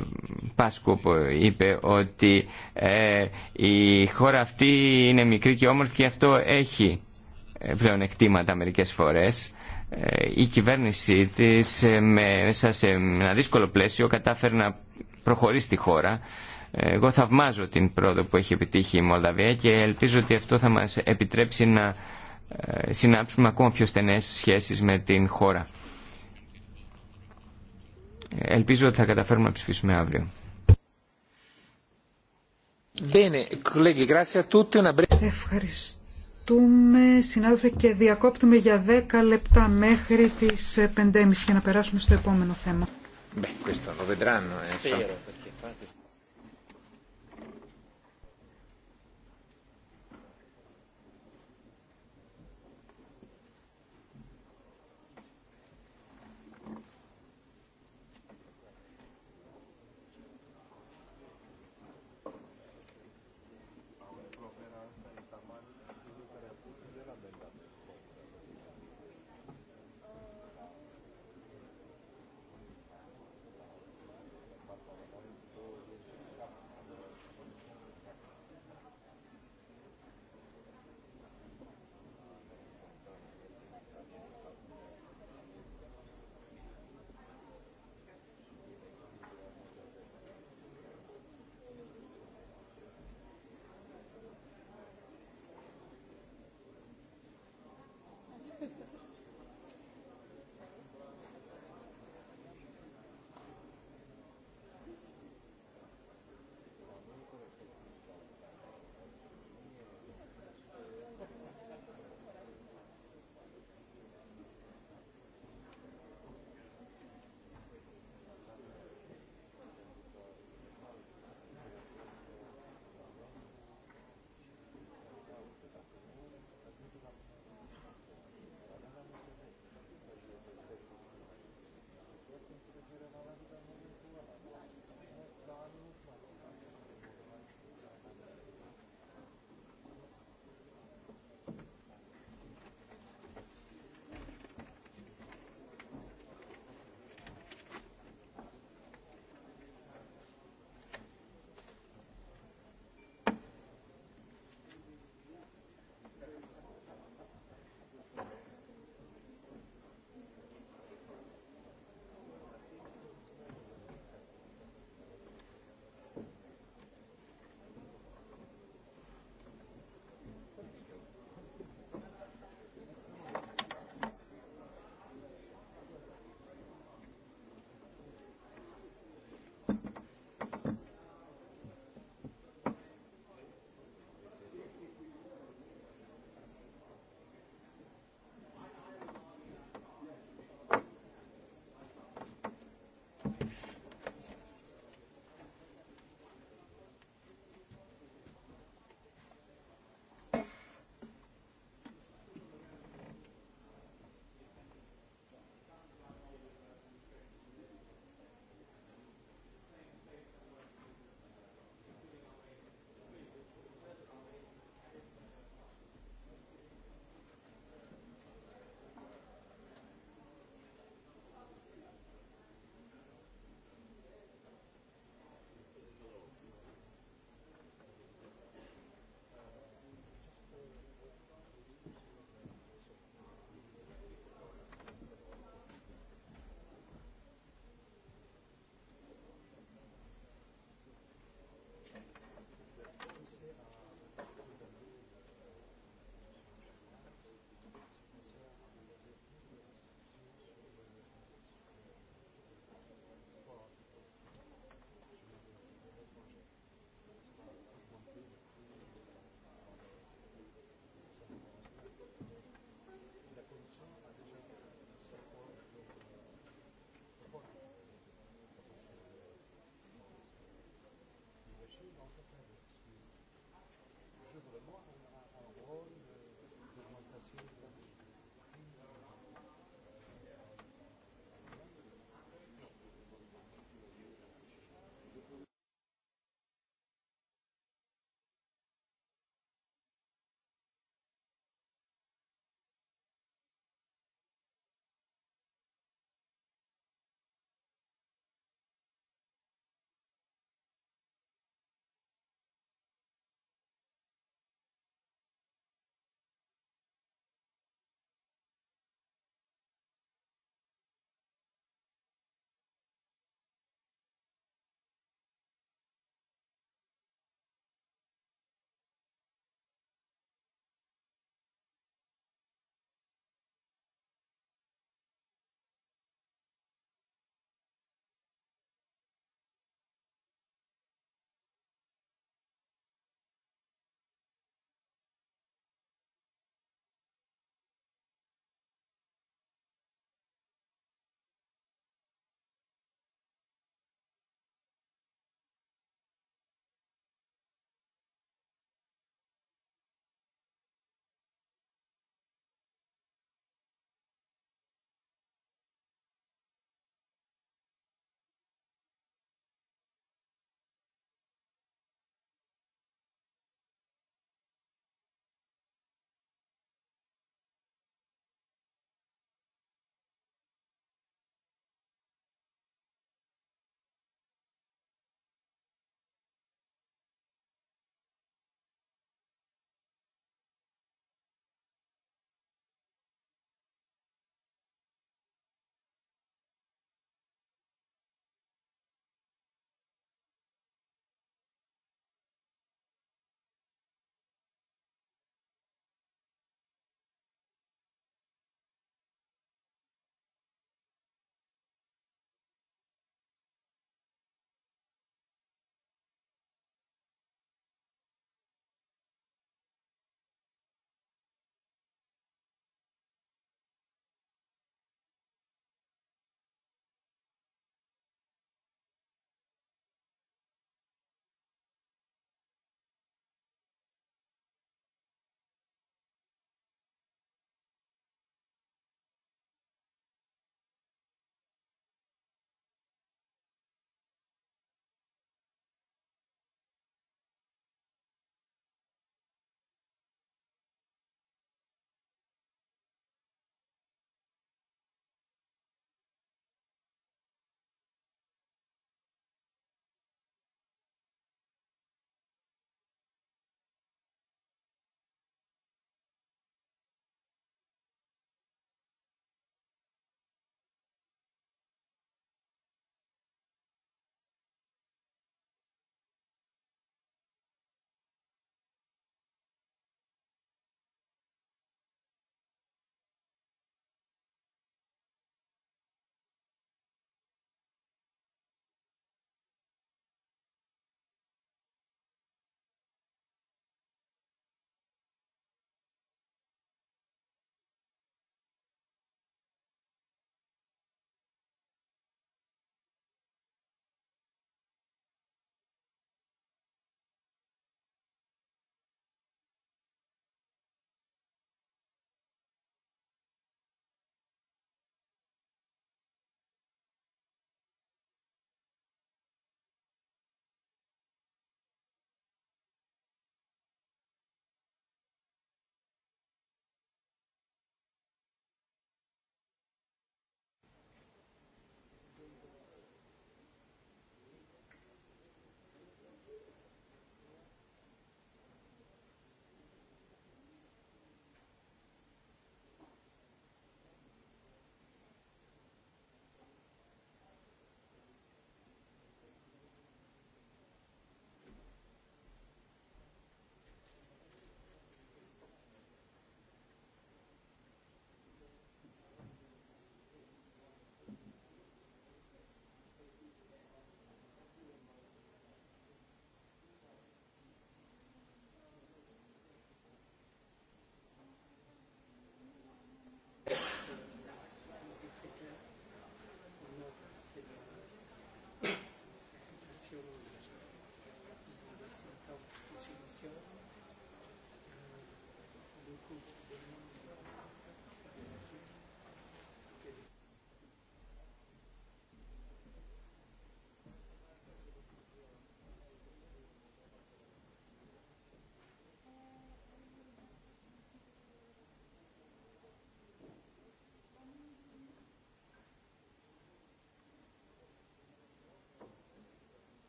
Πάσκου είπε ότι ε, η χώρα αυτή είναι μικρή και όμορφη και αυτό έχει πλέον εκτίματα μερικές φορές. Η κυβέρνηση της μέσα σε ένα δύσκολο πλαίσιο κατάφερε να προχωρήσει τη χώρα. Εγώ θαυμάζω την πρόοδο που έχει επιτύχει η Μολδαβία και ελπίζω ότι αυτό θα μας επιτρέψει να συνάψουμε ακόμα πιο στενές σχέσεις με την χώρα. Ελπίζω ότι θα καταφέρουμε να ψηφίσουμε αύριο. Ευχαριστούμε συνάδελφε και διακόπτουμε για 10 λεπτά μέχρι τις 5.30 για να περάσουμε στο επόμενο θέμα. Beh, questo lo vedranno, eh,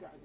قاعد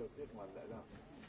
Υπότιτλοι AUTHORWAVE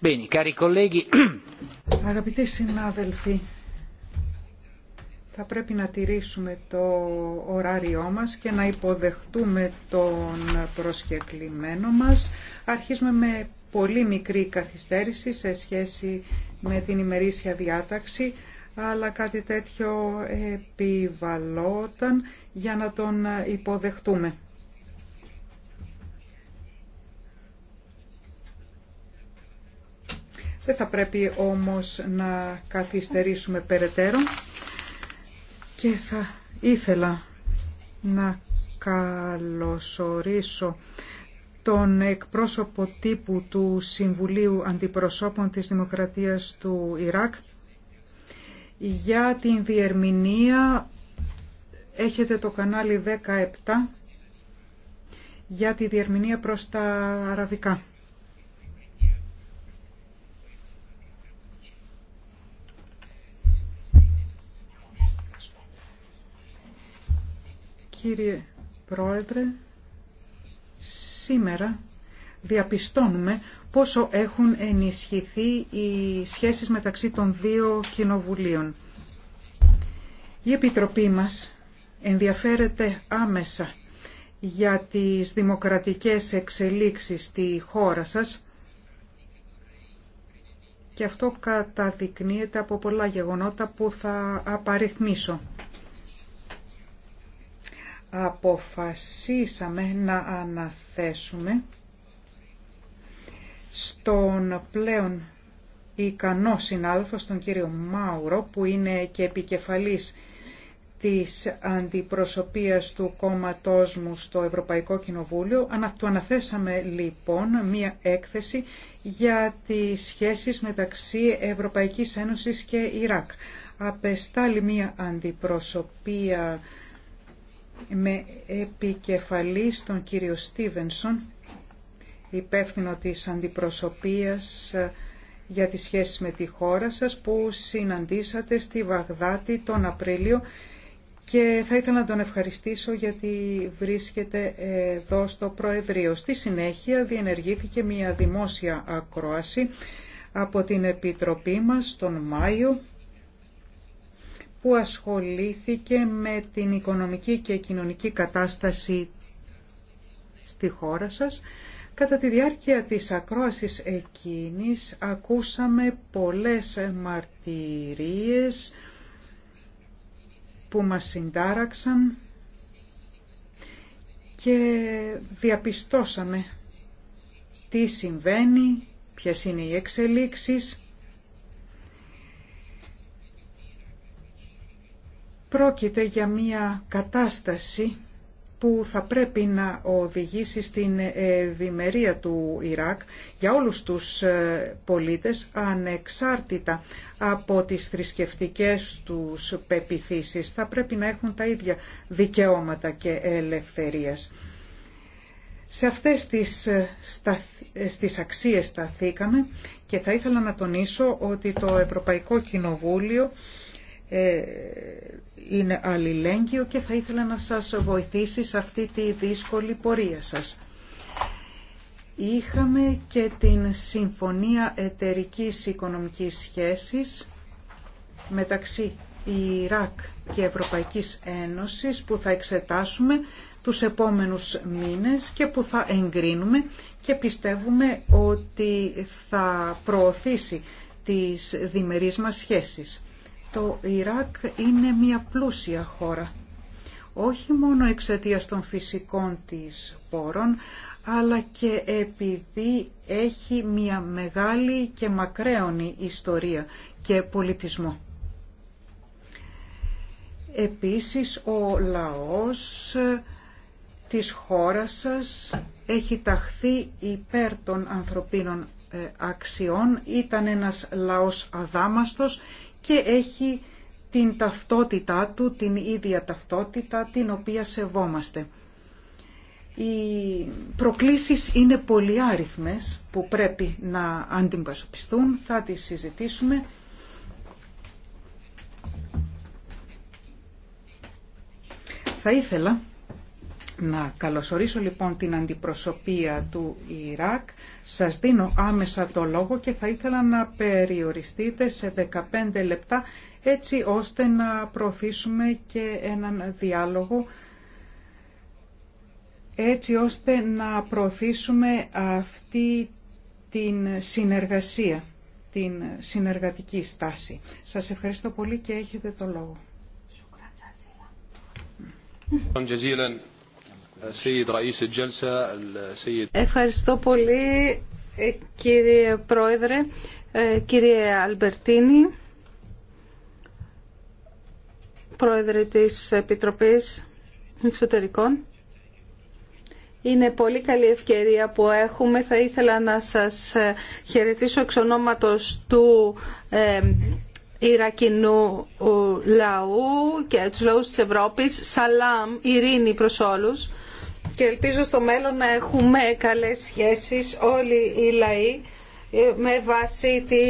Αγαπητοί συνάδελφοι, θα πρέπει να τηρήσουμε το ωράριό μας και να υποδεχτούμε τον προσκεκλημένο μας. Αρχίζουμε με πολύ μικρή καθυστέρηση σε σχέση με την ημερήσια διάταξη, αλλά κάτι τέτοιο επιβαλόταν για να τον υποδεχτούμε. Δεν θα πρέπει όμως να καθυστερήσουμε περαιτέρω και θα ήθελα να καλωσορίσω τον εκπρόσωπο τύπου του Συμβουλίου Αντιπροσώπων της Δημοκρατίας του Ιράκ για την διερμηνία έχετε το κανάλι 17 για τη διερμηνία προς τα αραβικά. Κύριε Πρόεδρε, σήμερα διαπιστώνουμε πόσο έχουν ενισχυθεί οι σχέσεις μεταξύ των δύο κοινοβουλίων. Η Επιτροπή μας ενδιαφέρεται άμεσα για τις δημοκρατικές εξελίξεις στη χώρα σας και αυτό καταδεικνύεται από πολλά γεγονότα που θα απαριθμίσω αποφασίσαμε να αναθέσουμε στον πλέον ικανό συνάδελφο, τον κύριο Μάουρο, που είναι και επικεφαλής της αντιπροσωπείας του κόμματός μου στο Ευρωπαϊκό Κοινοβούλιο. Του αναθέσαμε λοιπόν μία έκθεση για τις σχέσεις μεταξύ Ευρωπαϊκής Ένωσης και Ιράκ. Απεστάλλει μία αντιπροσωπεία με επικεφαλή στον κύριο Στίβενσον, υπεύθυνο της αντιπροσωπείας ε, για τις σχέσεις με τη χώρα σας που συναντήσατε στη Βαγδάτη τον Απρίλιο και θα ήθελα να τον ευχαριστήσω γιατί βρίσκεται εδώ στο Προεδρείο. Στη συνέχεια διενεργήθηκε μια δημόσια ακρόαση από την Επιτροπή μας τον Μάιο που ασχολήθηκε με την οικονομική και κοινωνική κατάσταση στη χώρα σας. Κατά τη διάρκεια της ακρόασης εκείνης ακούσαμε πολλές μαρτυρίες που μας συντάραξαν και διαπιστώσαμε τι συμβαίνει, ποιες είναι οι εξελίξεις Πρόκειται για μια κατάσταση που θα πρέπει να οδηγήσει στην ευημερία του Ιράκ για όλους τους ε, πολίτες ανεξάρτητα από τις θρησκευτικές τους πεπιθήσεις. Θα πρέπει να έχουν τα ίδια δικαιώματα και ελευθερίας. Σε αυτές τις, ε, ε, στις αξίες σταθήκαμε και θα ήθελα να τονίσω ότι το Ευρωπαϊκό Κοινοβούλιο είναι αλληλέγγυο και θα ήθελα να σας βοηθήσει σε αυτή τη δύσκολη πορεία σας. Είχαμε και την Συμφωνία Εταιρικής Οικονομικής Σχέσης μεταξύ Ιράκ και Ευρωπαϊκής Ένωσης που θα εξετάσουμε τους επόμενους μήνες και που θα εγκρίνουμε και πιστεύουμε ότι θα προωθήσει τις διμερείς μας σχέσεις. Το Ιράκ είναι μια πλούσια χώρα, όχι μόνο εξαιτίας των φυσικών της πόρων, αλλά και επειδή έχει μια μεγάλη και μακραίωνη ιστορία και πολιτισμό. Επίσης, ο λαός της χώρας σας έχει ταχθεί υπέρ των ανθρωπίνων ε, αξιών, ήταν ένας λαός αδάμαστος και έχει την ταυτότητά του, την ίδια ταυτότητα την οποία σεβόμαστε. Οι προκλήσεις είναι πολυάριθμες που πρέπει να αντιμετωπιστούν. θα τις συζητήσουμε. Θα ήθελα να καλωσορίσω λοιπόν την αντιπροσωπεία του Ιράκ. Σας δίνω άμεσα το λόγο και θα ήθελα να περιοριστείτε σε 15 λεπτά έτσι ώστε να προωθήσουμε και έναν διάλογο έτσι ώστε να προωθήσουμε αυτή την συνεργασία, την συνεργατική στάση. Σας ευχαριστώ πολύ και έχετε το λόγο. Ευχαριστώ πολύ ε, κύριε Πρόεδρε, ε, κύριε Αλμπερτίνη, Πρόεδρε της Επιτροπής Εξωτερικών. Είναι πολύ καλή ευκαιρία που έχουμε. Θα ήθελα να σας ε, χαιρετήσω εξ ονόματος του ε, Ιρακινού λαού και τους λαούς της Ευρώπης. Σαλάμ, ειρήνη προς όλους και ελπίζω στο μέλλον να έχουμε καλές σχέσεις όλοι οι λαοί ε, με βάση τη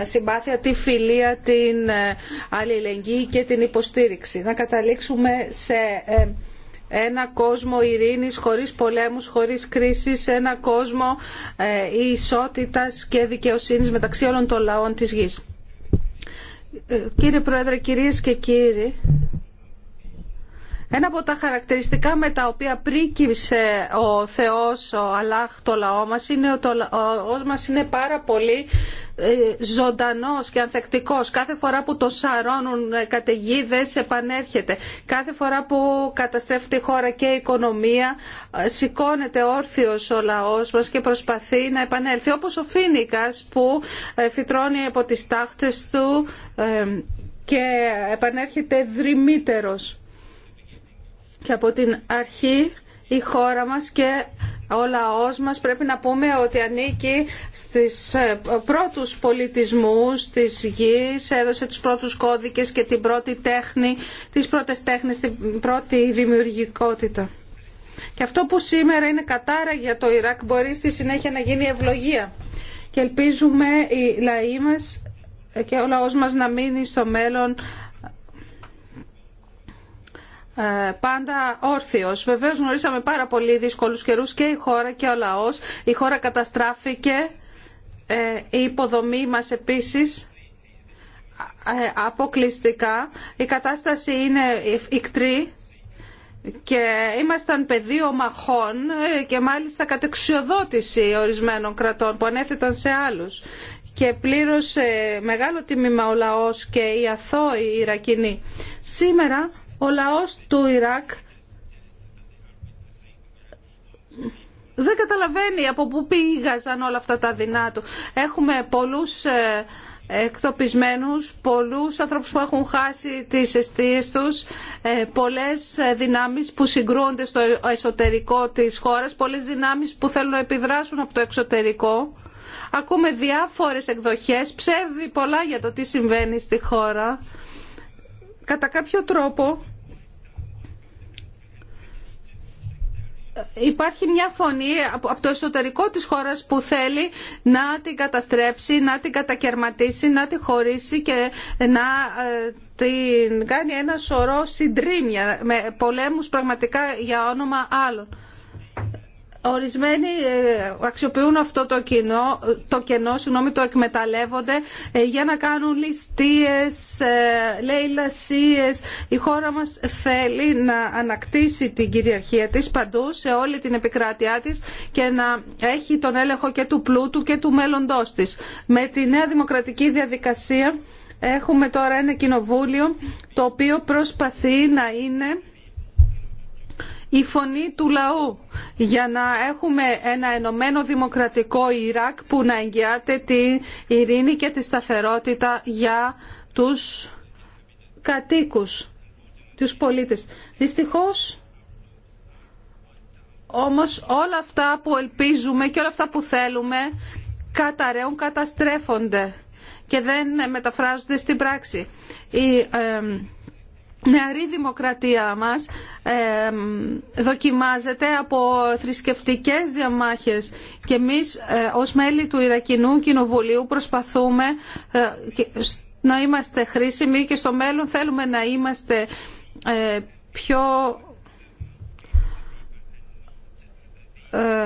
ε, συμπάθεια, τη φιλία, την ε, αλληλεγγύη και την υποστήριξη. Να καταλήξουμε σε ένα κόσμο ειρήνης χωρίς πολέμους, χωρίς κρίσεις, σε ένα κόσμο ισότητας και δικαιοσύνης μεταξύ όλων των λαών της γης. Κύριε Πρόεδρε, κυρίες και κύριοι, ένα από τα χαρακτηριστικά με τα οποία πρίκυψε ο Θεός, ο το λαό μας είναι ότι ο λαός μας είναι πάρα πολύ ε, ζωντανός και ανθεκτικός. Κάθε φορά που το σαρώνουν καταιγίδε επανέρχεται. Κάθε φορά που καταστρέφεται τη χώρα και η οικονομία ε, σηκώνεται όρθιος ο λαός μας και προσπαθεί να επανέλθει. Όπως ο Φίνικας που ε, φυτρώνει από τις τάχτες του και επανέρχεται δρυμύτερος και από την αρχή η χώρα μας και ο λαός μας πρέπει να πούμε ότι ανήκει στις ε, πρώτους πολιτισμούς της γης, έδωσε τους πρώτους κώδικες και την πρώτη τέχνη, τις πρώτες τέχνες, την πρώτη δημιουργικότητα. Και αυτό που σήμερα είναι κατάρα για το Ιράκ μπορεί στη συνέχεια να γίνει ευλογία. Και ελπίζουμε οι λαοί μας και ο λαός μας να μείνει στο μέλλον ε, πάντα όρθιο. Βεβαίω γνωρίσαμε πάρα πολύ δύσκολου καιρούς και η χώρα και ο λαό. Η χώρα καταστράφηκε, ε, η υποδομή μας επίσης ε, αποκλειστικά. Η κατάσταση είναι ικτρή και ήμασταν πεδίο μαχών και μάλιστα κατεξιοδότηση ορισμένων κρατών που ανέθεταν σε άλλους και πλήρωσε μεγάλο τίμημα ο λαός και οι αθώοι Ιρακινοί. Σήμερα ο λαός του Ιράκ δεν καταλαβαίνει από πού πήγαζαν όλα αυτά τα δεινά του. Έχουμε πολλούς ε, εκτοπισμένους, πολλούς ανθρώπους που έχουν χάσει τις αιστείες τους, ε, πολλές ε, δυνάμεις που συγκρούονται στο εσωτερικό της χώρας, πολλές δυνάμεις που θέλουν να επιδράσουν από το εξωτερικό. Ακούμε διάφορες εκδοχές, ψεύδι πολλά για το τι συμβαίνει στη χώρα κατά κάποιο τρόπο υπάρχει μια φωνή από το εσωτερικό της χώρας που θέλει να την καταστρέψει, να την κατακαιρματίσει, να την χωρίσει και να ε, την κάνει ένα σωρό συντρίμια με πολέμους πραγματικά για όνομα άλλων. Ορισμένοι ε, αξιοποιούν αυτό το, το κενό, συγγνώμη, το εκμεταλλεύονται ε, για να κάνουν ληστείες, ε, λαιλασίες. Η χώρα μας θέλει να ανακτήσει την κυριαρχία της παντού σε όλη την επικράτειά της και να έχει τον έλεγχο και του πλούτου και του μέλλοντός της. Με τη νέα δημοκρατική διαδικασία έχουμε τώρα ένα κοινοβούλιο το οποίο προσπαθεί να είναι η φωνή του λαού για να έχουμε ένα ενωμένο δημοκρατικό Ιράκ που να εγγυάται την ειρήνη και τη σταθερότητα για τους κατοίκους, τους πολίτες. Δυστυχώς όμως όλα αυτά που ελπίζουμε και όλα αυτά που θέλουμε καταραίουν, καταστρέφονται και δεν μεταφράζονται στην πράξη. Η, νεαρή δημοκρατία μας ε, δοκιμάζεται από θρησκευτικές διαμάχες και εμείς ε, ως μέλη του Ιρακινού Κοινοβουλίου προσπαθούμε ε, να είμαστε χρήσιμοι και στο μέλλον θέλουμε να είμαστε ε, πιο ε,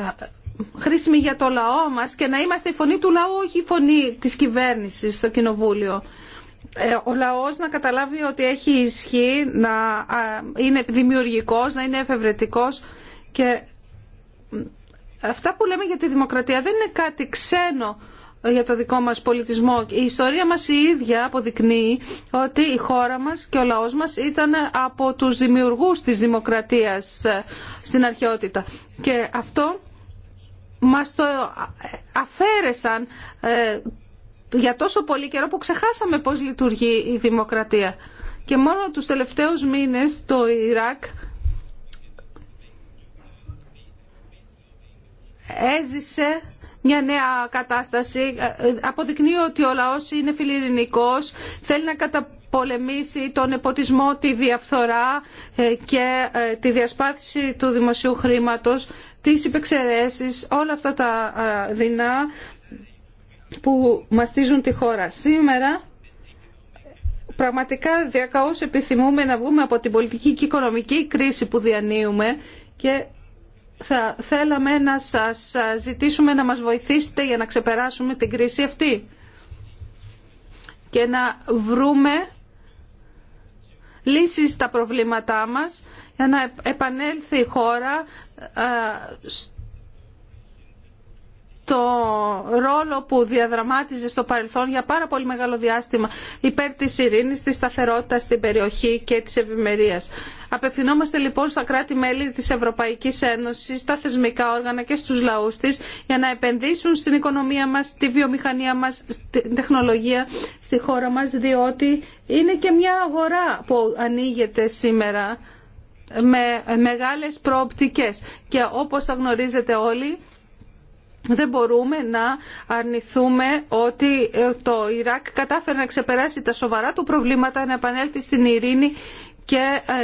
χρήσιμοι για το λαό μας και να είμαστε η φωνή του λαού, όχι η φωνή της κυβέρνησης στο Κοινοβούλιο. Ε, ο λαός να καταλάβει ότι έχει ισχύ, να είναι δημιουργικός, να είναι εφευρετικός και αυτά που λέμε για τη δημοκρατία δεν είναι κάτι ξένο για το δικό μας πολιτισμό. Η ιστορία μας η ίδια αποδεικνύει ότι η χώρα μας και ο λαός μας ήταν από τους δημιουργούς της δημοκρατίας ε, στην αρχαιότητα. Και αυτό μας το αφαίρεσαν ε, για τόσο πολύ καιρό που ξεχάσαμε πώς λειτουργεί η δημοκρατία. Και μόνο τους τελευταίους μήνες το Ιράκ έζησε μια νέα κατάσταση. Αποδεικνύει ότι ο λαός είναι φιλιρινικός, θέλει να καταπολεμήσει τον εποτισμό, τη διαφθορά ε, και ε, τη διασπάθηση του δημοσίου χρήματος, τις υπεξαιρέσεις, όλα αυτά τα ε, δεινά που μαστίζουν τη χώρα. Σήμερα πραγματικά διακαώς επιθυμούμε να βγούμε από την πολιτική και οικονομική κρίση που διανύουμε και θα θέλαμε να σας ζητήσουμε να μας βοηθήσετε για να ξεπεράσουμε την κρίση αυτή και να βρούμε λύσεις στα προβλήματά μας για να επανέλθει η χώρα το ρόλο που διαδραμάτιζε στο παρελθόν για πάρα πολύ μεγάλο διάστημα υπέρ της ειρήνης, της σταθερότητας στην περιοχή και της ευημερίας. Απευθυνόμαστε λοιπόν στα κράτη-μέλη της Ευρωπαϊκής Ένωσης, στα θεσμικά όργανα και στους λαούς της για να επενδύσουν στην οικονομία μας, στη βιομηχανία μας, στην τεχνολογία, στη χώρα μας, διότι είναι και μια αγορά που ανοίγεται σήμερα με μεγάλες προοπτικές. Και όπως γνωρίζετε όλοι, δεν μπορούμε να αρνηθούμε ότι ε, το Ιράκ κατάφερε να ξεπεράσει τα σοβαρά του προβλήματα, να επανέλθει στην ειρήνη και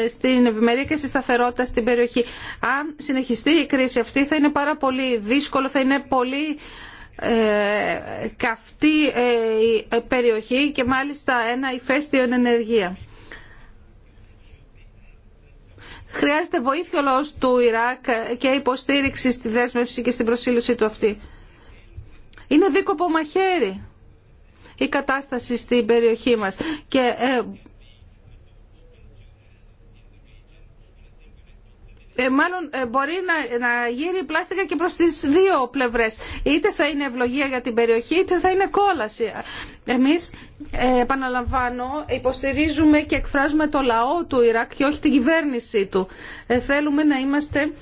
ε, στην ευημερία και στη σταθερότητα στην περιοχή. Αν συνεχιστεί η κρίση αυτή θα είναι πάρα πολύ δύσκολο, θα είναι πολύ ε, καυτή η περιοχή και μάλιστα ένα ηφαίστειο ενεργεία. Χρειάζεται βοήθεια ο του Ιράκ και υποστήριξη στη δέσμευση και στην προσήλωσή του αυτή. Είναι δίκοπο μαχαίρι η κατάσταση στην περιοχή μας και ε, Ε, μάλλον ε, μπορεί να, να γύρει πλάστικα και προς τις δύο πλευρές. Είτε θα είναι ευλογία για την περιοχή, είτε θα είναι κόλαση. Εμείς, ε, επαναλαμβάνω, υποστηρίζουμε και εκφράζουμε το λαό του Ιράκ και όχι την κυβέρνησή του. θέλουμε να είμαστε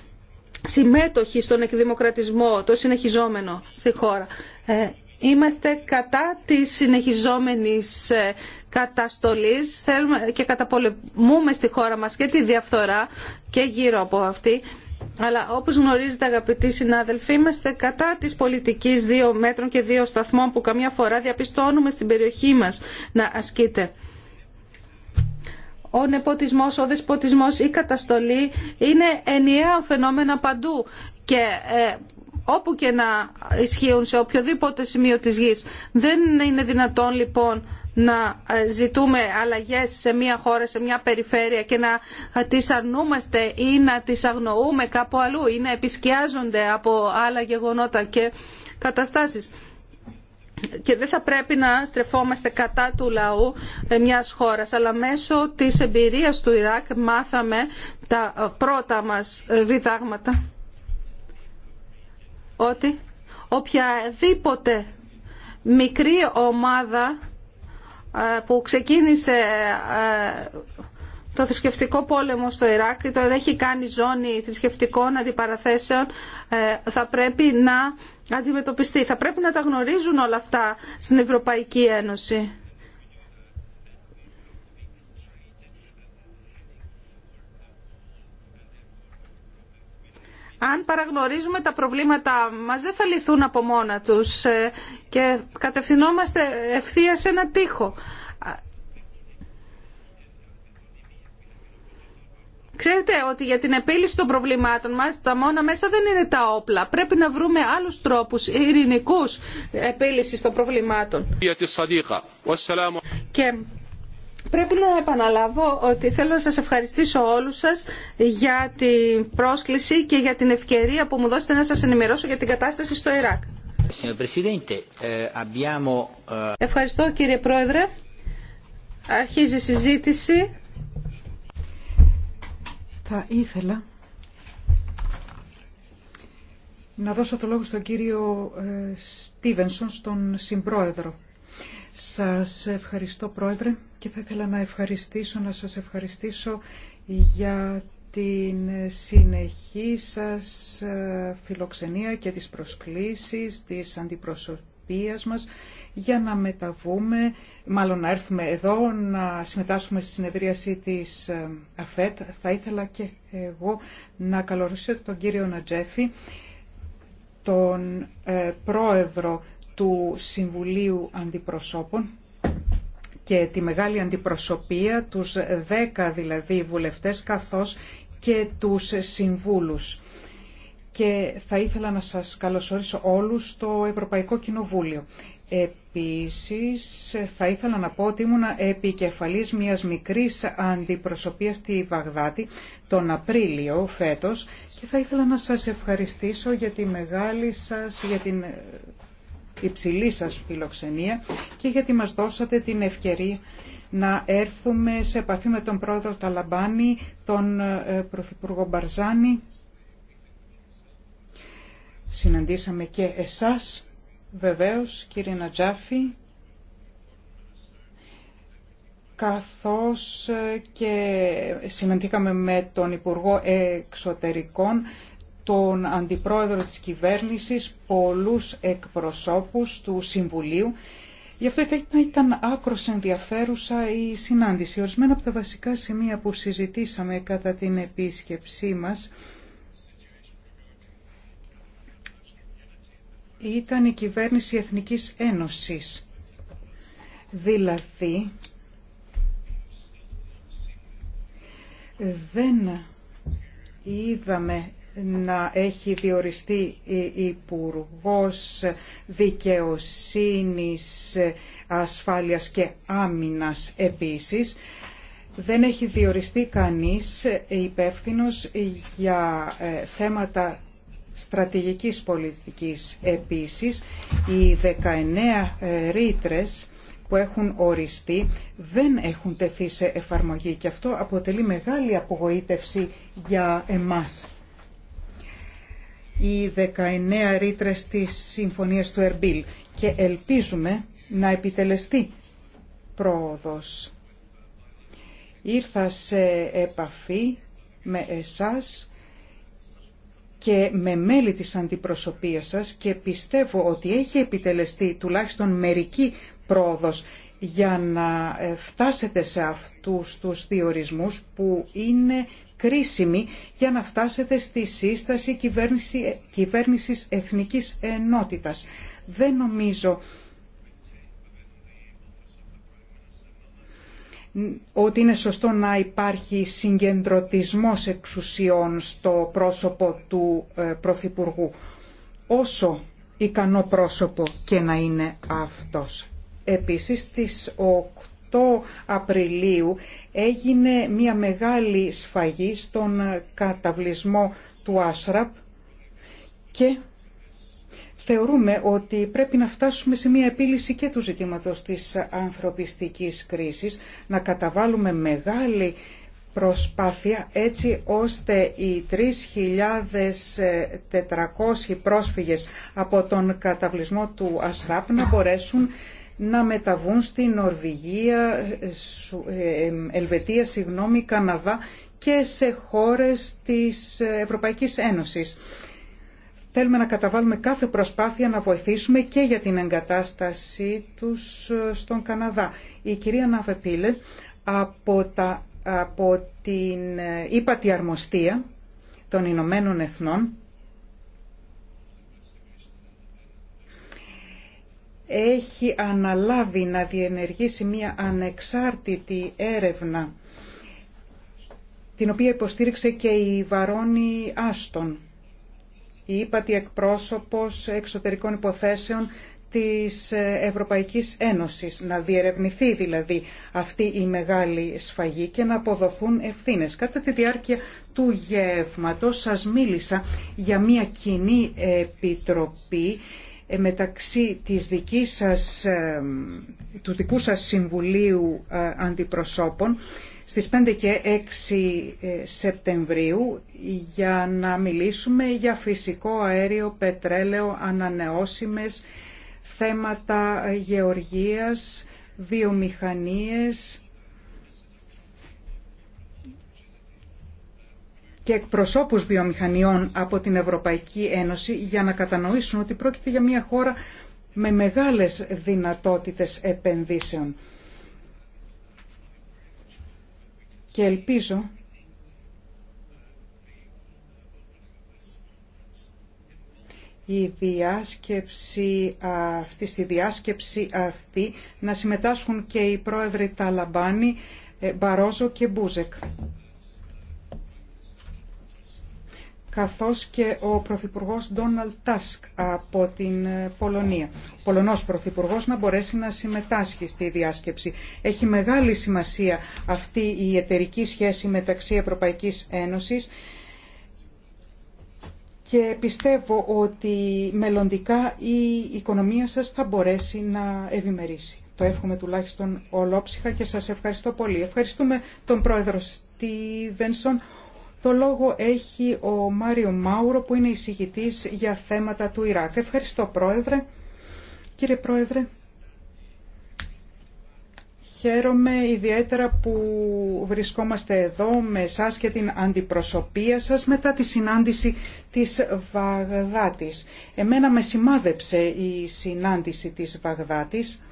συμμέτοχοι στον εκδημοκρατισμό, το συνεχιζόμενο στη χώρα. Είμαστε κατά της συνεχιζόμενης καταστολής θέλουμε και καταπολεμούμε στη χώρα μας και τη διαφθορά και γύρω από αυτή. Αλλά όπως γνωρίζετε αγαπητοί συνάδελφοι, είμαστε κατά της πολιτικής δύο μέτρων και δύο σταθμών που καμιά φορά διαπιστώνουμε στην περιοχή μας να ασκείται. Ο νεποτισμός, ο δεσποτισμός, η καταστολή είναι ενιαία φαινόμενα παντού και ε, όπου και να ισχύουν σε οποιοδήποτε σημείο της γης. Δεν είναι δυνατόν λοιπόν να ε, ζητούμε αλλαγές σε μια χώρα, σε μια περιφέρεια και να τις αρνούμαστε ή να τις αγνοούμε κάπου αλλού ή να επισκιάζονται από άλλα γεγονότα και καταστάσεις. Και δεν θα πρέπει να στρεφόμαστε κατά του λαού ε, μιας χώρας, αλλά μέσω της εμπειρίας του Ιράκ μάθαμε τα ε, πρώτα μας διδάγματα. Ότι οποιαδήποτε μικρή ομάδα ε, που ξεκίνησε ε, το θρησκευτικό πόλεμο στο Ιράκ και τώρα έχει κάνει ζώνη θρησκευτικών αντιπαραθέσεων ε, θα πρέπει να αντιμετωπιστεί. Θα πρέπει να τα γνωρίζουν όλα αυτά στην Ευρωπαϊκή Ένωση. αν παραγνωρίζουμε τα προβλήματά μας δεν θα λυθούν από μόνα τους ε, και κατευθυνόμαστε ευθεία σε ένα τείχο. Ξέρετε ότι για την επίλυση των προβλημάτων μας τα μόνα μέσα δεν είναι τα όπλα. Πρέπει να βρούμε άλλους τρόπους ειρηνικούς επίλυσης των προβλημάτων. Πρέπει να επαναλάβω ότι θέλω να σας ευχαριστήσω όλους σας για την πρόσκληση και για την ευκαιρία που μου δώσετε να σας ενημερώσω για την κατάσταση στο Ιράκ. Ε, ε, Ευχαριστώ κύριε Πρόεδρε. Αρχίζει η συζήτηση. Θα ήθελα να δώσω το λόγο στον κύριο ε, Στίβενσον, στον συμπρόεδρο. Σας ευχαριστώ Πρόεδρε και θα ήθελα να ευχαριστήσω, να σας ευχαριστήσω για την συνεχή σας ε, φιλοξενία και τις προσκλήσεις της αντιπροσωπείας μας για να μεταβούμε, μάλλον να έρθουμε εδώ, να συμμετάσχουμε στη συνεδρίαση της ε, ΑΦΕΤ. Θα ήθελα και εγώ να καλωσορίσω τον κύριο Νατζέφη, τον ε, πρόεδρο του Συμβουλίου Αντιπροσώπων και τη μεγάλη αντιπροσωπεία, τους δέκα δηλαδή βουλευτές, καθώς και τους συμβούλους. Και θα ήθελα να σας καλωσορίσω όλους στο Ευρωπαϊκό Κοινοβούλιο. Επίσης, θα ήθελα να πω ότι ήμουν επικεφαλής μιας μικρής αντιπροσωπείας στη Βαγδάτη τον Απρίλιο φέτος και θα ήθελα να σας ευχαριστήσω για τη μεγάλη σας, την υψηλή σας φιλοξενία και γιατί μας δώσατε την ευκαιρία να έρθουμε σε επαφή με τον πρόεδρο Ταλαμπάνη, τον ε, πρωθυπουργό Μπαρζάνη. Συναντήσαμε και εσάς, βεβαίως, κύριε Νατζάφη, καθώς ε, και συναντήκαμε με τον Υπουργό Εξωτερικών τον αντιπρόεδρο της κυβέρνησης, πολλούς εκπροσώπους του Συμβουλίου. Γι' αυτό ήταν άκρος ενδιαφέρουσα η συνάντηση. Ορισμένα από τα βασικά σημεία που συζητήσαμε κατά την επίσκεψή μας ήταν η κυβέρνηση Εθνικής Ένωσης. Δηλαδή, δεν είδαμε να έχει διοριστεί η Υπουργός Δικαιοσύνης, Ασφάλειας και Άμυνας επίσης. Δεν έχει διοριστεί κανείς υπεύθυνο για ε, θέματα στρατηγικής πολιτικής επίσης. Οι 19 ε, ρήτρες που έχουν οριστεί δεν έχουν τεθεί σε εφαρμογή και αυτό αποτελεί μεγάλη απογοήτευση για εμάς οι 19 ρήτρε της Συμφωνίας του Ερμπίλ και ελπίζουμε να επιτελεστεί πρόοδος. Ήρθα σε επαφή με εσάς και με μέλη της αντιπροσωπείας σας και πιστεύω ότι έχει επιτελεστεί τουλάχιστον μερική πρόοδος για να ε, φτάσετε σε αυτούς τους διορισμούς που είναι κρίσιμη για να φτάσετε στη σύσταση κυβέρνηση, κυβέρνησης εθνικής ενότητας. Δεν νομίζω ότι είναι σωστό να υπάρχει συγκεντρωτισμός εξουσιών στο πρόσωπο του ε, Πρωθυπουργού, όσο ικανό πρόσωπο και να είναι αυτός. Επίσης, στις Απριλίου έγινε μια μεγάλη σφαγή στον καταβλισμό του Άσραπ και θεωρούμε ότι πρέπει να φτάσουμε σε μια επίλυση και του ζητήματος της ανθρωπιστικής κρίσης, να καταβάλουμε μεγάλη προσπάθεια έτσι ώστε οι 3.400 πρόσφυγες από τον καταβλισμό του ΑΣΡΑΠ να μπορέσουν να μεταβούν στη Νορβηγία, ε, Ελβετία, συγγνώμη, Καναδά και σε χώρες της Ευρωπαϊκής Ένωσης. Θέλουμε να καταβάλουμε κάθε προσπάθεια να βοηθήσουμε και για την εγκατάστασή τους ε, στον Καναδά. Η κυρία Ναβεπίλε από, από την ύπατη ε, αρμοστία των Ηνωμένων Εθνών έχει αναλάβει να διενεργήσει μία ανεξάρτητη έρευνα την οποία υποστήριξε και η Βαρόνη Άστον, η ύπατη εκπρόσωπος εξωτερικών υποθέσεων της Ευρωπαϊκής Ένωσης, να διερευνηθεί δηλαδή αυτή η μεγάλη σφαγή και να αποδοθούν ευθύνες. Κατά τη διάρκεια του γεύματος σας μίλησα για μια κοινή επιτροπή ε, μεταξύ της δικής σας, του δικού σας Συμβουλίου ε, Αντιπροσώπων στις 5 και 6 ε, Σεπτεμβρίου για να μιλήσουμε για φυσικό αέριο, πετρέλαιο, ανανεώσιμες, θέματα γεωργίας, βιομηχανίες, και εκπροσώπους βιομηχανιών από την Ευρωπαϊκή Ένωση για να κατανοήσουν ότι πρόκειται για μια χώρα με μεγάλες δυνατότητες επενδύσεων. Και ελπίζω η διάσκεψη αυτή, στη διάσκεψη αυτή να συμμετάσχουν και οι πρόεδροι Ταλαμπάνη, ε, Μπαρόζο και Μπούζεκ. καθώς και ο Πρωθυπουργός Ντόναλτ Τάσκ από την ε, Πολωνία. Ο Πολωνός Πρωθυπουργός να μπορέσει να συμμετάσχει στη διάσκεψη. Έχει μεγάλη σημασία αυτή η εταιρική σχέση μεταξύ Ευρωπαϊκής Ένωσης και πιστεύω ότι μελλοντικά η οικονομία σας θα μπορέσει να ευημερήσει. Το εύχομαι τουλάχιστον ολόψυχα και σας ευχαριστώ πολύ. Ευχαριστούμε τον πρόεδρο Στίβενσον, το λόγο έχει ο Μάριο Μάουρο που είναι εισηγητής για θέματα του Ιράκ. Ευχαριστώ Πρόεδρε. Κύριε Πρόεδρε, χαίρομαι ιδιαίτερα που βρισκόμαστε εδώ με εσά και την αντιπροσωπεία σας μετά τη συνάντηση της Βαγδάτης. Εμένα με σημάδεψε η συνάντηση της Βαγδάτης.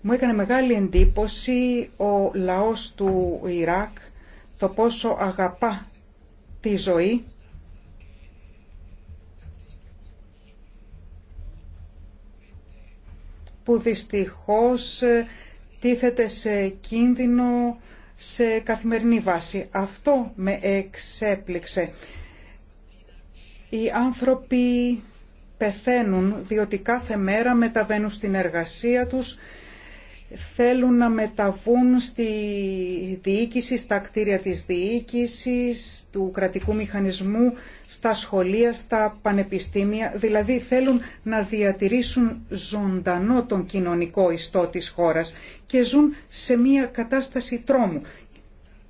Μου έκανε μεγάλη εντύπωση ο λαός του Ιράκ το πόσο αγαπά τη ζωή που δυστυχώς ε, τίθεται σε κίνδυνο σε καθημερινή βάση. Αυτό με εξέπληξε. Οι άνθρωποι πεθαίνουν διότι κάθε μέρα μεταβαίνουν στην εργασία τους θέλουν να μεταβούν στη διοίκηση, στα κτίρια της διοίκησης, του κρατικού μηχανισμού, στα σχολεία, στα πανεπιστήμια. Δηλαδή θέλουν να διατηρήσουν ζωντανό τον κοινωνικό ιστό της χώρας και ζουν σε μια κατάσταση τρόμου.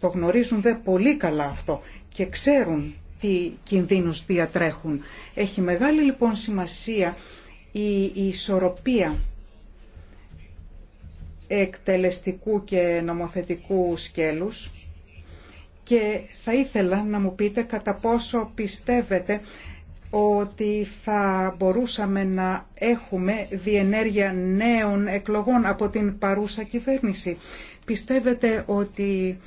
Το γνωρίζουν δε πολύ καλά αυτό και ξέρουν τι κινδύνους διατρέχουν. Έχει μεγάλη λοιπόν σημασία η ισορροπία εκτελεστικού και νομοθετικού σκέλους και θα ήθελα να μου πείτε κατά πόσο πιστεύετε ότι θα μπορούσαμε να έχουμε διενέργεια νέων εκλογών από την παρούσα κυβέρνηση. Πιστεύετε ότι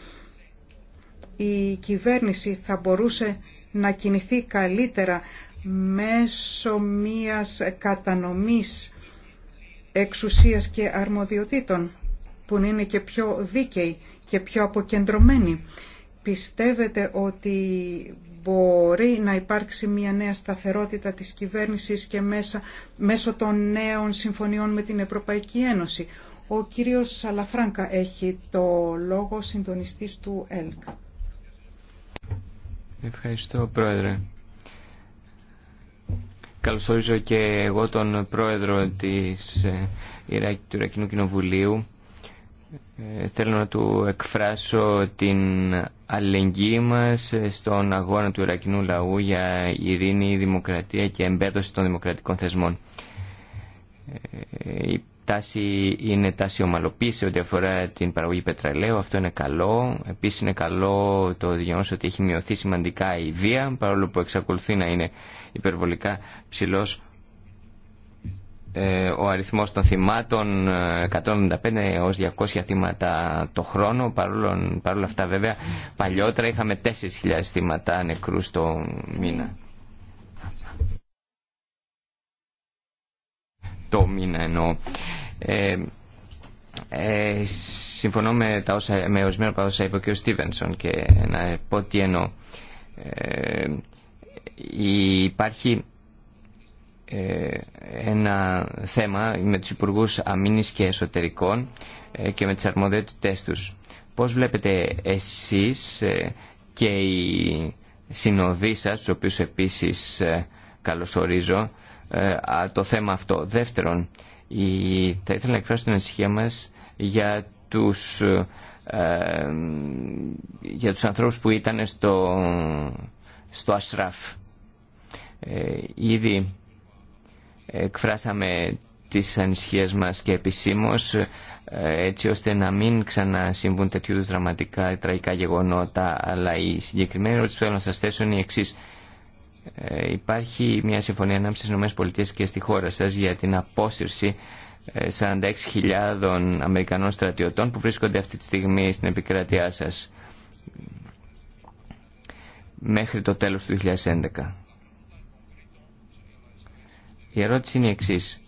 η κυβέρνηση θα μπορούσε να κινηθεί καλύτερα μέσω μιας κατανομής εξουσίας και αρμοδιοτήτων που είναι και πιο δίκαιοι και πιο αποκεντρωμένοι. Πιστεύετε ότι μπορεί να υπάρξει μια νέα σταθερότητα της κυβέρνησης και μέσα, μέσω των νέων συμφωνιών με την Ευρωπαϊκή Ένωση. Ο κύριος Σαλαφράνκα έχει το λόγο συντονιστής του ΕΛΚ. Ευχαριστώ, Πρόεδρε. Καλωσορίζω και εγώ τον πρόεδρο της, ε, του Ιρακινού Κοινοβουλίου. Ε, θέλω να του εκφράσω την αλληλεγγύη μας ε, στον αγώνα του Ιρακινού λαού για ειρήνη, δημοκρατία και εμπέδωση των δημοκρατικών θεσμών τάση είναι τάση ομαλοποίηση ό,τι αφορά την παραγωγή πετρελαίου. Αυτό είναι καλό. Επίση είναι καλό το γεγονό ότι έχει μειωθεί σημαντικά η βία, παρόλο που εξακολουθεί να είναι υπερβολικά ψηλό ε, ο αριθμός των θυμάτων 195 ε, έως 200 θύματα το χρόνο παρόλο, παρόλα αυτά βέβαια παλιότερα είχαμε 4.000 θύματα νεκρούς το μήνα το μήνα εννοώ ε, ε, συμφωνώ με, τα όσα, με ορισμένα από είπε και ο Στίβενσον και να πω τι εννοώ. Ε, υπάρχει ε, ένα θέμα με τους υπουργού Αμήνης και Εσωτερικών και με τις αρμοδιότητές τους. Πώς βλέπετε εσείς και οι συνοδοί σας, τους οποίους επίσης καλωσορίζω, το θέμα αυτό. Δεύτερον, θα ήθελα να εκφράσω την ανησυχία μας για τους, ε, ανθρώπους που ήταν στο, στο Ασράφ. Ε, ήδη εκφράσαμε τις ανησυχίες μας και επισήμως ε, έτσι ώστε να μην ξανασυμβούν τέτοιου δραματικά τραγικά γεγονότα αλλά η συγκεκριμένη ερώτηση που θέλω να σας θέσω είναι η εξής ε, υπάρχει μια συμφωνία ανάμεσα στις ΗΠΑ και στη χώρα σας για την απόσυρση 46.000 ε, Αμερικανών στρατιωτών που βρίσκονται αυτή τη στιγμή στην επικράτειά σας μέχρι το τέλος του 2011. Η ερώτηση είναι η εξής.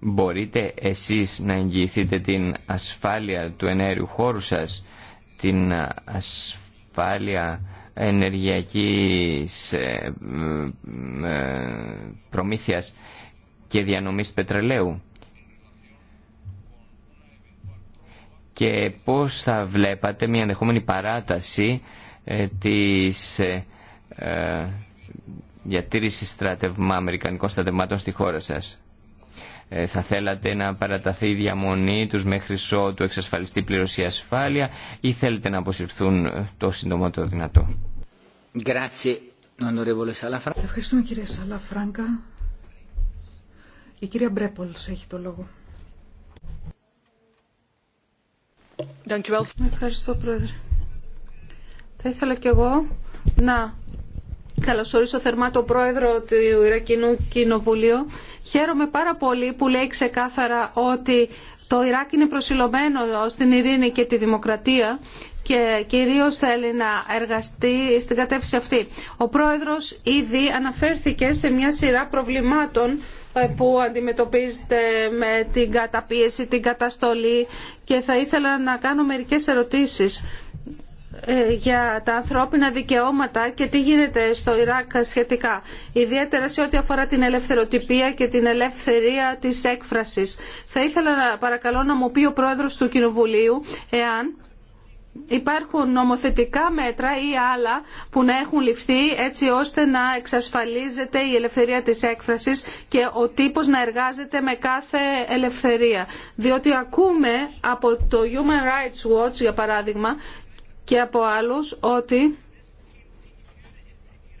Μπορείτε εσείς να εγγυηθείτε την ασφάλεια του ενέργειου χώρου σας, την ασφάλεια ενεργειακής ε, ε, προμήθειας και διανομής πετρελαίου και πώς θα βλέπατε μια ενδεχόμενη παράταση ε, της διατήρησης στρατευμά, αμερικανικών στρατευμάτων στη χώρα σας. Ε, θα θέλατε να παραταθεί η διαμονή τους μέχρι ότου εξασφαλιστεί πλήρωση ασφάλεια ή θέλετε να αποσυρθούν ε, το συντομότερο δυνατό. Ευχαριστούμε κύριε Σαλαφράγκα. Η κυρία Μπρέπολς έχει το λόγο. Ευχαριστώ πρόεδρε. Θα ήθελα κι εγώ να Καλωσορίσω θερμά τον πρόεδρο του Ιρακινού Κοινοβουλίου. Χαίρομαι πάρα πολύ που λέει ξεκάθαρα ότι το Ιράκ είναι προσιλωμένο στην ειρήνη και τη δημοκρατία και κυρίω θέλει να εργαστεί στην κατεύθυνση αυτή. Ο πρόεδρος ήδη αναφέρθηκε σε μια σειρά προβλημάτων ε, που αντιμετωπίζετε με την καταπίεση, την καταστολή και θα ήθελα να κάνω μερικές ερωτήσεις. Ε, για τα ανθρώπινα δικαιώματα και τι γίνεται στο Ιράκ σχετικά. Ιδιαίτερα σε ό,τι αφορά την ελευθεροτυπία και την ελευθερία της έκφρασης. Θα ήθελα να παρακαλώ να μου πει ο πρόεδρος του Κοινοβουλίου εάν υπάρχουν νομοθετικά μέτρα ή άλλα που να έχουν ληφθεί έτσι ώστε να εξασφαλίζεται η ελευθερία της έκφρασης και ο τύπος να εργάζεται με κάθε ελευθερία. Διότι ακούμε από το Human Rights Watch για παράδειγμα και από άλλους ότι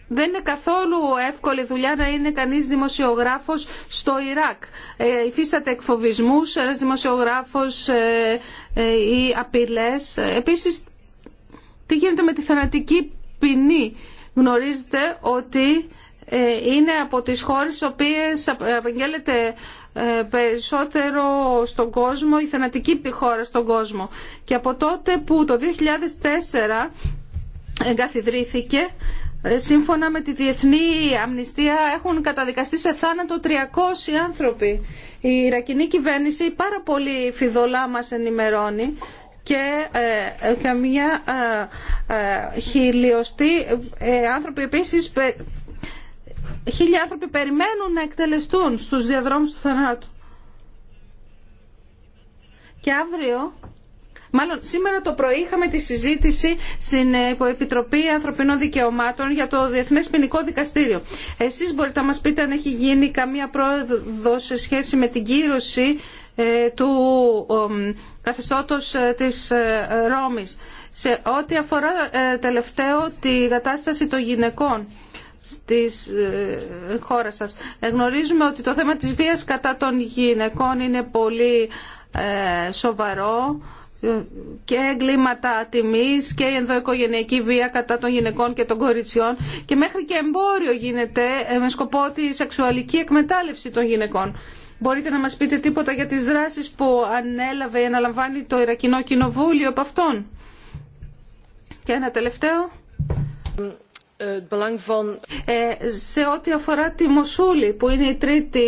δεν είναι καθόλου εύκολη δουλειά να είναι κανείς δημοσιογράφος στο Ιράκ. Ε, υφίσταται εκφοβισμούς, ένας δημοσιογράφος ε, ε ή απειλές. Επίσης, τι γίνεται με τη θανατική ποινή. Γνωρίζετε ότι ε, είναι από τις χώρες οποίες απαγγέλλεται ε, περισσότερο στον κόσμο, η θενατική χώρα στον κόσμο. Και από τότε που το 2004 εγκαθιδρύθηκε, ε, σύμφωνα με τη Διεθνή Αμνηστία έχουν καταδικαστεί σε θάνατο 300 άνθρωποι. Η Ιρακινή κυβέρνηση πάρα πολύ φιδωλά μας ενημερώνει και ε, καμία χιλιοστή άνθρωποι επίσης Χίλια άνθρωποι περιμένουν να εκτελεστούν στους διαδρόμους του θανάτου. Και αύριο, μάλλον σήμερα το πρωί είχαμε τη συζήτηση στην ε, Υποεπιτροπή Ανθρωπινών Δικαιωμάτων για το Διεθνές Ποινικό Δικαστήριο. Εσείς μπορείτε να μας πείτε αν έχει γίνει καμία πρόοδο σε σχέση με την κύρωση ε, του καθεστώτος ε, της Ρώμης σε ό,τι αφορά τελευταίο τη κατάσταση των γυναικών στις ε, χώρα σας. Ε, γνωρίζουμε ότι το θέμα της βίας κατά των γυναικών είναι πολύ ε, σοβαρό και εγκλήματα τιμής και ενδοοικογενειακή βία κατά των γυναικών και των κοριτσιών και μέχρι και εμπόριο γίνεται με σκοπό τη σεξουαλική εκμετάλλευση των γυναικών. Μπορείτε να μας πείτε τίποτα για τις δράσεις που ανέλαβε ή αναλαμβάνει το Ιρακινό Κοινοβούλιο από αυτόν. Και ένα τελευταίο. Ε, σε ό,τι αφορά τη Μοσούλη που είναι η τρίτη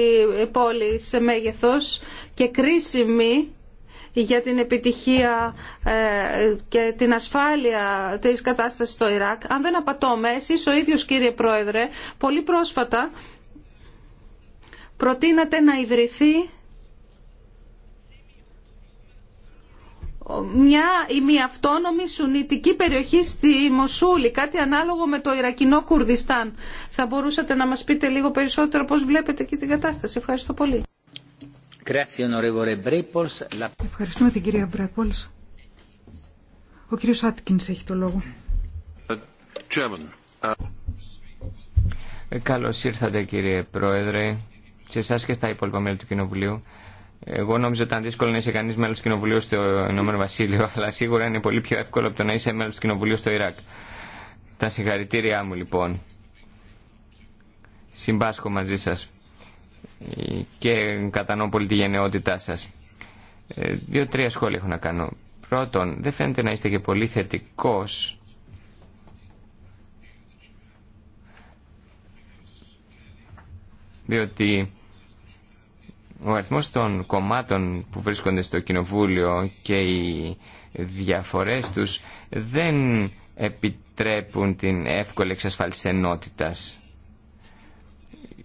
πόλη σε μέγεθος και κρίσιμη για την επιτυχία ε, και την ασφάλεια της κατάστασης στο Ιράκ. Αν δεν απατώμε, εσείς ο ίδιος κύριε Πρόεδρε, πολύ πρόσφατα προτείνατε να ιδρυθεί μια ημιαυτόνομη σουνητική περιοχή στη Μοσούλη, κάτι ανάλογο με το Ιρακινό Κουρδιστάν. Θα μπορούσατε να μας πείτε λίγο περισσότερο πώς βλέπετε και την κατάσταση. Ευχαριστώ πολύ. Ευχαριστούμε την κυρία Μπρέπολς. Ο κύριος Άτκινς έχει το λόγο. Uh- ε, καλώς ήρθατε κύριε Πρόεδρε, σε εσά και στα υπόλοιπα μέλη του Κοινοβουλίου. Εγώ νόμιζα ότι ήταν δύσκολο να είσαι κανεί μέλο του Κοινοβουλίου στο Ηνωμένο Βασίλειο, αλλά σίγουρα είναι πολύ πιο εύκολο από το να είσαι μέλο του Κοινοβουλίου στο Ιράκ. Τα συγχαρητήριά μου λοιπόν. Συμπάσχω μαζί σα και κατανοώ πολύ τη γενναιότητά σα. Ε, δύο-τρία σχόλια έχω να κάνω. Πρώτον, δεν φαίνεται να είστε και πολύ θετικό. Διότι ο αριθμός των κομμάτων που βρίσκονται στο Κοινοβούλιο και οι διαφορές τους δεν επιτρέπουν την εύκολη εξασφάλιση ενότητας.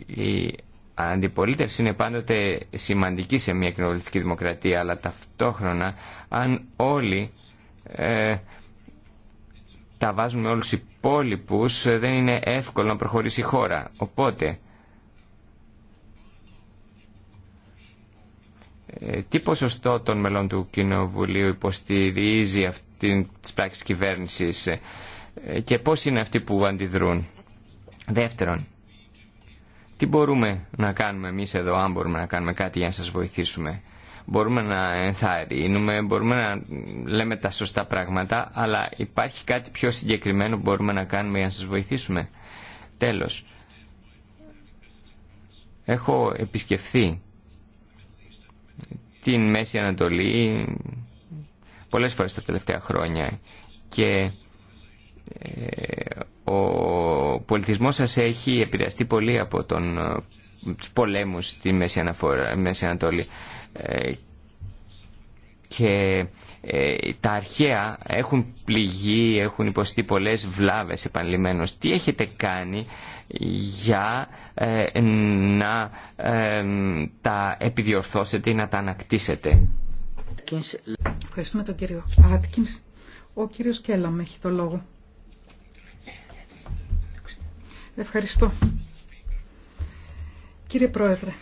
Η αντιπολίτευση είναι πάντοτε σημαντική σε μια κοινοβουλευτική δημοκρατία, αλλά ταυτόχρονα αν όλοι ε, τα βάζουν με όλους υπόλοιπους δεν είναι εύκολο να προχωρήσει η χώρα. Οπότε Ε, τι ποσοστό των μελών του Κοινοβουλίου υποστηρίζει αυτή τη πράξη κυβέρνηση ε, και πώς είναι αυτοί που αντιδρούν. Δεύτερον, τι μπορούμε να κάνουμε εμείς εδώ, αν μπορούμε να κάνουμε κάτι για να σας βοηθήσουμε. Μπορούμε να ενθαρρύνουμε, μπορούμε να λέμε τα σωστά πράγματα, αλλά υπάρχει κάτι πιο συγκεκριμένο που μπορούμε να κάνουμε για να σας βοηθήσουμε. Τέλος, έχω επισκεφθεί την Μέση Ανατολή πολλές φορές τα τελευταία χρόνια και ε, ο πολιτισμός σας έχει επηρεαστεί πολύ από τον, ε, τους πολέμους στη Μέση, Ανατολή ε, και τα αρχαία έχουν πληγεί, έχουν υποστεί πολλές βλάβες επανειλημμένως. Τι έχετε κάνει για ε, να ε, τα επιδιορθώσετε ή να τα ανακτήσετε. Ευχαριστούμε τον κύριο Άτκινς. Ο κύριος Κέλαμ έχει το λόγο. Ευχαριστώ. Κύριε Πρόεδρε,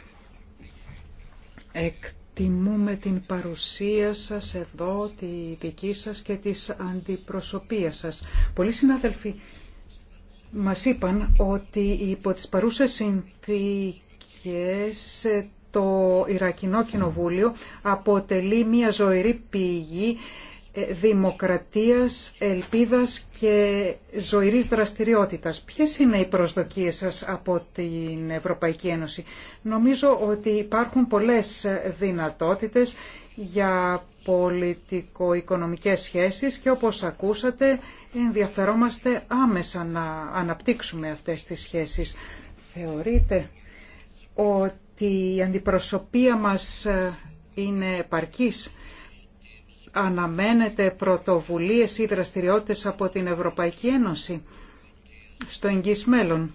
εκτιμούμε την παρουσία σας εδώ, τη δική σας και της αντιπροσωπείας σας. Πολλοί συνάδελφοι μας είπαν ότι υπό τις παρούσες συνθήκες το Ιρακινό Κοινοβούλιο αποτελεί μια ζωηρή πηγή ε, δημοκρατίας, ελπίδας και ζωηρής δραστηριότητας. Ποιες είναι οι προσδοκίες σας από την Ευρωπαϊκή Ένωση. Νομίζω ότι υπάρχουν πολλές δυνατότητες για πολιτικο-οικονομικές σχέσεις και όπως ακούσατε ενδιαφερόμαστε άμεσα να αναπτύξουμε αυτές τις σχέσεις. Θεωρείτε ότι η αντιπροσωπεία μας είναι επαρκής. Αναμένετε πρωτοβουλίες ή δραστηριότητες από την Ευρωπαϊκή Ένωση στο εγγύς μέλλον.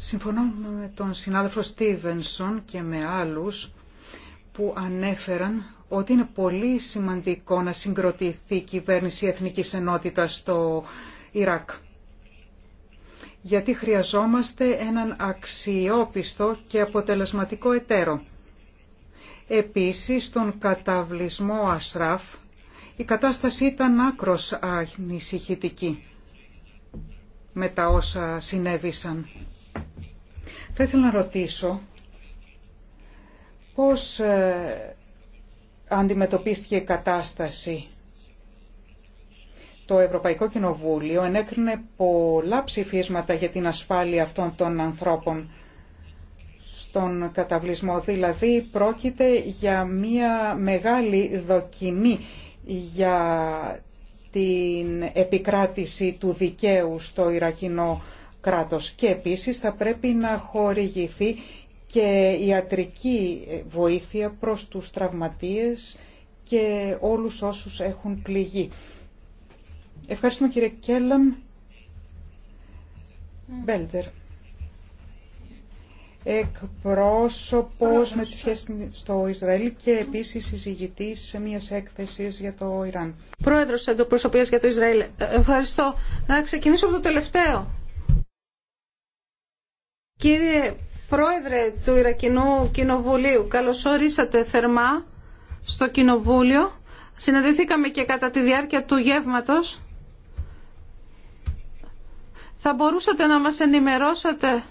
Συμφωνώ με τον συνάδελφο Στίβενσον και με άλλους που ανέφεραν ότι είναι πολύ σημαντικό να συγκροτηθεί η κυβέρνηση Εθνικής Ενότητας στο Ιράκ. Γιατί χρειαζόμαστε έναν αξιόπιστο και αποτελεσματικό εταίρο. Επίσης, στον καταβλισμό Ασράφ, η κατάσταση ήταν άκρος ανησυχητική με τα όσα συνέβησαν θα ήθελα να ρωτήσω πώς ε, αντιμετωπίστηκε η κατάσταση. Το Ευρωπαϊκό Κοινοβούλιο ενέκρινε πολλά ψηφίσματα για την ασφάλεια αυτών των ανθρώπων στον καταβλισμό. Δηλαδή πρόκειται για μια μεγάλη δοκιμή για την επικράτηση του δικαίου στο Ιρακινό κράτος και επίσης θα πρέπει να χορηγηθεί και ιατρική βοήθεια προς τους τραυματίες και όλους όσους έχουν πληγεί. Ευχαριστούμε κύριε Κέλλαμ. Μπέλτερ. Εκπρόσωπος με τη σχέση στο Ισραήλ και επίσης συζητητής σε μία έκθεση για το Ιράν. Πρόεδρος Εντοπροσωπείας για το Ισραήλ. Ε, ευχαριστώ. Να ξεκινήσω από το τελευταίο. Κύριε Πρόεδρε του Ιρακινού Κοινοβουλίου, καλώς ορίσατε θερμά στο Κοινοβούλιο. Συναντηθήκαμε και κατά τη διάρκεια του γεύματος. Θα μπορούσατε να μας ενημερώσατε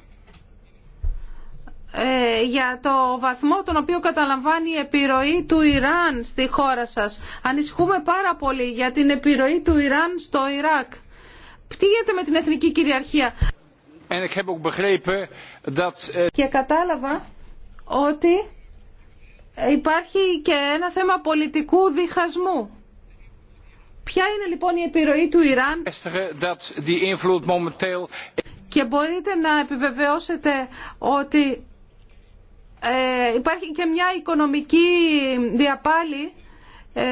ε, για το βαθμό τον οποίο καταλαμβάνει η επιρροή του Ιράν στη χώρα σας. Ανησυχούμε πάρα πολύ για την επιρροή του Ιράν στο Ιράκ. Τι γίνεται με την εθνική κυριαρχία. Eh, και κατάλαβα ότι υπάρχει και ένα θέμα πολιτικού διχασμού. Ποια είναι λοιπόν η επιρροή του Ιράν και μπορείτε να επιβεβαιώσετε ότι ε, υπάρχει και μια οικονομική διαπάλη ε,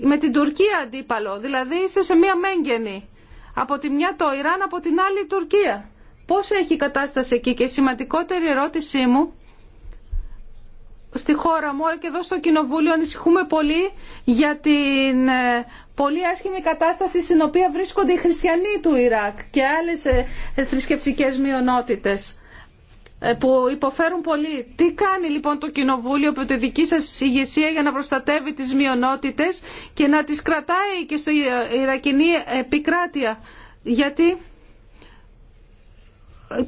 με την Τουρκία αντίπαλο. Δηλαδή είστε σε μια μέγενη. Από τη μια το Ιράν, από την άλλη η Τουρκία. Πώς έχει η κατάσταση εκεί και η σημαντικότερη ερώτησή μου στη χώρα μου αλλά και εδώ στο Κοινοβούλιο ανησυχούμε πολύ για την ε, πολύ άσχημη κατάσταση στην οποία βρίσκονται οι χριστιανοί του Ιράκ και άλλες ε, θρησκευτικές μειονότητες ε, που υποφέρουν πολύ. Τι κάνει λοιπόν το Κοινοβούλιο από τη δική σας ηγεσία για να προστατεύει τις μειονότητες και να τις κρατάει και στο Ιρακινή επικράτεια. Γιατί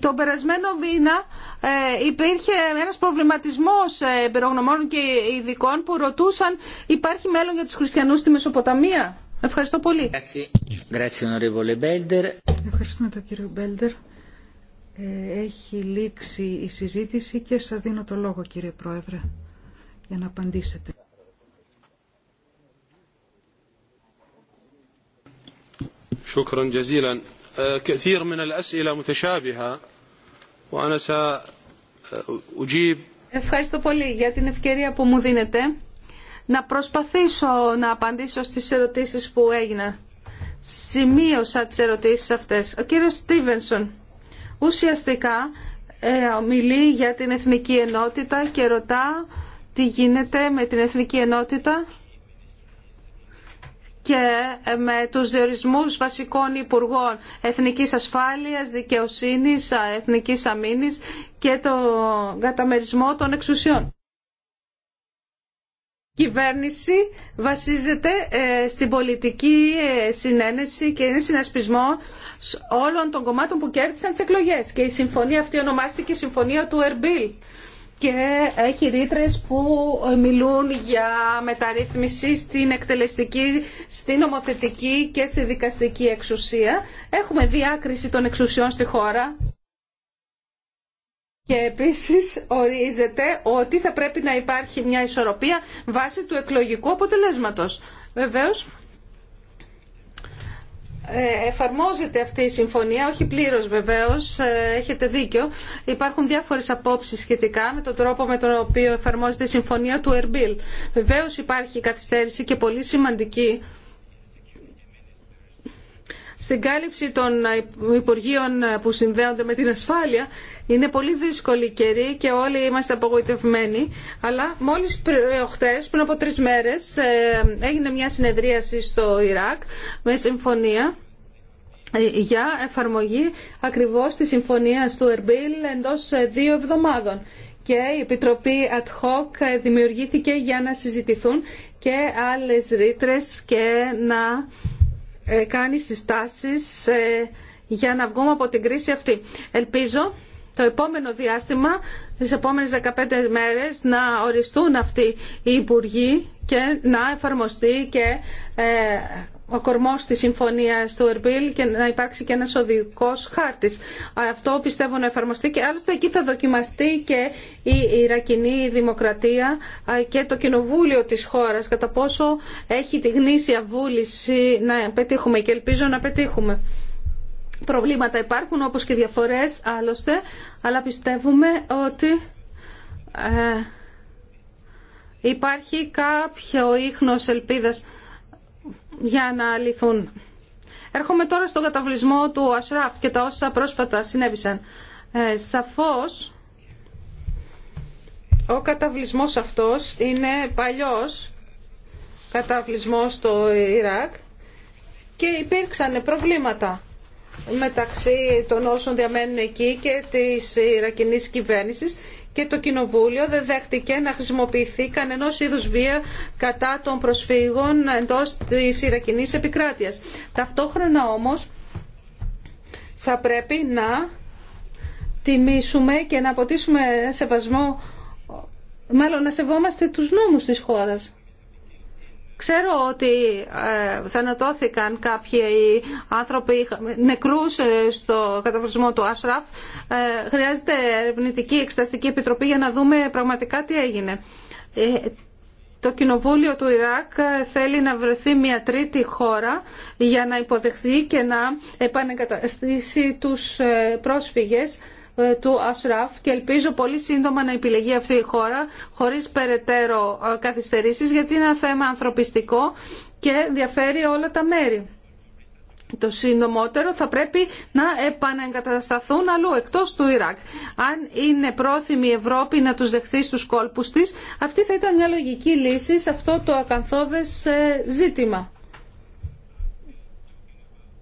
το περασμένο μήνα ε, υπήρχε ένας προβληματισμός ε, εμπειρογνωμών και ειδικών που ρωτούσαν υπάρχει μέλλον για τους χριστιανούς στη Μεσοποταμία. Ευχαριστώ πολύ. Ευχαριστούμε τον κύριο Μπέλντερ. Ε, έχει λήξει η συζήτηση και σας δίνω το λόγο κύριε Πρόεδρε για να απαντήσετε. Shukran jazilan. كثير من الأسئلة متشابهة وأنا سأجيب Ευχαριστώ πολύ για την ευκαιρία που μου δίνετε να προσπαθήσω να απαντήσω στις ερωτήσεις που έγιναν. Σημείωσα τις ερωτήσεις αυτές. Ο κύριος Στίβενσον ουσιαστικά ε, μιλεί για την εθνική ενότητα και ρωτά τι γίνεται με την εθνική ενότητα και με τους διορισμούς βασικών υπουργών Εθνικής Ασφάλειας, Δικαιοσύνης, Εθνικής Αμήνης και τον καταμερισμό των εξουσιών. Η κυβέρνηση βασίζεται ε, στην πολιτική ε, συνένεση και είναι συνασπισμό όλων των κομμάτων που κέρδισαν τις εκλογές και η συμφωνία αυτή ονομάστηκε Συμφωνία του Ερμπίλ και έχει ρήτρε που μιλούν για μεταρρύθμιση στην εκτελεστική, στην νομοθετική και στη δικαστική εξουσία. Έχουμε διάκριση των εξουσιών στη χώρα. Και επίσης ορίζεται ότι θα πρέπει να υπάρχει μια ισορροπία βάσει του εκλογικού αποτελέσματος. Βεβαίως, ε, εφαρμόζεται αυτή η συμφωνία, όχι πλήρως βεβαίως, ε, έχετε δίκιο. Υπάρχουν διάφορες απόψεις σχετικά με τον τρόπο με τον οποίο εφαρμόζεται η συμφωνία του Ερμπίλ. Βεβαίως υπάρχει καθυστέρηση και πολύ σημαντική στην κάλυψη των Υπουργείων που συνδέονται με την ασφάλεια είναι πολύ δύσκολη η καιρή και όλοι είμαστε απογοητευμένοι. Αλλά μόλις χτες, πριν από τρεις μέρες, ε, έγινε μια συνεδρίαση στο Ιράκ με συμφωνία ε, για εφαρμογή ακριβώς τη συμφωνία του Ερμπίλ εντός ε, δύο εβδομάδων. Και η Επιτροπή Ad hoc δημιουργήθηκε για να συζητηθούν και άλλες ρήτρε και να κάνει συστάσεις για να βγούμε από την κρίση αυτή. Ελπίζω το επόμενο διάστημα, τις επόμενες 15 μέρες, να οριστούν αυτοί οι υπουργοί και να εφαρμοστεί και ε, ο κορμός της συμφωνίας του Ερμπίλ και να υπάρξει και ένας οδικός χάρτης. Αυτό πιστεύω να εφαρμοστεί και άλλωστε εκεί θα δοκιμαστεί και η Ιρακινή Δημοκρατία ε, και το Κοινοβούλιο της χώρας κατά πόσο έχει τη γνήσια βούληση να πετύχουμε και ελπίζω να πετύχουμε. Προβλήματα υπάρχουν όπως και διαφορές άλλωστε, αλλά πιστεύουμε ότι ε, υπάρχει κάποιο ίχνος ελπίδας για να λυθούν. Έρχομαι τώρα στον καταβλισμό του Ασράφ και τα όσα πρόσφατα συνέβησαν. Ε, σαφώς ο καταβλισμός αυτός είναι παλιός καταβλισμός στο Ιράκ και υπήρξαν προβλήματα μεταξύ των όσων διαμένουν εκεί και της Ιρακινής κυβέρνησης και το Κοινοβούλιο δεν δέχτηκε να χρησιμοποιηθεί κανένα είδου βία κατά των προσφύγων εντό της Ιρακινή επικράτεια. Ταυτόχρονα όμως θα πρέπει να τιμήσουμε και να αποτίσουμε σεβασμό, μάλλον να σεβόμαστε τους νόμους της χώρας. Ξέρω ότι ε, θανατώθηκαν κάποιοι άνθρωποι νεκρούς ε, στο καταβλισμό του Άσραφ. Ε, χρειάζεται ερευνητική εξεταστική επιτροπή για να δούμε πραγματικά τι έγινε. Ε, το Κοινοβούλιο του Ιράκ θέλει να βρεθεί μια τρίτη χώρα για να υποδεχθεί και να επανεγκαταστήσει τους πρόσφυγες ε, του Ασράφ και ελπίζω πολύ σύντομα να επιλεγεί αυτή η χώρα χωρίς περαιτέρω ε, καθυστερήσεις γιατί είναι ένα θέμα ανθρωπιστικό και διαφέρει όλα τα μέρη. Το σύντομότερο θα πρέπει να επαναγκατασταθούν αλλού εκτός του Ιράκ. Αν είναι πρόθυμη η Ευρώπη να τους δεχθεί στους κόλπους της, αυτή θα ήταν μια λογική λύση σε αυτό το ακαθόδες ε, ζήτημα.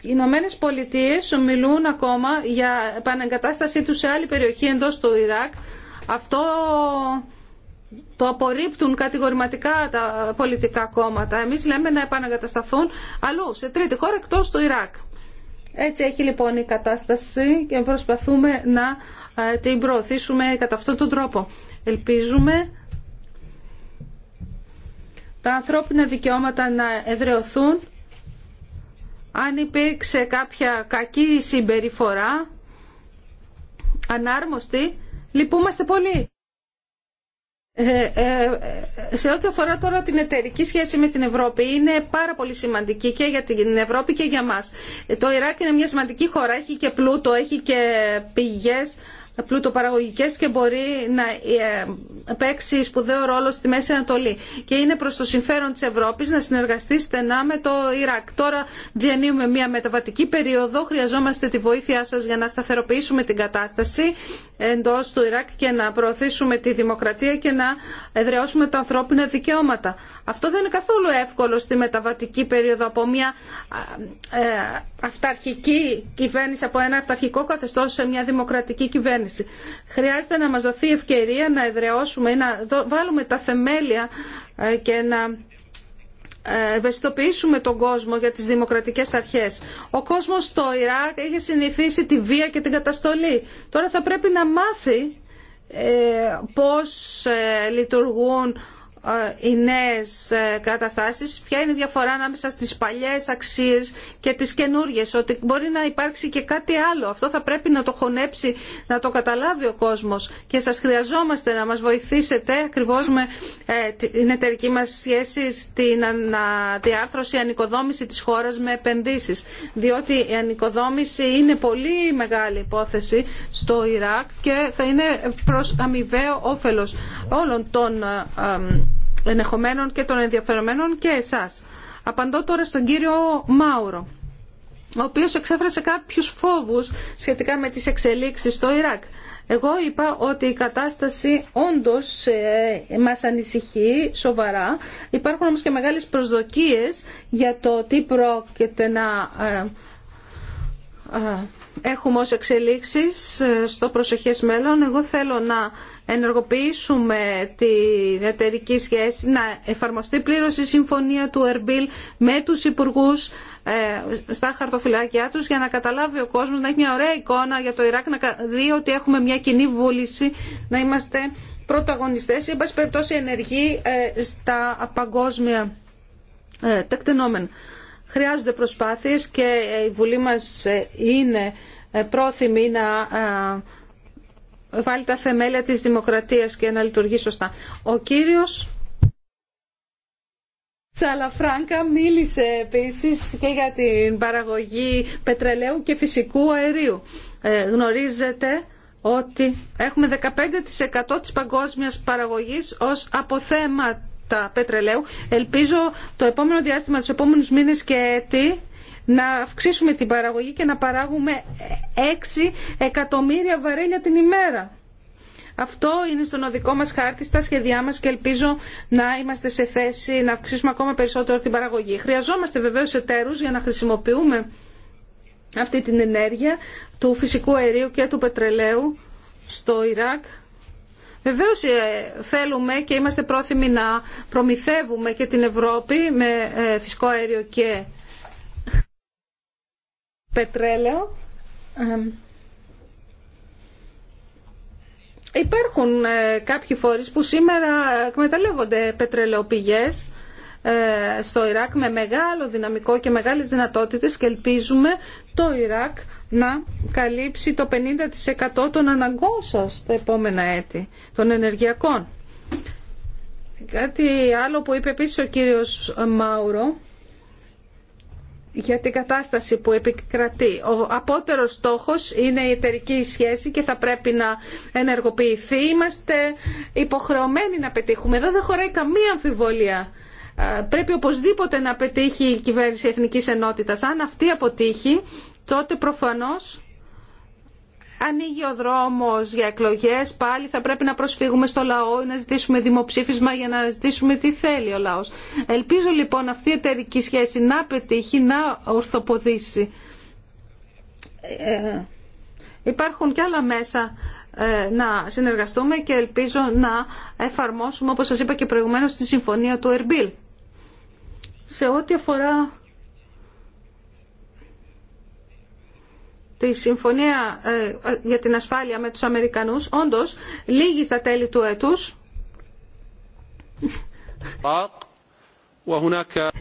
Οι Ηνωμένε Πολιτείε ομιλούν ακόμα για επανεγκατάστασή του σε άλλη περιοχή εντός του Ιράκ. Αυτό το απορρίπτουν κατηγορηματικά τα πολιτικά κόμματα. Εμείς λέμε να επαναγκατασταθούν αλλού, σε τρίτη χώρα εκτός του Ιράκ. Έτσι έχει λοιπόν η κατάσταση και προσπαθούμε να ε, την προωθήσουμε κατά αυτόν τον τρόπο. Ελπίζουμε τα ανθρώπινα δικαιώματα να εδρεωθούν αν υπήρξε κάποια κακή συμπεριφορά, ανάρμοστη, λυπούμαστε πολύ. Ε, ε, ε, σε ό,τι αφορά τώρα την εταιρική σχέση με την Ευρώπη είναι πάρα πολύ σημαντική και για την Ευρώπη και για μας. Το Ιράκ είναι μια σημαντική χώρα, έχει και πλούτο, έχει και πηγές πλουτοπαραγωγικές και μπορεί να ε, παίξει σπουδαίο ρόλο στη Μέση Ανατολή. Και είναι προς το συμφέρον της Ευρώπης να συνεργαστεί στενά με το Ιράκ. Τώρα διανύουμε μια μεταβατική περίοδο, χρειαζόμαστε τη βοήθειά σας για να σταθεροποιήσουμε την κατάσταση εντός του Ιράκ και να προωθήσουμε τη δημοκρατία και να εδραιώσουμε τα ανθρώπινα δικαιώματα. Αυτό δεν είναι καθόλου εύκολο στη μεταβατική περίοδο από μια ε, αυταρχική κυβέρνηση, από ένα αυταρχικό καθεστώς σε μια δημοκρατική κυβέρνηση. Χρειάζεται να μας δοθεί ευκαιρία να εδραιώσουμε ή να βάλουμε τα θεμέλια ε, και να ε, ευαισθητοποιήσουμε τον κόσμο για τις δημοκρατικές αρχές. Ο κόσμος στο Ιράκ είχε συνηθίσει τη βία και την καταστολή. Τώρα θα πρέπει να μάθει πώς λειτουργούν ε, οι νέες ε, καταστάσεις, ποια είναι η διαφορά ανάμεσα στις παλιές αξίες και τις καινούργιες, ότι μπορεί να υπάρξει και κάτι άλλο. Αυτό θα πρέπει να το χωνέψει, να το καταλάβει ο κόσμος και σας χρειαζόμαστε να μας βοηθήσετε ακριβώς με ε, την εταιρική μας σχέση στην αναδιάρθρωση, ανοικοδόμηση της χώρας με επενδύσεις, διότι η ανοικοδόμηση είναι πολύ μεγάλη υπόθεση στο Ιράκ και θα είναι προς αμοιβαίο όφελος όλων των ενεχομένων και των ενδιαφερομένων και εσάς. Απαντώ τώρα στον κύριο Μάουρο, ο οποίος εξέφρασε κάποιους φόβους σχετικά με τις εξελίξεις στο Ιράκ. Εγώ είπα ότι η κατάσταση όντως ε, μας ανησυχεί σοβαρά. Υπάρχουν όμως και μεγάλες προσδοκίες για το τι πρόκειται να ε, ε, έχουμε ως εξελίξεις στο προσεχές μέλλον. Εγώ θέλω να ενεργοποιήσουμε την εταιρική σχέση, να εφαρμοστεί πλήρως η συμφωνία του Ερμπίλ με τους υπουργούς ε, στα χαρτοφυλάκια τους για να καταλάβει ο κόσμος, να έχει μια ωραία εικόνα για το Ιράκ, να δει ότι έχουμε μια κοινή βούληση, να είμαστε πρωταγωνιστές ή, εν πάση περιπτώσει, ενεργοί ε, στα παγκόσμια ε, τεκτενόμενα. Χρειάζονται προσπάθειες και η Βουλή μας είναι πρόθυμη να βάλει τα θεμέλια της δημοκρατίας και να λειτουργεί σωστά. Ο κύριος Τσαλαφράνκα μίλησε επίσης και για την παραγωγή πετρελαίου και φυσικού αερίου. Ε, γνωρίζετε ότι έχουμε 15% της παγκόσμιας παραγωγής ως αποθέματα πετρελαίου. Ελπίζω το επόμενο διάστημα, τους επόμενους μήνες και έτη, να αυξήσουμε την παραγωγή και να παράγουμε 6 εκατομμύρια βαρέλια την ημέρα. Αυτό είναι στον οδικό μας χάρτη, στα σχέδιά μας και ελπίζω να είμαστε σε θέση να αυξήσουμε ακόμα περισσότερο την παραγωγή. Χρειαζόμαστε βεβαίως εταίρους για να χρησιμοποιούμε αυτή την ενέργεια του φυσικού αερίου και του πετρελαίου στο Ιράκ. Βεβαίως ε, θέλουμε και είμαστε πρόθυμοι να προμηθεύουμε και την Ευρώπη με ε, φυσικό αέριο και πετρέλαιο. Υπάρχουν ε, κάποιοι φορείς που σήμερα εκμεταλλεύονται πετρελαιοπηγές ε, στο Ιράκ με μεγάλο δυναμικό και μεγάλες δυνατότητες και ελπίζουμε το Ιράκ να καλύψει το 50% των αναγκών σας τα επόμενα έτη, των ενεργειακών. Κάτι άλλο που είπε επίσης ο κύριος Μάουρο για την κατάσταση που επικρατεί. Ο απότερος στόχος είναι η εταιρική σχέση και θα πρέπει να ενεργοποιηθεί. Είμαστε υποχρεωμένοι να πετύχουμε. Εδώ δεν χωράει καμία αμφιβολία. Ε, πρέπει οπωσδήποτε να πετύχει η κυβέρνηση Εθνικής Ενότητας. Αν αυτή αποτύχει, τότε προφανώς ανοίγει ο δρόμο για εκλογέ, πάλι θα πρέπει να προσφύγουμε στο λαό ή να ζητήσουμε δημοψήφισμα για να ζητήσουμε τι θέλει ο λαό. Ελπίζω λοιπόν αυτή η εταιρική σχέση να πετύχει, να ορθοποδήσει. Ε, υπάρχουν και άλλα μέσα ε, να συνεργαστούμε και ελπίζω να εφαρμόσουμε, όπως σας είπα και προηγουμένως, τη συμφωνία του Ερμπίλ. Σε ό,τι αφορά τη συμφωνία ε, για την ασφάλεια με τους Αμερικανούς, όντως λίγοι στα τέλη του έτους.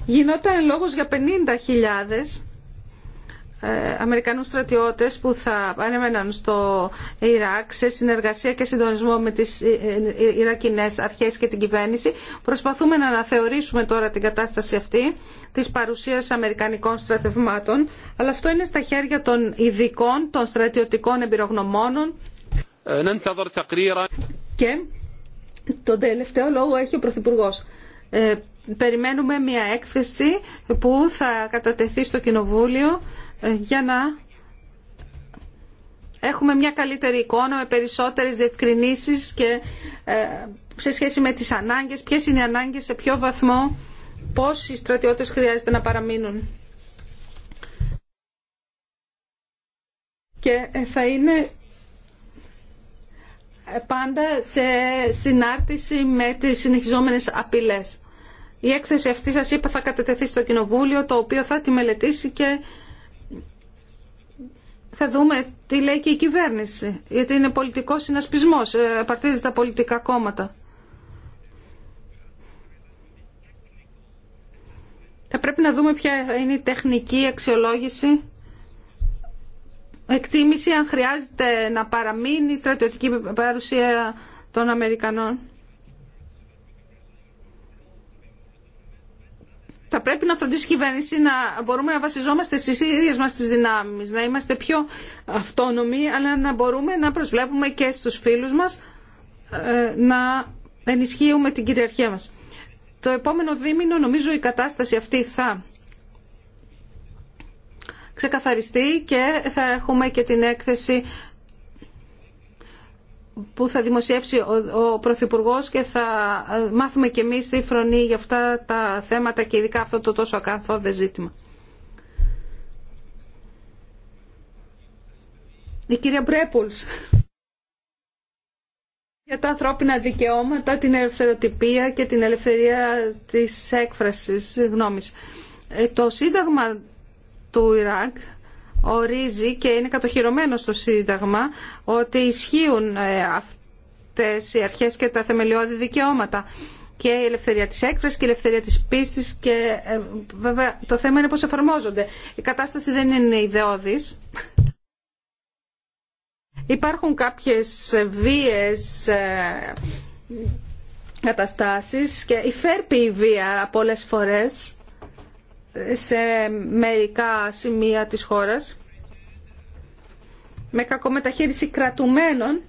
Γινόταν λόγος για 50.000 ε, Αμερικανούς στρατιώτες που θα ανέμεναν στο Ιράκ σε συνεργασία και συντονισμό με τις ε, ε, Ιρακινές αρχές και την κυβέρνηση. Προσπαθούμε να αναθεωρήσουμε τώρα την κατάσταση αυτή της παρουσίας Αμερικανικών στρατευμάτων, αλλά αυτό είναι στα χέρια των ειδικών, των στρατιωτικών εμπειρογνωμόνων και τον τελευταίο λόγο έχει ο Πρωθυπουργός. Περιμένουμε μια έκθεση που θα κατατεθεί στο Κοινοβούλιο για να έχουμε μια καλύτερη εικόνα με περισσότερες διευκρινήσεις και ε, σε σχέση με τις ανάγκες, ποιες είναι οι ανάγκες, σε ποιο βαθμό, πώς οι στρατιώτες χρειάζεται να παραμείνουν. Και ε, θα είναι ε, πάντα σε συνάρτηση με τις συνεχιζόμενες απειλές. Η έκθεση αυτή σας είπα θα κατετεθεί στο Κοινοβούλιο, το οποίο θα τη μελετήσει και θα δούμε τι λέει και η κυβέρνηση, γιατί είναι πολιτικό συνασπισμός, ε, απαρτίζεται τα πολιτικά κόμματα. Θα πρέπει να δούμε ποια είναι η τεχνική αξιολόγηση, εκτίμηση αν χρειάζεται να παραμείνει η στρατιωτική παρουσία των Αμερικανών. θα πρέπει να φροντίσει η κυβέρνηση να μπορούμε να βασιζόμαστε στις ίδιες μας τις δυνάμεις, να είμαστε πιο αυτόνομοι, αλλά να μπορούμε να προσβλέπουμε και στους φίλους μας ε, να ενισχύουμε την κυριαρχία μας. Το επόμενο δίμηνο νομίζω η κατάσταση αυτή θα ξεκαθαριστεί και θα έχουμε και την έκθεση που θα δημοσιεύσει ο, ο Πρωθυπουργό και θα ε, μάθουμε κι εμείς τη φρονεί για αυτά τα θέματα και ειδικά αυτό το τόσο ακαθόδε ζήτημα. Η κυρία Μπρέπουλς για τα ανθρώπινα δικαιώματα, την ελευθεροτυπία και την ελευθερία της έκφρασης γνώμης. Ε, το Σύνταγμα του Ιράκ ορίζει και είναι κατοχυρωμένο στο Σύνταγμα ότι ισχύουν ε, αυτές οι αρχές και τα θεμελιώδη δικαιώματα και η ελευθερία της έκφρασης και η ελευθερία της πίστης και ε, βέβαια το θέμα είναι πώς εφαρμόζονται. Η κατάσταση δεν είναι ιδεώδης. Υπάρχουν κάποιες βίες ε, καταστάσεις και υφέρπει η βία πολλές φορές σε μερικά σημεία της χώρας με κακομεταχείριση κρατουμένων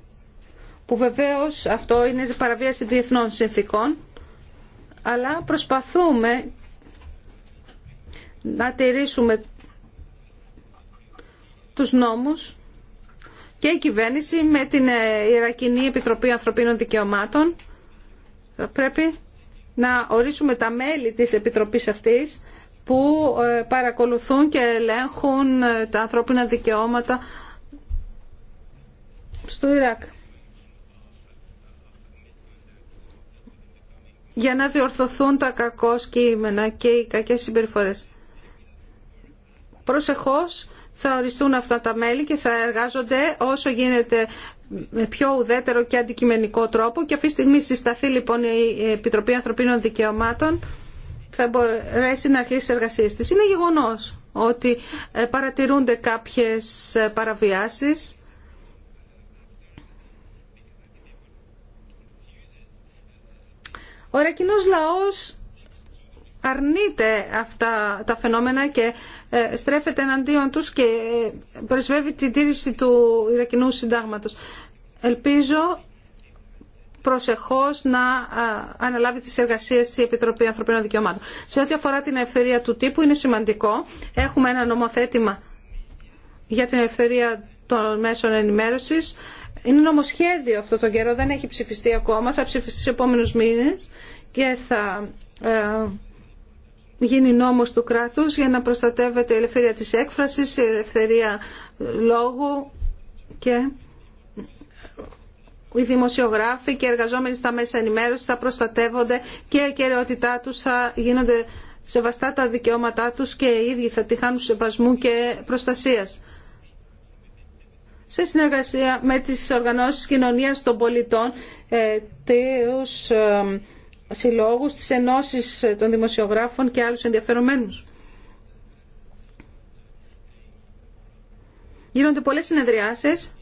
που βεβαίως αυτό είναι παραβίαση διεθνών συνθήκων αλλά προσπαθούμε να τηρήσουμε τους νόμους και η κυβέρνηση με την ε, Ιρακινή Επιτροπή Ανθρωπίνων Δικαιωμάτων πρέπει να ορίσουμε τα μέλη της Επιτροπής αυτής που ε, παρακολουθούν και ελέγχουν ε, τα ανθρώπινα δικαιώματα στο Ιράκ. για να διορθωθούν τα κακό κείμενα και οι κακές συμπεριφορές. Προσεχώς θα οριστούν αυτά τα μέλη και θα εργάζονται όσο γίνεται με πιο ουδέτερο και αντικειμενικό τρόπο και αυτή τη στιγμή συσταθεί λοιπόν η Επιτροπή Ανθρωπίνων Δικαιωμάτων θα μπορέσει να αρχίσει τις εργασίες της. Είναι γεγονός ότι ε, παρατηρούνται κάποιες ε, παραβιάσεις Ο ρεκινός λαός αρνείται αυτά τα φαινόμενα και ε, στρέφεται εναντίον τους και προσβεύει την τήρηση του Ιρακινού συντάγματος. Ελπίζω προσεχώς να αναλάβει τις εργασίες της Επιτροπή Ανθρωπίνων Δικαιωμάτων. Σε ό,τι αφορά την ελευθερία του τύπου είναι σημαντικό. Έχουμε ένα νομοθέτημα για την ελευθερία των μέσων ενημέρωσης. Είναι νομοσχέδιο αυτό τον καιρό, δεν έχει ψηφιστεί ακόμα, θα ψηφιστεί στους επόμενους μήνες και θα ε, γίνει νόμος του κράτους για να προστατεύεται η ελευθερία της έκφρασης, η ελευθερία ε, λόγου και οι δημοσιογράφοι και οι εργαζόμενοι στα μέσα ενημέρωση θα προστατεύονται και η κυριότητά τους θα γίνονται σεβαστά τα δικαιώματά τους και οι ίδιοι θα τυχάνουν σεβασμού και προστασίας. Σε συνεργασία με τις οργανώσεις κοινωνίας των πολιτών, ε, τως ε, συλλόγους, τι ενώσεις των δημοσιογράφων και άλλους ενδιαφερομένους. Γίνονται πολλές συνεδριάσεις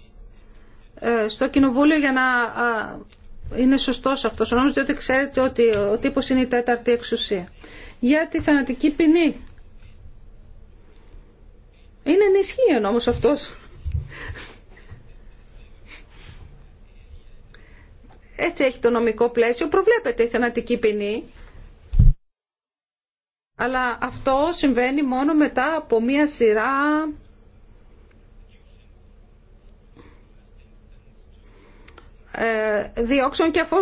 ε, στο Κοινοβούλιο για να είναι σωστός αυτός ο νόμος, διότι ξέρετε ότι ο τύπος είναι η τέταρτη εξουσία. Για τη θανατική ποινή. Είναι ενισχύει ο νόμος αυτός. Έτσι έχει το νομικό πλαίσιο. Προβλέπεται η θανατική ποινή. Αλλά αυτό συμβαίνει μόνο μετά από μία σειρά Ε, διώξεων και ε, αφού,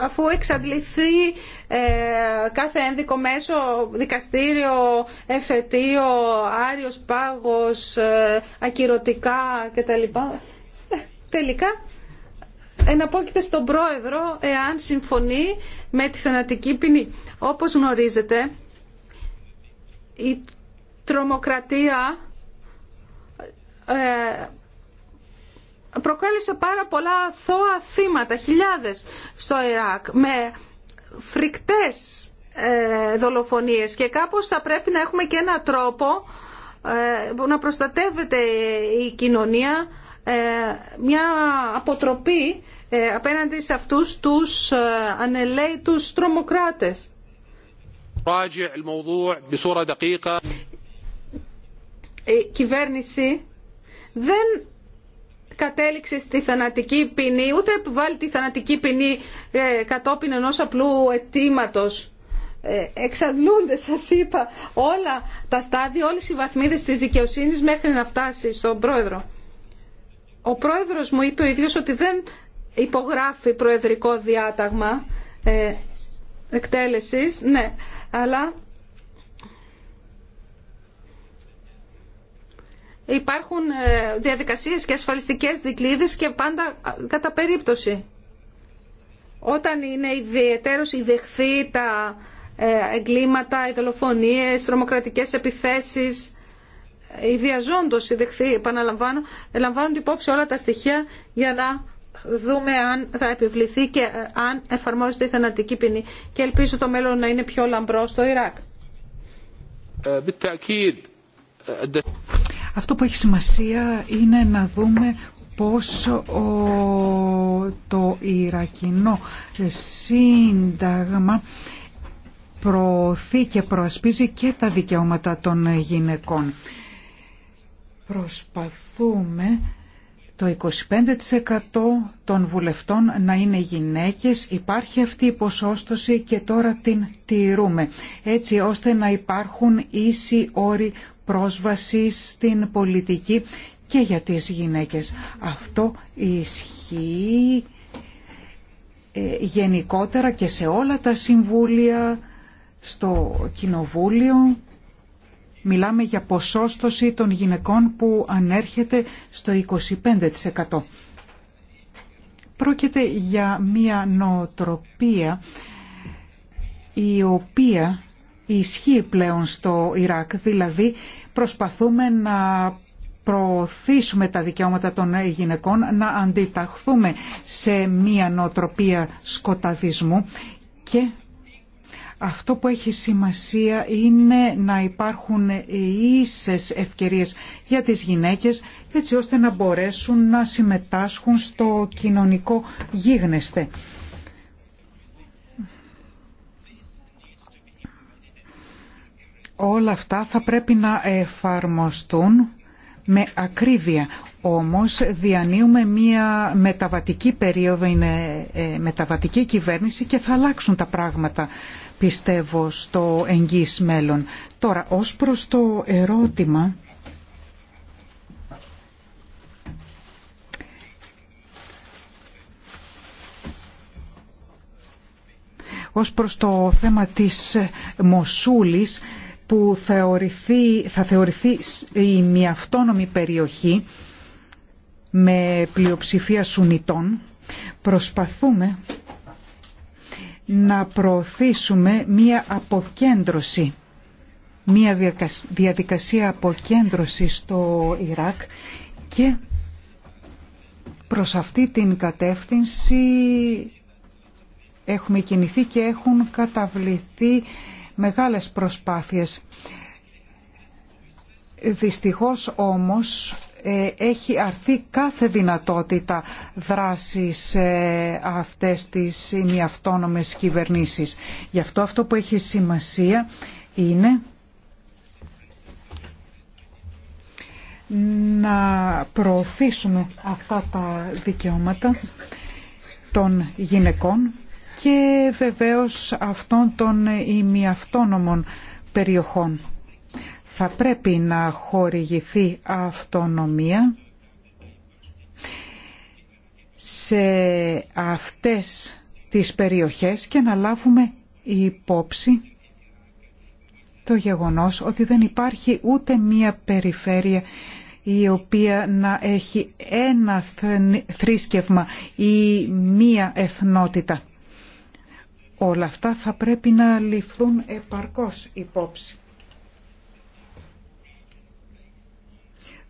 αφού εξαντληθεί ε, κάθε ένδικο μέσο, δικαστήριο, εφετείο, άριος πάγος, ακυρωτικά κτλ. Τελικά εναπόκειται στον πρόεδρο εάν συμφωνεί με τη θανατική ποινή. Όπως γνωρίζετε, η τρομοκρατία προκάλεσε πάρα πολλά θώα θύματα, χιλιάδες στο Ιράκ, με φρικτές ε, δολοφονίες και κάπως θα πρέπει να έχουμε και ένα τρόπο ε, να προστατεύεται η κοινωνία ε, μια αποτροπή απέναντι σε αυτούς τους ανελαίτους τρομοκράτες. Η κυβέρνηση δεν κατέληξε στη θανατική ποινή, ούτε επιβάλλει τη θανατική ποινή ε, κατόπιν ενό απλού αιτήματο. Ε, εξαντλούνται, σα είπα, όλα τα στάδια, όλες οι βαθμίδες της δικαιοσύνης μέχρι να φτάσει στον πρόεδρο. Ο πρόεδρος μου είπε ο ίδιος ότι δεν υπογράφει προεδρικό διάταγμα ε, εκτέλεσης, ναι, αλλά υπάρχουν ε, διαδικασίες και ασφαλιστικές δικλείδες και πάντα κατά περίπτωση. Όταν είναι η δεχθή τα ε, εγκλήματα, οι δολοφονίες, τρομοκρατικές επιθέσεις, η ε, δεχθή, επαναλαμβάνω, λαμβάνουν υπόψη όλα τα στοιχεία για να δούμε αν θα επιβληθεί και αν εφαρμόζεται η θανατική ποινή. Και ελπίζω το μέλλον να είναι πιο λαμπρό στο Ιράκ. Αυτό που έχει σημασία είναι να δούμε πώς το Ιρακινό Σύνταγμα προωθεί και προασπίζει και τα δικαιώματα των γυναικών. Προσπαθούμε το 25% των βουλευτών να είναι γυναίκες. Υπάρχει αυτή η ποσόστοση και τώρα την τηρούμε, έτσι ώστε να υπάρχουν ίσοι όροι πρόσβασης στην πολιτική και για τις γυναίκες. Αυτό ισχύει ε, γενικότερα και σε όλα τα συμβούλια, στο Κοινοβούλιο Μιλάμε για ποσόστοση των γυναικών που ανέρχεται στο 25%. Πρόκειται για μία νοοτροπία η οποία ισχύει πλέον στο Ιράκ, δηλαδή προσπαθούμε να προωθήσουμε τα δικαιώματα των γυναικών, να αντιταχθούμε σε μία νοοτροπία σκοταδισμού και αυτό που έχει σημασία είναι να υπάρχουν ίσες ευκαιρίες για τις γυναίκες έτσι ώστε να μπορέσουν να συμμετάσχουν στο κοινωνικό γίγνεσθε. Όλα αυτά θα πρέπει να εφαρμοστούν με ακρίβεια. Όμως διανύουμε μία μεταβατική περίοδο, είναι ε, μεταβατική κυβέρνηση και θα αλλάξουν τα πράγματα πιστεύω στο εγγύς μέλλον. Τώρα, ως προς το ερώτημα... Ως προς το θέμα της Μοσούλης, που θεωρηθεί, θα θεωρηθεί η μη αυτόνομη περιοχή με πλειοψηφία Σουνιτών, προσπαθούμε να προωθήσουμε μία αποκέντρωση, μία διαδικασία αποκέντρωση στο Ιράκ και προς αυτή την κατεύθυνση έχουμε κινηθεί και έχουν καταβληθεί μεγάλες προσπάθειες. Δυστυχώς όμως ε, έχει αρθεί κάθε δυνατότητα δράσης σε αυτές τις ημιαυτόνομες κυβερνήσεις. Γι' αυτό αυτό που έχει σημασία είναι να προωθήσουμε αυτά τα δικαιώματα των γυναικών και βεβαίως αυτών των ημιαυτόνομων περιοχών. Θα πρέπει να χορηγηθεί αυτονομία σε αυτές τις περιοχές και να λάβουμε υπόψη το γεγονός ότι δεν υπάρχει ούτε μία περιφέρεια η οποία να έχει ένα θρήσκευμα ή μία εθνότητα. Όλα αυτά θα πρέπει να ληφθούν επαρκώς υπόψη.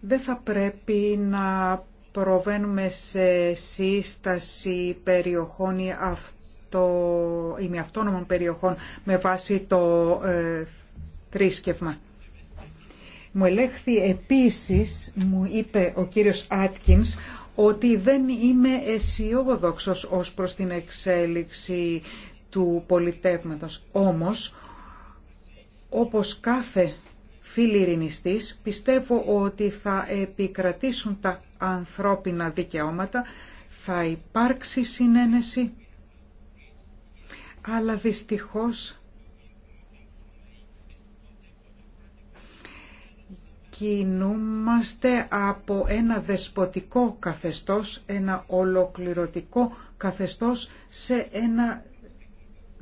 Δεν θα πρέπει να προβαίνουμε σε σύσταση περιοχών ή αυτόνομων περιοχών με βάση το ε, θρήσκευμα. Μου ελέγχθη επίσης, μου είπε ο κύριος Άτκινς, ότι δεν είμαι αισιόδοξο ως προς την εξέλιξη του πολιτεύματος. Όμως, όπως κάθε φίλη ειρηνιστής, πιστεύω ότι θα επικρατήσουν τα ανθρώπινα δικαιώματα, θα υπάρξει συνένεση, αλλά δυστυχώς κινούμαστε από ένα δεσποτικό καθεστώς, ένα ολοκληρωτικό καθεστώς σε ένα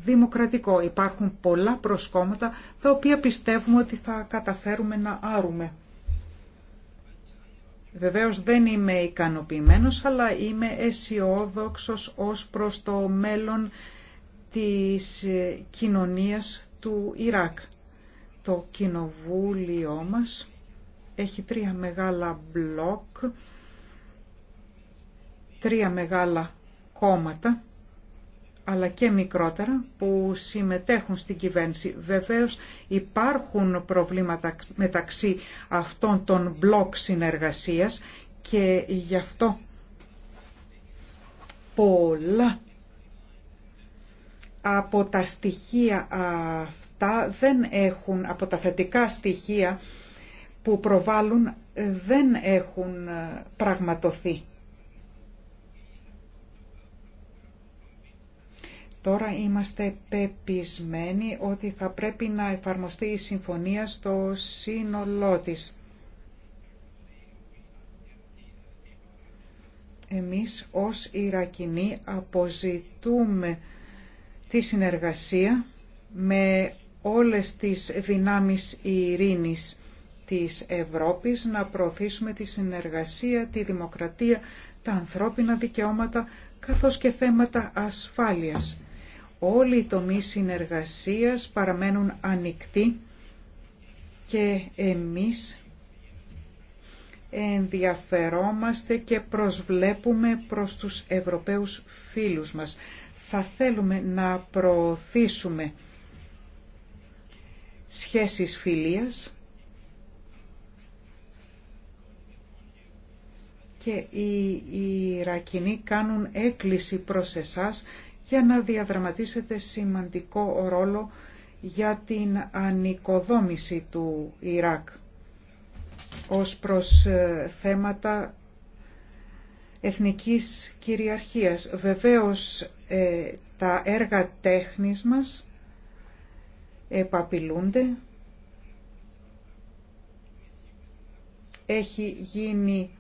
δημοκρατικό. Υπάρχουν πολλά προσκόμματα τα οποία πιστεύουμε ότι θα καταφέρουμε να άρουμε. Βεβαίως δεν είμαι ικανοποιημένος, αλλά είμαι αισιόδοξο ως προς το μέλλον της κοινωνίας του Ιράκ. Το κοινοβούλιο μας έχει τρία μεγάλα μπλοκ, τρία μεγάλα κόμματα αλλά και μικρότερα που συμμετέχουν στην κυβέρνηση. Βεβαίως υπάρχουν προβλήματα μεταξύ αυτών των μπλοκ συνεργασίας και γι' αυτό πολλά από τα στοιχεία αυτά δεν έχουν, από τα θετικά στοιχεία που προβάλλουν δεν έχουν πραγματοθεί. Τώρα είμαστε πεπισμένοι ότι θα πρέπει να εφαρμοστεί η συμφωνία στο σύνολό της. Εμείς ως Ιρακινοί αποζητούμε τη συνεργασία με όλες τις δυνάμεις ειρήνης της Ευρώπης να προωθήσουμε τη συνεργασία, τη δημοκρατία, τα ανθρώπινα δικαιώματα καθώς και θέματα ασφάλειας. Όλοι οι τομείς συνεργασίας παραμένουν ανοιχτοί και εμείς ενδιαφερόμαστε και προσβλέπουμε προς τους Ευρωπαίους φίλους μας. Θα θέλουμε να προωθήσουμε σχέσεις φιλίας και οι Ιρακινοί κάνουν έκκληση προς εσάς για να διαδραματίσετε σημαντικό ρόλο για την ανοικοδόμηση του Ιράκ ως προς ε, θέματα εθνικής κυριαρχίας. Βεβαίως ε, τα έργα τέχνης μας επαπειλούνται. Έχει γίνει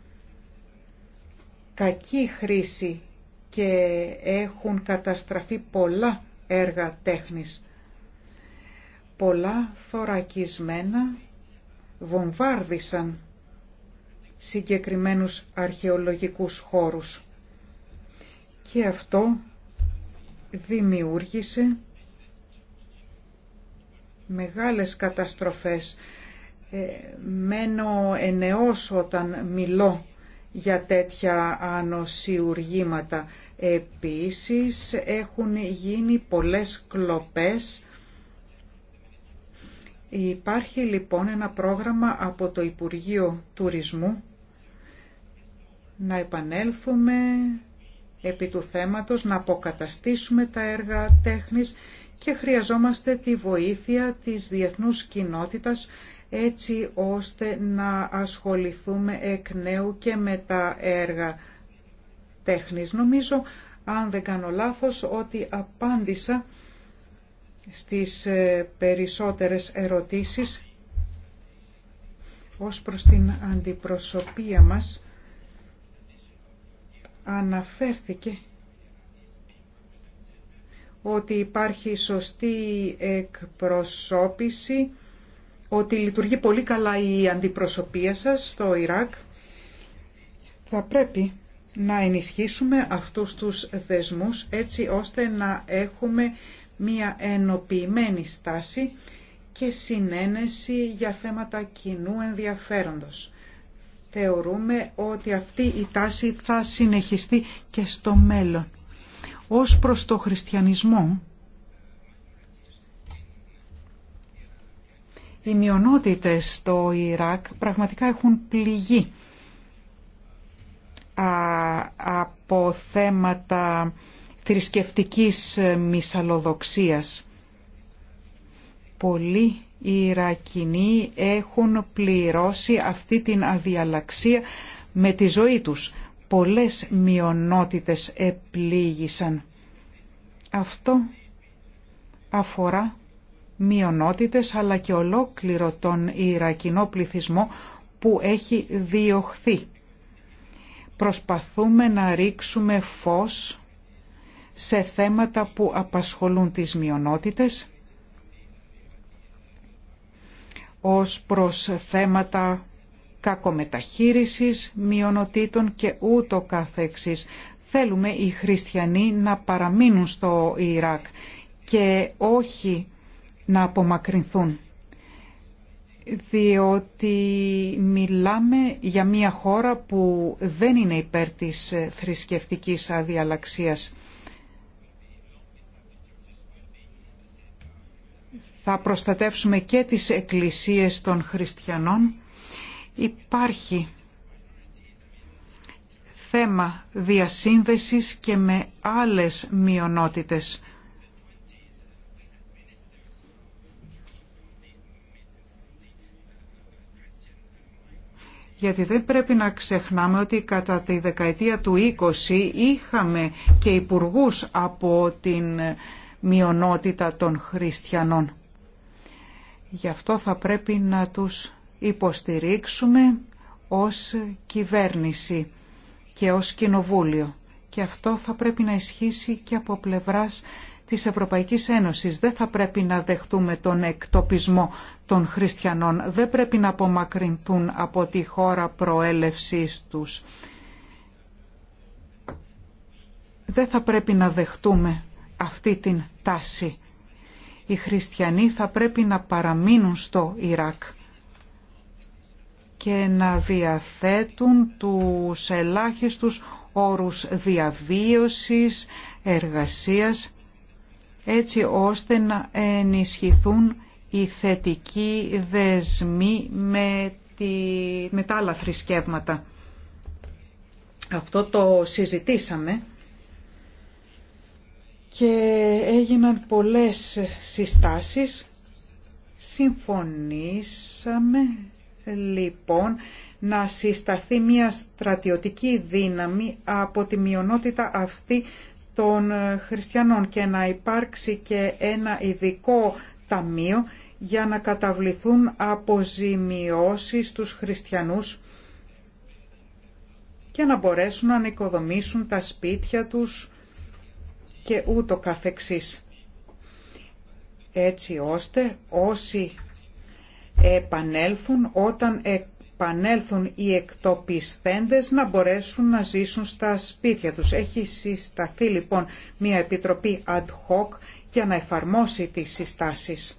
κακή χρήση και έχουν καταστραφεί πολλά έργα τέχνης. Πολλά θωρακισμένα βομβάρδισαν συγκεκριμένους αρχαιολογικούς χώρους. Και αυτό δημιούργησε μεγάλες καταστροφές. Ε, μένω ενεός όταν μιλώ για τέτοια ανοσιουργήματα. Επίσης έχουν γίνει πολλές κλοπές. Υπάρχει λοιπόν ένα πρόγραμμα από το Υπουργείο Τουρισμού να επανέλθουμε επί του θέματος, να αποκαταστήσουμε τα έργα τέχνης και χρειαζόμαστε τη βοήθεια της διεθνούς κοινότητας έτσι ώστε να ασχοληθούμε εκ νέου και με τα έργα τέχνης. Νομίζω, αν δεν κάνω λάθος, ότι απάντησα στις ε, περισσότερες ερωτήσεις ως προς την αντιπροσωπεία μας αναφέρθηκε ότι υπάρχει σωστή εκπροσώπηση ότι λειτουργεί πολύ καλά η αντιπροσωπεία σας στο Ιράκ. Θα πρέπει να ενισχύσουμε αυτούς τους δεσμούς έτσι ώστε να έχουμε μία ενοποιημένη στάση και συνένεση για θέματα κοινού ενδιαφέροντος. Θεωρούμε ότι αυτή η τάση θα συνεχιστεί και στο μέλλον. Ως προς το χριστιανισμό, οι μειονότητες στο Ιράκ πραγματικά έχουν πληγεί από θέματα θρησκευτικής μυσαλλοδοξίας. Πολλοί Ιρακινοί έχουν πληρώσει αυτή την αδιαλαξία με τη ζωή τους. Πολλές μειονότητες επλήγησαν. Αυτό αφορά μειονότητες αλλά και ολόκληρο τον Ιρακινό πληθυσμό που έχει διωχθεί. Προσπαθούμε να ρίξουμε φως σε θέματα που απασχολούν τις μειονότητες ως προς θέματα κακομεταχείρισης μειονοτήτων και ούτω καθεξής. Θέλουμε οι χριστιανοί να παραμείνουν στο Ιράκ και όχι να απομακρυνθούν. Διότι μιλάμε για μια χώρα που δεν είναι υπέρ της θρησκευτικής αδιαλαξίας. Θα προστατεύσουμε και τις εκκλησίες των χριστιανών. Υπάρχει θέμα διασύνδεσης και με άλλες μειονότητες. γιατί δεν πρέπει να ξεχνάμε ότι κατά τη δεκαετία του 20 είχαμε και υπουργού από την μειονότητα των χριστιανών. Γι' αυτό θα πρέπει να τους υποστηρίξουμε ως κυβέρνηση και ως κοινοβούλιο. Και αυτό θα πρέπει να ισχύσει και από πλευράς της Ευρωπαϊκής Ένωσης. Δεν θα πρέπει να δεχτούμε τον εκτοπισμό των χριστιανών. Δεν πρέπει να απομακρυνθούν από τη χώρα προέλευσής τους. Δεν θα πρέπει να δεχτούμε αυτή την τάση. Οι χριστιανοί θα πρέπει να παραμείνουν στο Ιράκ και να διαθέτουν τους ελάχιστους όρους διαβίωσης, εργασίας έτσι ώστε να ενισχυθούν οι θετικοί δεσμοί με, τη... με τα άλλα θρησκεύματα. Αυτό το συζητήσαμε και έγιναν πολλές συστάσεις. Συμφωνήσαμε λοιπόν να συσταθεί μια στρατιωτική δύναμη από τη μειονότητα αυτή των ε, χριστιανών και να υπάρξει και ένα ειδικό ταμείο για να καταβληθούν αποζημιώσεις τους χριστιανούς και να μπορέσουν να οικοδομήσουν τα σπίτια τους και ούτω καθεξής. Έτσι ώστε όσοι επανέλθουν όταν επανέλθουν οι εκτοπισθέντες να μπορέσουν να ζήσουν στα σπίτια τους. Έχει συσταθεί λοιπόν μια επιτροπή ad hoc για να εφαρμόσει τις συστάσεις.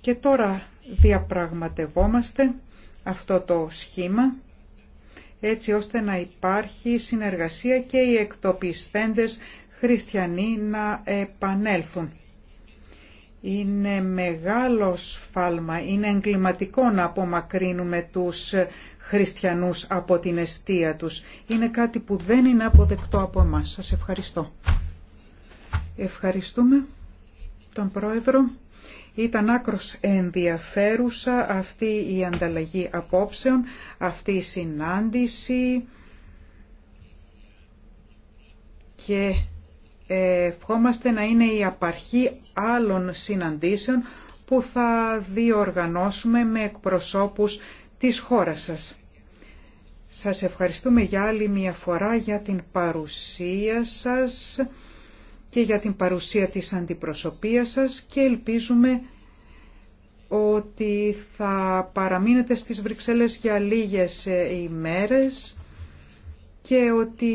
Και τώρα διαπραγματευόμαστε αυτό το σχήμα έτσι ώστε να υπάρχει συνεργασία και οι εκτοπισθέντες χριστιανοί να επανέλθουν είναι μεγάλο σφάλμα, είναι εγκληματικό να απομακρύνουμε τους χριστιανούς από την αιστεία τους. Είναι κάτι που δεν είναι αποδεκτό από εμάς. Σας ευχαριστώ. Ευχαριστούμε τον Πρόεδρο. Ήταν άκρος ενδιαφέρουσα αυτή η ανταλλαγή απόψεων, αυτή η συνάντηση και ευχόμαστε να είναι η απαρχή άλλων συναντήσεων που θα διοργανώσουμε με εκπροσώπους της χώρας σας. Σας ευχαριστούμε για άλλη μια φορά για την παρουσία σας και για την παρουσία της αντιπροσωπείας σας και ελπίζουμε ότι θα παραμείνετε στις Βρυξέλλες για λίγες ε, ημέρες και ότι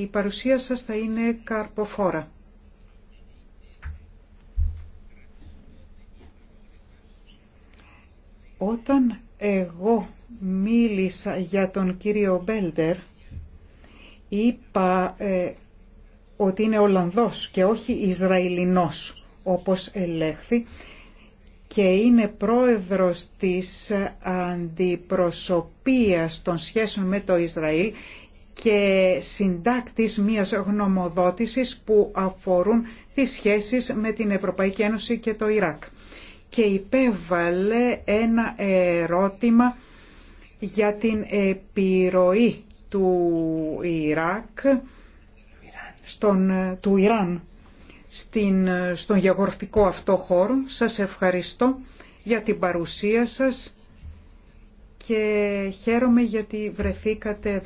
η παρουσία σας θα είναι καρποφόρα. Όταν εγώ μίλησα για τον κύριο Μπέλτερ, είπα ε, ότι είναι Ολλανδός και όχι Ισραηλινός, όπως ελέγχθη, και είναι πρόεδρος της αντιπροσωπείας των σχέσεων με το Ισραήλ και συντάκτης μιας γνωμοδότησης που αφορούν τις σχέσεις με την Ευρωπαϊκή Ένωση και το Ιράκ. Και υπέβαλε ένα ερώτημα για την επιρροή του Ιράκ, στον, του Ιράν, στην, στον γεωγραφικό αυτό χώρο. Σας ευχαριστώ για την παρουσία σας και χαίρομαι γιατί βρεθήκατε εδώ.